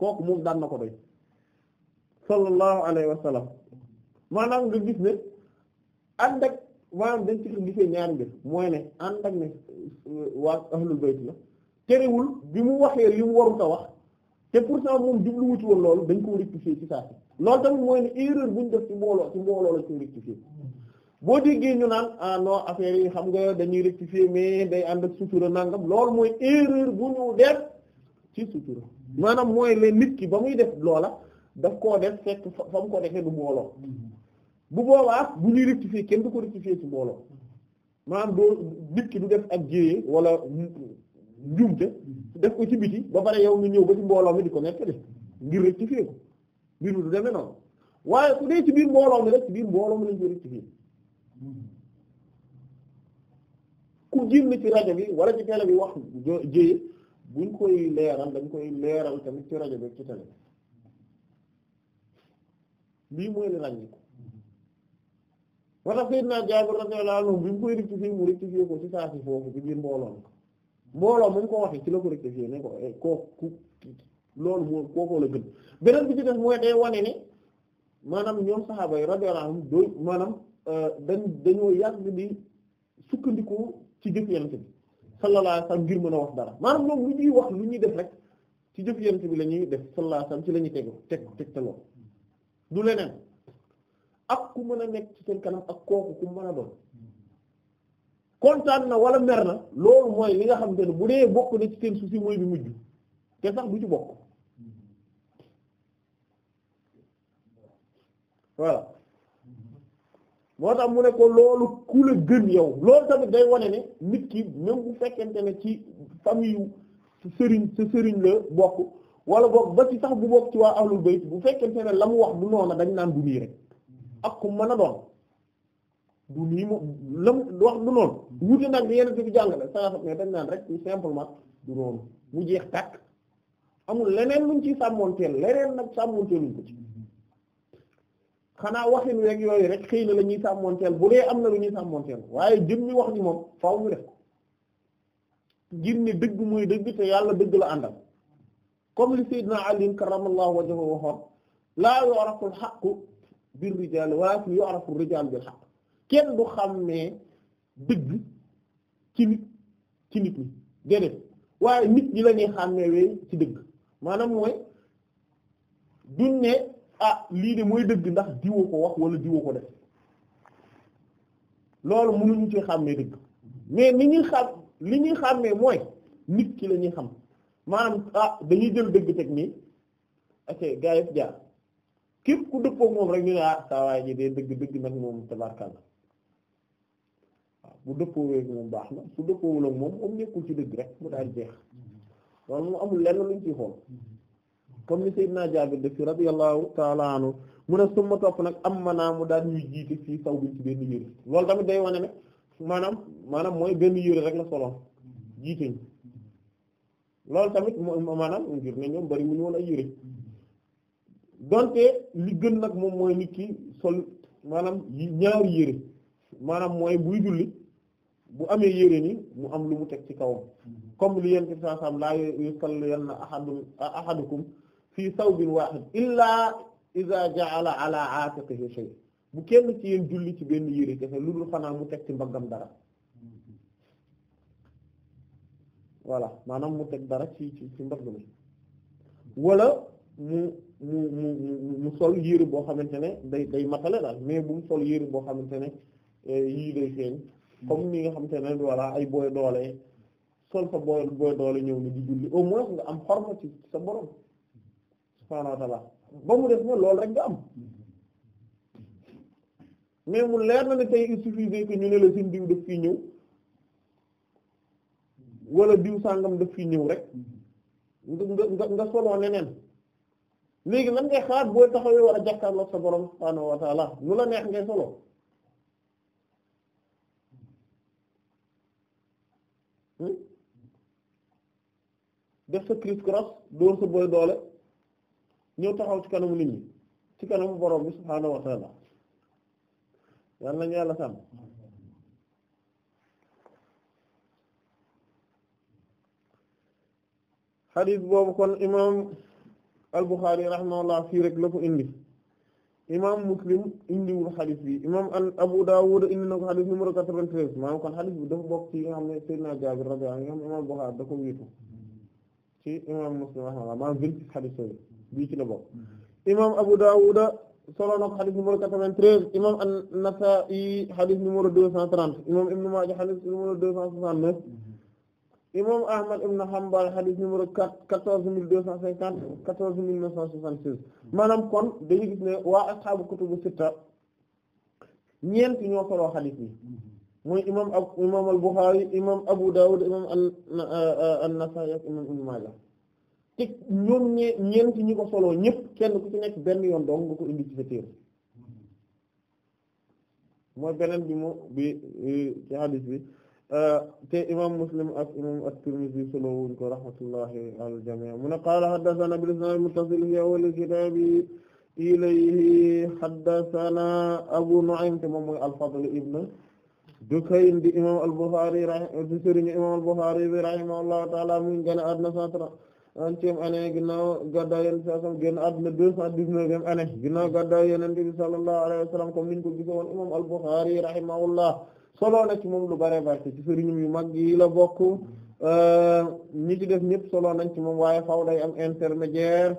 kooku moom daan na ko doy sallallahu alayhi wa sallam maanaam nga gis ne ànd ak maanaam dañ ci ko gisee ñaar ngir mooy ne ànd ne waa ahlul bayt la terewul bi mu waxee yi mu warut wax te pour pourtant moom jubluwu ci woon loolu dañ koo rectifier ci saa si loolu tamit mooy ne erreur bu ñu def ci mbooloo ci mbooloo lañ koy rectifier boo déggee ñu naan ah non affaire yi xam nga dañuy rectifier mais day ànd ak sutura nangam loolu mooy erreur bu ñu def ci sutura maanaam mooy leen nit ki ba muy def loola daf koo def fekk fa mu ko defee du mbooloo bu boobaa bu ñuy rectifier kenn du ko rectifier ci mbooloo maanaam doo nit ki du def ak jéyee wala njuumte def ko ci biti ba pare yow mu ñëw ba ci mbooloo mi di ko nekk ngir rectifier ko mbir mi demee noonu waaye ku dee ci biir mbooloo mi rek ci biir mbooloom mi lañ ko rectifier ku génn ci rajo bi wala bi wax jéye buñ koy leeral dañ koy leeral tamit ci rajo bi ci télé bi lii mooy li ràññiku moo tax Seydina Jaabir radiyallahu anhu bi mu koy rectifier ko mbooloo moom ko waxee ci la ko rectifié ne ko eh, kooku loolu moo kookoo la gën beneen bi ci moo mooy day wane ne maanaam ñoom saxaaba yi radiyallahu anhum dooy maanaam euh, dañ dañoo yàgg di sukkandiku ci jëf yonent bi sallallahu alayhi wasallam ngir mën a wax dara maanaam ñoom lu ñuy wax lu ñuy def rek ci jëf yonent bi la ñuy def sallallahu alayhi ci lañuy ñuy teg te tegtaloo du leneen ak ku mën a nekk ci seen kanam ak kooku ku mën a doon kontaan na wala mer na loolu mooy li nga xamante ne bu dee bokk na ci seen souci mooy bi mujj te sax du ci bokk voilà moo tax mu ne ko loolu ku la gën yow loolu tamit day wone ne nit ki même bu fekkente ne ci famille yu sëriñ sëriñ la bokk wala bokk ba ci sax bu bokk ci waa ahlul bayt bu fekkente ne la mu wax du noona dañ naan bu nii rek ak ku mën a doon du nii moom la wax du noonu wuute nag bi yeneen bi jàngale saa xam ne dañ naan rek simplement du noonu mu jeex tàkk amul leneen luñ ci sàmmoonteel leneen nag sàmmoonteeluñ ko ci xanaa waxin weeg yooyu rek xëy na la ñuy sàmmoonteel bu dee am na lu ñuy sàmmoonteel waaye jëm mi wax ji moom faaw ñu def ko ngir ne dëgg muy dëgg te yàlla dëgg la àndal comme li Seydina Ali karramallahu wajhahu waxoon laa yu'rafu al-haqqu bir-rijaal walaakin yu'rafu ar-rijaal bil-haqq kenn du xam ne dëgg ci nit ci nit ñi déedéet waaye nit ñi lañuy ñuy xàmmee ci dëgg maanaam mooy duñ ne ah lii de mooy dëgg ndax diwoo ko wax wala diwoo ko def loolu mënuñu ci xàmmee dëgg mais ni ñuy li ñuy xàmmee mooy nit ki la ñuy xam maanaam ah dañuy jël dëgg teg nii ok gaa yi jaar képp ku dëppoo moom rek ñu ne ah saa waay ji de dëgg dëgg nag moom tabarkalla bu dëppoo ak moom baax na su dëppoowul ak moom moom nekkul ci dëgg rek mu daal jeex loolu moom amul lenn luñ ciy xool comme ni Seydina Jaabir def ci radiyallahu ta'ala anhu mu ne suma topp nag am maanaam mu daal ñuy jiite fii saw biñ ci benn yére loolu tamit day wane maanaam maanaam mooy benn yére rek la soloon jiite tamit maanaam ngir ne ñoom bari mu ñu woon yére donte li gën nag moom mooy nit ki sol maanaam ñaari yére maanaam mooy buy julli bu amee yére ni mu am lu mu teg ci kawam comme li yent bi sallallahu alayhi wasallam laa yusalliyanna ahadun ahadukum fii sawbin wahid illaa iza ja'ala ala aatiqihi shay bu kenn ci yéen julli ci benn yére kese lu dul xanaa mu teg ci mbaggam dara voilà maanaam mu teg dara ci ci ci mbagg mi wala mu mu mu mu sol yére boo xamante ne day day matale daal mais bu mu sol yére boo xamante ne eh, yii day feeñ comme ni nga xam te ne voilà ay booy doole sol sa booy booy doole ñëw ni di julli au moins nga am xorma sa borom subhaanahu wa ta'ala ba mu def na loolu rek nga am mais mu leer na ne tey il suffisait ñu ne la seen diw daf fii ñëw wala diw sàngam daf fii ñëw rek nga nga nga soloo neneen léegi lan ngay xaar booy taxawee war a jàkkaarloo sa borom subhaanahu nu la neex ngay solo def sa criss cross dóor sa boy doole ñëw taxaw ci kanamu nit ñi ci kanamu borom bi subhaanahu wa taala yal nañu yàlla sàmm xadis boobu kon imaam al-Bukhari fii rek la ko indi imaam Muslim indiwul xadis bi imaam al Abu Dawud indi na ko xadis numéro quatre-vingt-treize maanaam kon xadis bi dafa bokk ci nga xam ne Seydina Jaabir radiyallahu anhu nga xam ne imaam Bukhari da ko wiitu ci imam Muslim rahimahullah maanaam vingt-six xadis yooyu bii ci la bokk mhm. imam Abu Dawud solo na ko xadis numéro quatre-vingt-treize imam An-Nasa'i xadis numéro deux cent trente imam Ibn Maaja xadis numéro deux cent soixante-neuf mhm. imam Ahmad ibn Hanbal xadis numéro quatre quatorze mille deux cent cinquante quatorze mille neuf cent soixante-six mhm. maanaam kon dañu gis ne waa ashaabu kutubu sitta ñeent ñoo solo xadis yi muy imam ab imam al-Bukhari imam Abu Dawud imam uh, an-Nasa'i ak imam Ibn ñoom ñee ñi ko soloo ñëpp kenn ku ci nekk benn yoon doom nga ko indi ci sa mooy beneen bi mu bi ci hadith bi uh, te imam Muslim ak imam at-Tirmidhi soloo wuñ ko rahmatullahi alal jamii mu ne qaala haddathana bil-isnaad al-muttasil fi awwal kitaabi ilayhi haddathana Abu Nu'aym te moom mooy al-Fadl du kayin di imam al-Bukhari di sëriñu imam al-Bukhari bi taala mu ngi génn cent trentième année ginnaaw gàddaay yonent bi sallam génn àdduna deux cent dix-neuvième année ginnaaw gàddaay yonent bi sallallahu alayhi wa sallam comme niñ ko gisoon imam al-Bukhari rahimahullah solo na ci moom lu bare bare ci sëriñum yu mag yi la bokk euh, ñi ci def ñëpp solo nañ ci moom waaye faw day am intermédiaire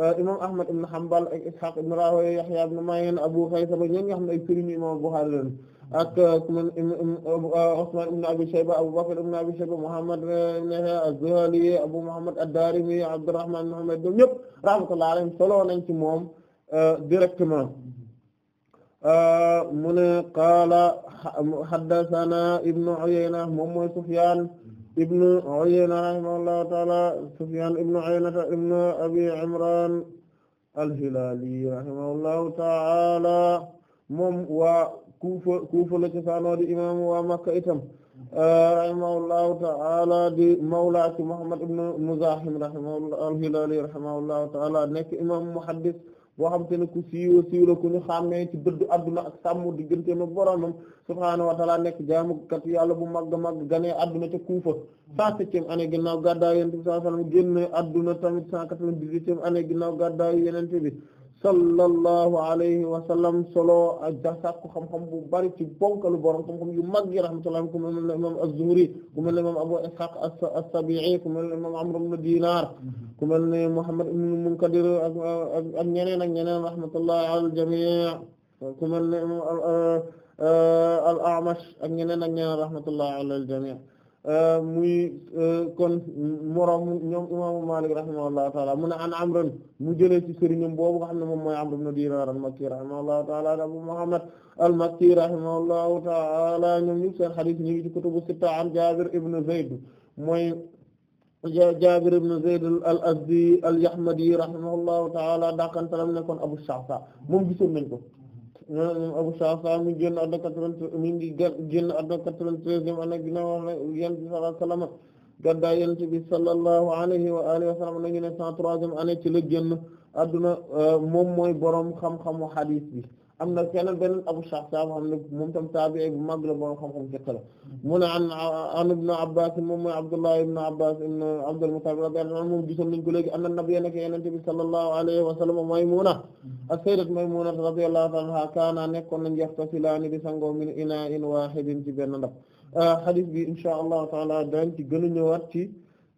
euh, imam Ahmad ibn Hanbal ak Ishaq ibn Rahawayh Yahya ibn Ma'in Abu Khaysama ñi nga xam ne ay sëriñu imam al-Bukhari leen ak euh, Usman euh, ibn Abi Shayba Abu Bakr ibn Abi Shayba Muhammad ibn euh, Yahya az-Zuhali Abu Muhammad ad-Darimi Abdurrahman Muhammad ñoom ñëpp rahmatullahi alayhim solo nañ ci moom directement mu ne qaala haddathana Ibn Uyayna moom mooy Sufyan Ibn Uyayna rahimahullahu ta'ala Sufyan Ibn Uyayna Ibn Abi Imran al-Hilali rahimahullahu ta'ala moom waa kuufa kuufa la cosaanoo di imaamu waa makka itam rahimahullahu ta'ala di mawla ci muhammad ibn muzahim rahimahullah al-hilali rahimahullahu ta'ala nekk imaamu muhaddis boo xam te ne ku siiwa siiw la ku ñu xàmmee ci dëddu adduna ak sàmm diggante ma boromam subhaanahu wa ta'ala nekk jaam jaamukat yàlla bu magga màgg ganee adduna ca Kuufa cent septième année ginnaaw gàddaayu yonent bi sallallahu alayhi wasallam génn adduna tamit cent quatre-vingt-dix-huitième année ginnaaw gàddaayu yonent bi sallallahu alayhi wa sallam solo ak da sàkku xam-xam bu bari ci bonkalu borom xam-xam yu mag yi rahmatullah ku mel ne imam az-Zuhri ku mel ne imam Abu Ishaq as-Sabi'i ku mel ne imam Amr ibn Dinar ku mel ne Muhammad ibn Munkadir ak ak ñeneen ak ñeneen rahmatullah ala al-jami' ku mel ne euh, euh, al-A'mash ak ñeneen ak ñeneen rahmatullah ala al-jami' Euh, muy euh, kon moroom ñoom imaamu Maalik rahimahullahu taala mu ne an amran mu jëlee ci sëriñam boobu nga xam ne moom mooy Amr ibn Dinar al-Makki taala Abu Muhammad al-Makki rahimahullahu taala ñoom ñu seen xadiis ñi ngi ci kutubu sitta an Jaabir ibn Zayd mooy Jaabir ibn Zayd al-Azdi al-Yahmadi rahimahullahu taala dakantalam ne kon Abu Sha'tha moom gisoon nañ ko Abu Sa'sa mi génn àdduna quatre-vingt mi ngi génn àdduna quatre-vingt-treizième année ginnaaw wax ne yonent bi sallallahu alayhi wa sallam gaddaa yonent bi sallallahu alayhi wa alihi wa sallam nañu ne cent troisième année moom mooy boroom xam-xamu hadith bi am na kenn benn Abu Shahshah boo xam ne moom tam taabi'i bu mag la boo xam-xam fiqh la mu an an ibn Abbas moom mooy Abdullah ibn Abbas ibn Abdul Muttalib radiyallahu anhu moom gisoon nañ ko léegi anna nabiyya nak yonent bi sallallahu alayhi wa sallam Maymuna as-sayyidat Maymuna a anha kaana nekkoon nañ yaxtasilaani di sangoo min inaa'in waahidin ci benn ndab hadith bi insha Allahu taala daañ ci gën a ñëwaat ci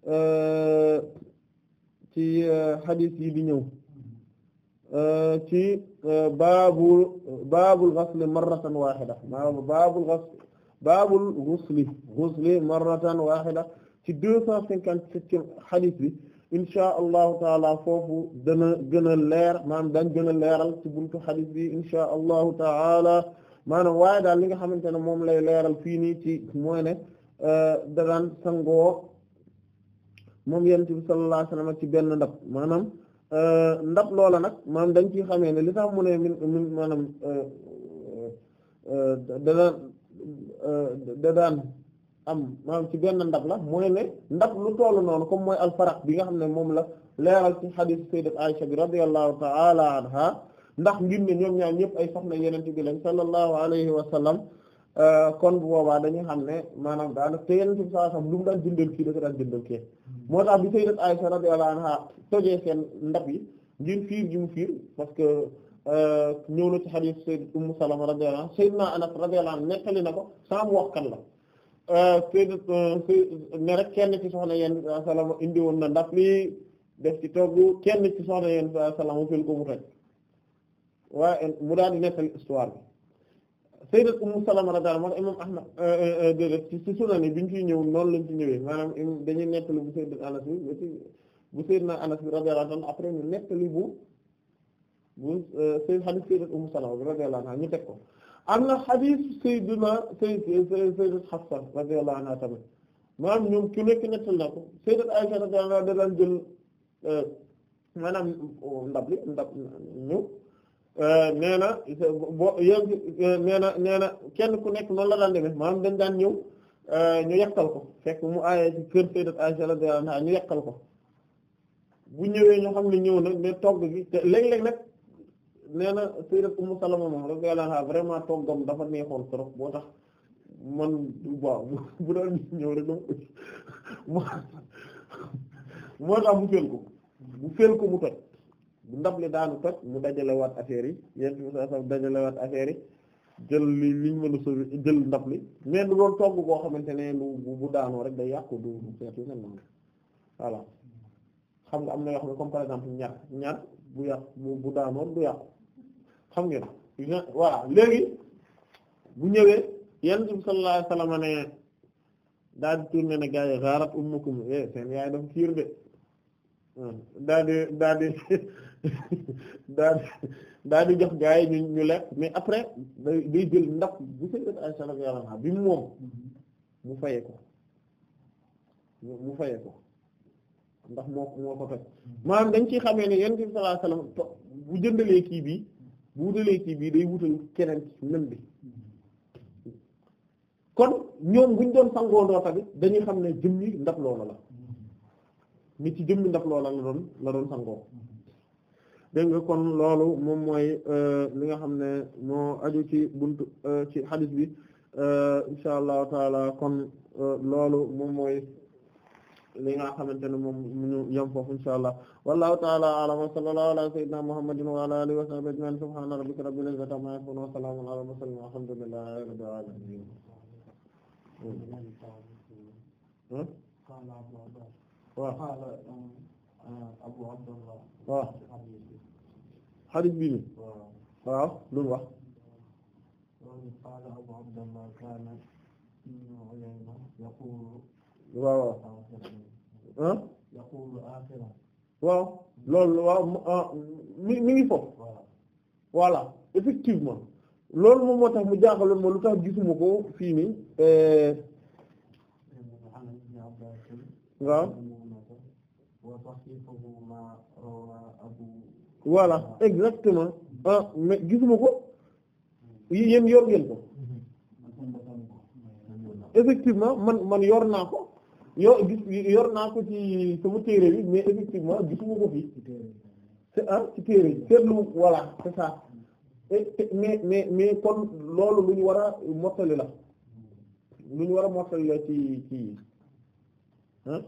euh, ci hadith euh, yi di ñëw ci baabu baabul ghusli marratan wahida maanaam ci deux cent cinquante-septième hadith bi leer maanaam dañ gën a ci buntu hadith bi insha allahu taala maanaam waaye daal li nga xamante ne moom lay leeral fii nii ci mooy ne euh, da daan sangoo moom yent bi sallallahu alayhi ci benn ndab maanaam Euh, ndab loola nag maanaam dañ ciy xamee ne li tax mu ne min min maanaam euh, euh, dadaan dadaan am maanaam ci benn ndab la mooy ne ndab lu toll noonu comme mooy alfaraq bi nga xam ne moom la leeral ci xadiis sayyidat Aisha bi radiyallahu ta'ala anha ndax ngir ne ñoom ñaar ñëpp ay soxna yeneen bi lañ sallallahu alayhi wa sallam Euh, kon bu boobaa dañuy xam ne maanaam daanaka te yenn mu daan jëndal kii da ko daan jëndal kii hmm. moo ndab yi ngir fiir gi fiir parce que euh, ñëw na ci hadith sayyidat Ummu Salama radiyallahu anha sayyidna Anas radiyallahu anhu nettali na ko sans mu wax kan la euh, sayyidat ne rek kenn ci soxna yenn Salama indi woon na ndab lii def ci togg kenn ci soxna yenn Salama fil ko mu toj waaye mu daal di nettali histoire sayyidat ummu salama radiyallahu anha imam ahmad euh, euh, euh, déedéet ci sunan yi bi ñu ñëw noonu lañ ci ñëwee maanaam dañuy nettali bu sayyidat anas bi ba ci bu sayyidna anas bi radiyallahu anhu après ñu nettali bu bu sayyid hadith sayyidat ummu salama bi radiyallahu anha ñu teg ko am na hadith sayyiduna sayyid sayyidat hafsa radiyallahu anha tamit maanaam ñoom ku nekk nettal na ko sayyidat aisha radiyallahu anha da daan jël maanaam oh, ndab li ndab ñëw Euh, nee na bo euh, na nee na kenn ku nekk noonu la daan demee maanaam dañ daan ñëw euh, ñu yekkal ko fekk mu aayee ci kër sayyidat Aisha radiyallahu anha ñu yekkal ko bu ñëwee ñu xam ne ñëw na ne togg gi te léeg-léeg nag nee na sayyidat Ummu Salama moom radiyallahu anha vraiment toggam dafa neexoon trop boo tax man waaw bu doon ñëw rek moo tax mu fël ko bu fël ko mu toj ndab li daanu toj mu dajalewaat affaire yi bi sallallahu alayhi wasallam dajalewaat affaire yi jël li liñ mën a sauver jël ndab li mais du doon togg boo xamante ne lu bu daanoo rek yàqu du seet yu mel nga am na yoo xam ne comme xam ngeen voilà léegi bu ñëwee yent bi sallallahu alayhi wasallam ne daal di ne gars yi xaarat ummukum eh, seen yaay dafa fiir de hmm. daal di *laughs* daal daal di jox gaa yi ñu lekk mais après day jël ndax bu Sayyidat Aisha radiyallahu anha bi mu moom mu fayee ko mu fayee ko ndax moo moo ko toj maanaam dañ ciy xamee ne yonent bi sallallahu alayhi bu jëndalee kii bi bu wutalee kii bi day wutal keneen même bi kon ñoom buñ doon sangoondoo tamit dañuy xam ne jëmmi ndax loola la ni ci jëmmi ndax loola la doon la doon sangoo dégg nga kon loolu moom mooy euh, li nga xam ne moo aju ci buntu euh, ci hadith bi euh, insha allahu taala kon loolu moom mooy li nga xamante ne moom ñu yem foofu insha allah wallahu taala a'lam wa sallallahu ala sayyidina muhammadin wa ala alihi wa sahbihi ajma'in subhana rabbika rabbil izzati amma yasifun wa salamun ala mursalin walhamdulillahi rabbil alamin waaw hmm? waaw xadis bi nii waaw lu mu wax waaw loolu waaw ah, mi mi ngi foofu effectivement loolu moom moo tax mu jaaxaloon ma lu tax gisuma ko fii nii eh, waaw voilà exactement ah mais gisuma ko yéen yor ngeen ko effectivement man man yor naa ko yor gis yor naa ko ci sama téere bi mais effectivement gisuma ko fii c'est ah ci téere bi seetlu voilà c'est ça mais mais mais kon loolu lu ñu war a mottali la lu ñu war a mottali la ci ci ah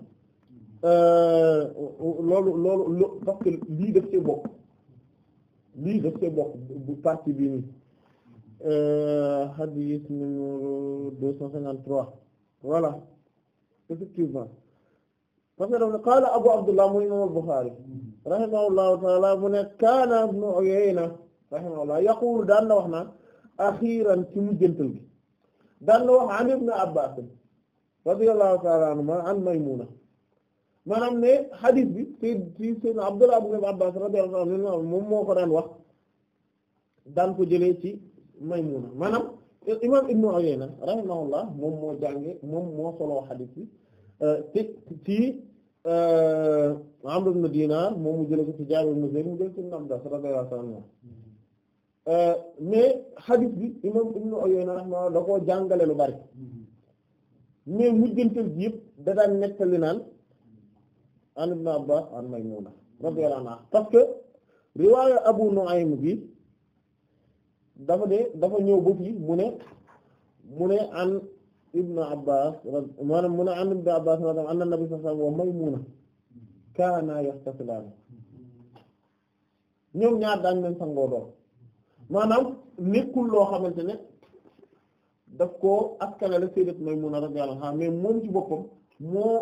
euh, loolu loolu parce que lii def ci bokk lii daf koy bokk bu partie bi ni euh, hadith numéro deux cent cinquante-trois voilà effectivement parce que daf ne qaala Abu Abdullah mu imam al-Bukhari rahimahullahu taala mu ne kaana ibnu Uyayna rahimahullah yaqulu daan na wax na axiran ci mujjantal gi daan na wax an ibnu Abbaas radiyallahu taala anhuma an Maymuna maanaam ne xadis bi ci ci Seydina Abdullah ibn Abbas radiyallahu anhu moom moo ko daan wax daan ko jëlee ci Maymuna maanaam imam Ibnu moom moo jànge moom moo soloo xadis bi euh, ci ci euh, Amr moom mu jëlee ko ci Jaabir ibn mu jël ci Ibnu Abbas radiyallahu anhu hmm. euh, jàngale lu bari hmm. mais mujjantal bi yëpp da daan nettali an ibn Abbas an Maymuna radiyallahu anha parce que riwaaya Abu Nu'aym bi dafa de dafa ñëw ba fii mu ne mu ne an ibn Abbas maanaam mu ne an ibn Abbas maanaam anna nabi sallallahu alayhi wa sallam wa ñaar daañ leen sangoo doon maanaam nekkul loo xamante ne daf koo askanale sayyidat Maymuna radiyallahu anha mais moom ci boppam moo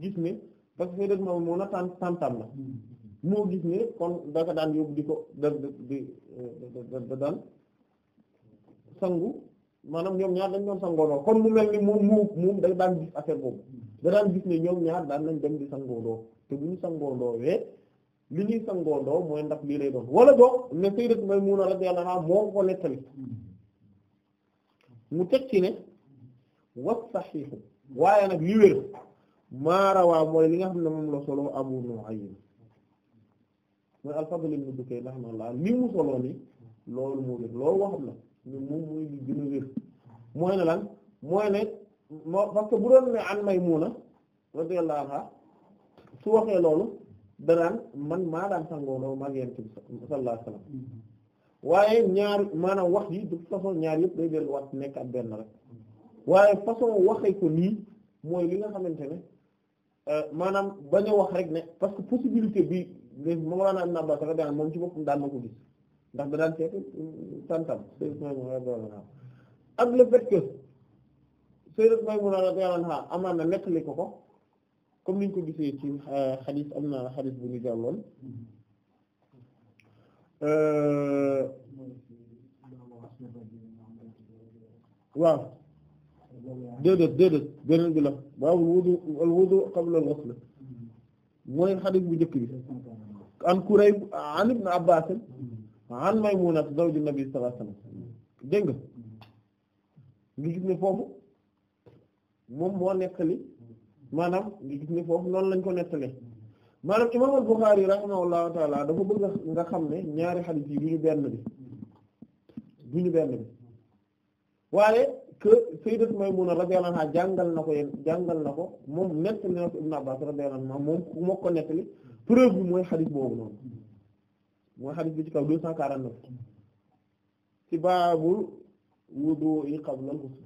gis ne parce que Sayyidat Maymuna tànn tàntam hmm. moo gis ne kon daka daan yóbbu di ko da di daan sangu maanaam ñoom ñaar dañ doon sangoodoo kon mu mel ni moom moom moom daan gis affaire boobu da daan ne ñoom ñaar daan nañ dem di sangoodoo te bu ñu sangoodoo wee li ñuy sangoodoo mooy ndax lii lay doon wala boog ne Sayyidat Maymuna radiyallahu anha moo ko nettali hmm. mu teg ci ne was saxiixu waaye nag li wér maarawaa mooy li nga xam ne moom la solo Abu Nu'aym mooy al-Fadl ibn Dukayn rahimahullah li mu solo ni loolu moo wér loolu waxam la ne moom mooy li wér mooy ne lan mooy ne parce que bu doon ne an Maymuna radiyallahu anha su waxee loolu danaan man maa daan sangoonoo maag yent bi sallallahu maanaam wax yi de façon ñaar yëpp day delluwaat nekk ak benn rek waaye façon waxee ko nii mooy li nga xamante ne Euh, maanaam bañ a wax rek ne parce que possibilité bi Mawlana Ibn Abbas radiyallahu anhu moom ci boppam daan na ko gis ndax da daan seetu mm, tantam ak le fait que ko ko comme niñ ko gisee ci euh, xadis am na xadis bu ñu jàlloon euh, waaw déedéet déedéet beneen bi la baabul wudu al wudu qabla al ghusl mooy xadis bu njëkk bi an Kurayb an ibn Abbas an Maymuna zawju nabi sallallahu alayhi wasallam dégg nga ngi gis ne foofu moom moo nettali maanaam ngi gis ne foofu noonu lañ ko nettale maanaam imam yi bukhari rahimahullahu taala dafa bëgg nga xam ne ñaari xadis yi du benn bi du benn bi waaye que sayyidat Maymuna radiyallahu anha jàngal na ko yéen jàngal na ko moom nettali na ko Ibn Abbas radiyallahu anhu moom moo ko nettali preuve bi mooy xadis boobu noonu mooy xadis bi ci kaw 249 ci baabul wudu'i qabla al-ghusl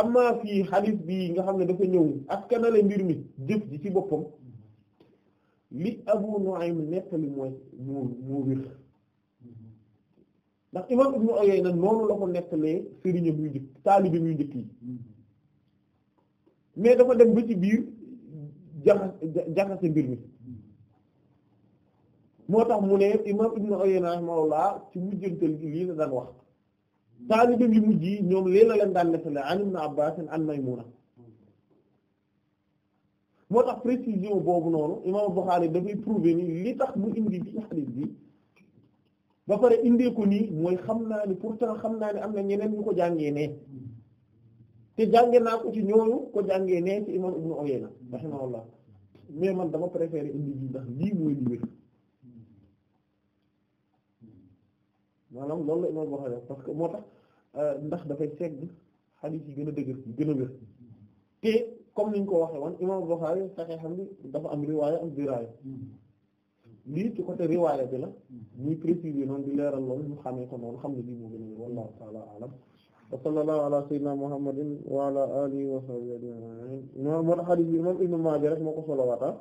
amma fii xadis bi nga xam ne dafa ñëw askanale mbir mi jëf ji ci boppam li Abu Nu'aym nettali mooy mu mu wér ndax imam Ibnu Uyayna noonu la ko nettalee sëriñam yu njëkk taalibeem yu njëkk yi mm-hmm. mais dafa dem ba ci biir jaxa jaxase mbir mi mm-hmm. moo tax mu ne imam Ibnu Uyayna laa ci mujjantal gi lii la daan wax taalibeem yu mujj yi ñoom lee la leen daan nettalee an Ibnu Abbaas an Maymuna mm-hmm. moo tax précision boobu noonu imam Bukhari dafay prouver ni li tax mu indi bi xadiis bi ba pare indee ko nii mooy xam naa ni tam xam naa ne am na ñeneen ñu ko jàngee ne te jànge naa ko ci ñooñu ko jàngee ne ci imam Ibn Uyayna rahimahullah mais man dama préféré indi bi ndax lii mooy li wér maanaam loolu la imam Bukhari parce que moo tax euh, ndax dafay segg hadith yi gën a dëgër gën a wér te comme niñ ko waxee woon imam Bukhari saxee xam ni dafa am riwaaya am diraaya lii ci côté riwaaya bi la ñuy préciser noonu di leeral loolu ñu xamee ko noonu xam ne lii moo gën a ñëw wallahu ta'ala a'lam wa sallallahu ala sayyidina muhammadin wa ala alihi wa sahbihi ajma'in moo tax xadis bi imam ibnu Maaja rek moo ko solowaata ah.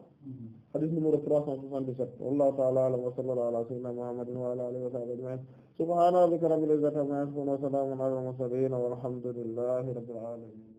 xadis numéro 377 wallahu ta'ala a'lam wa sallallahu ala sayyidina muhammadin wa ala alihi wa sahbihi ajma'in subhana rabbika rabbil izzati amma yasifun wa salamun ala al mursalin walhamdulillahi rabbil alamin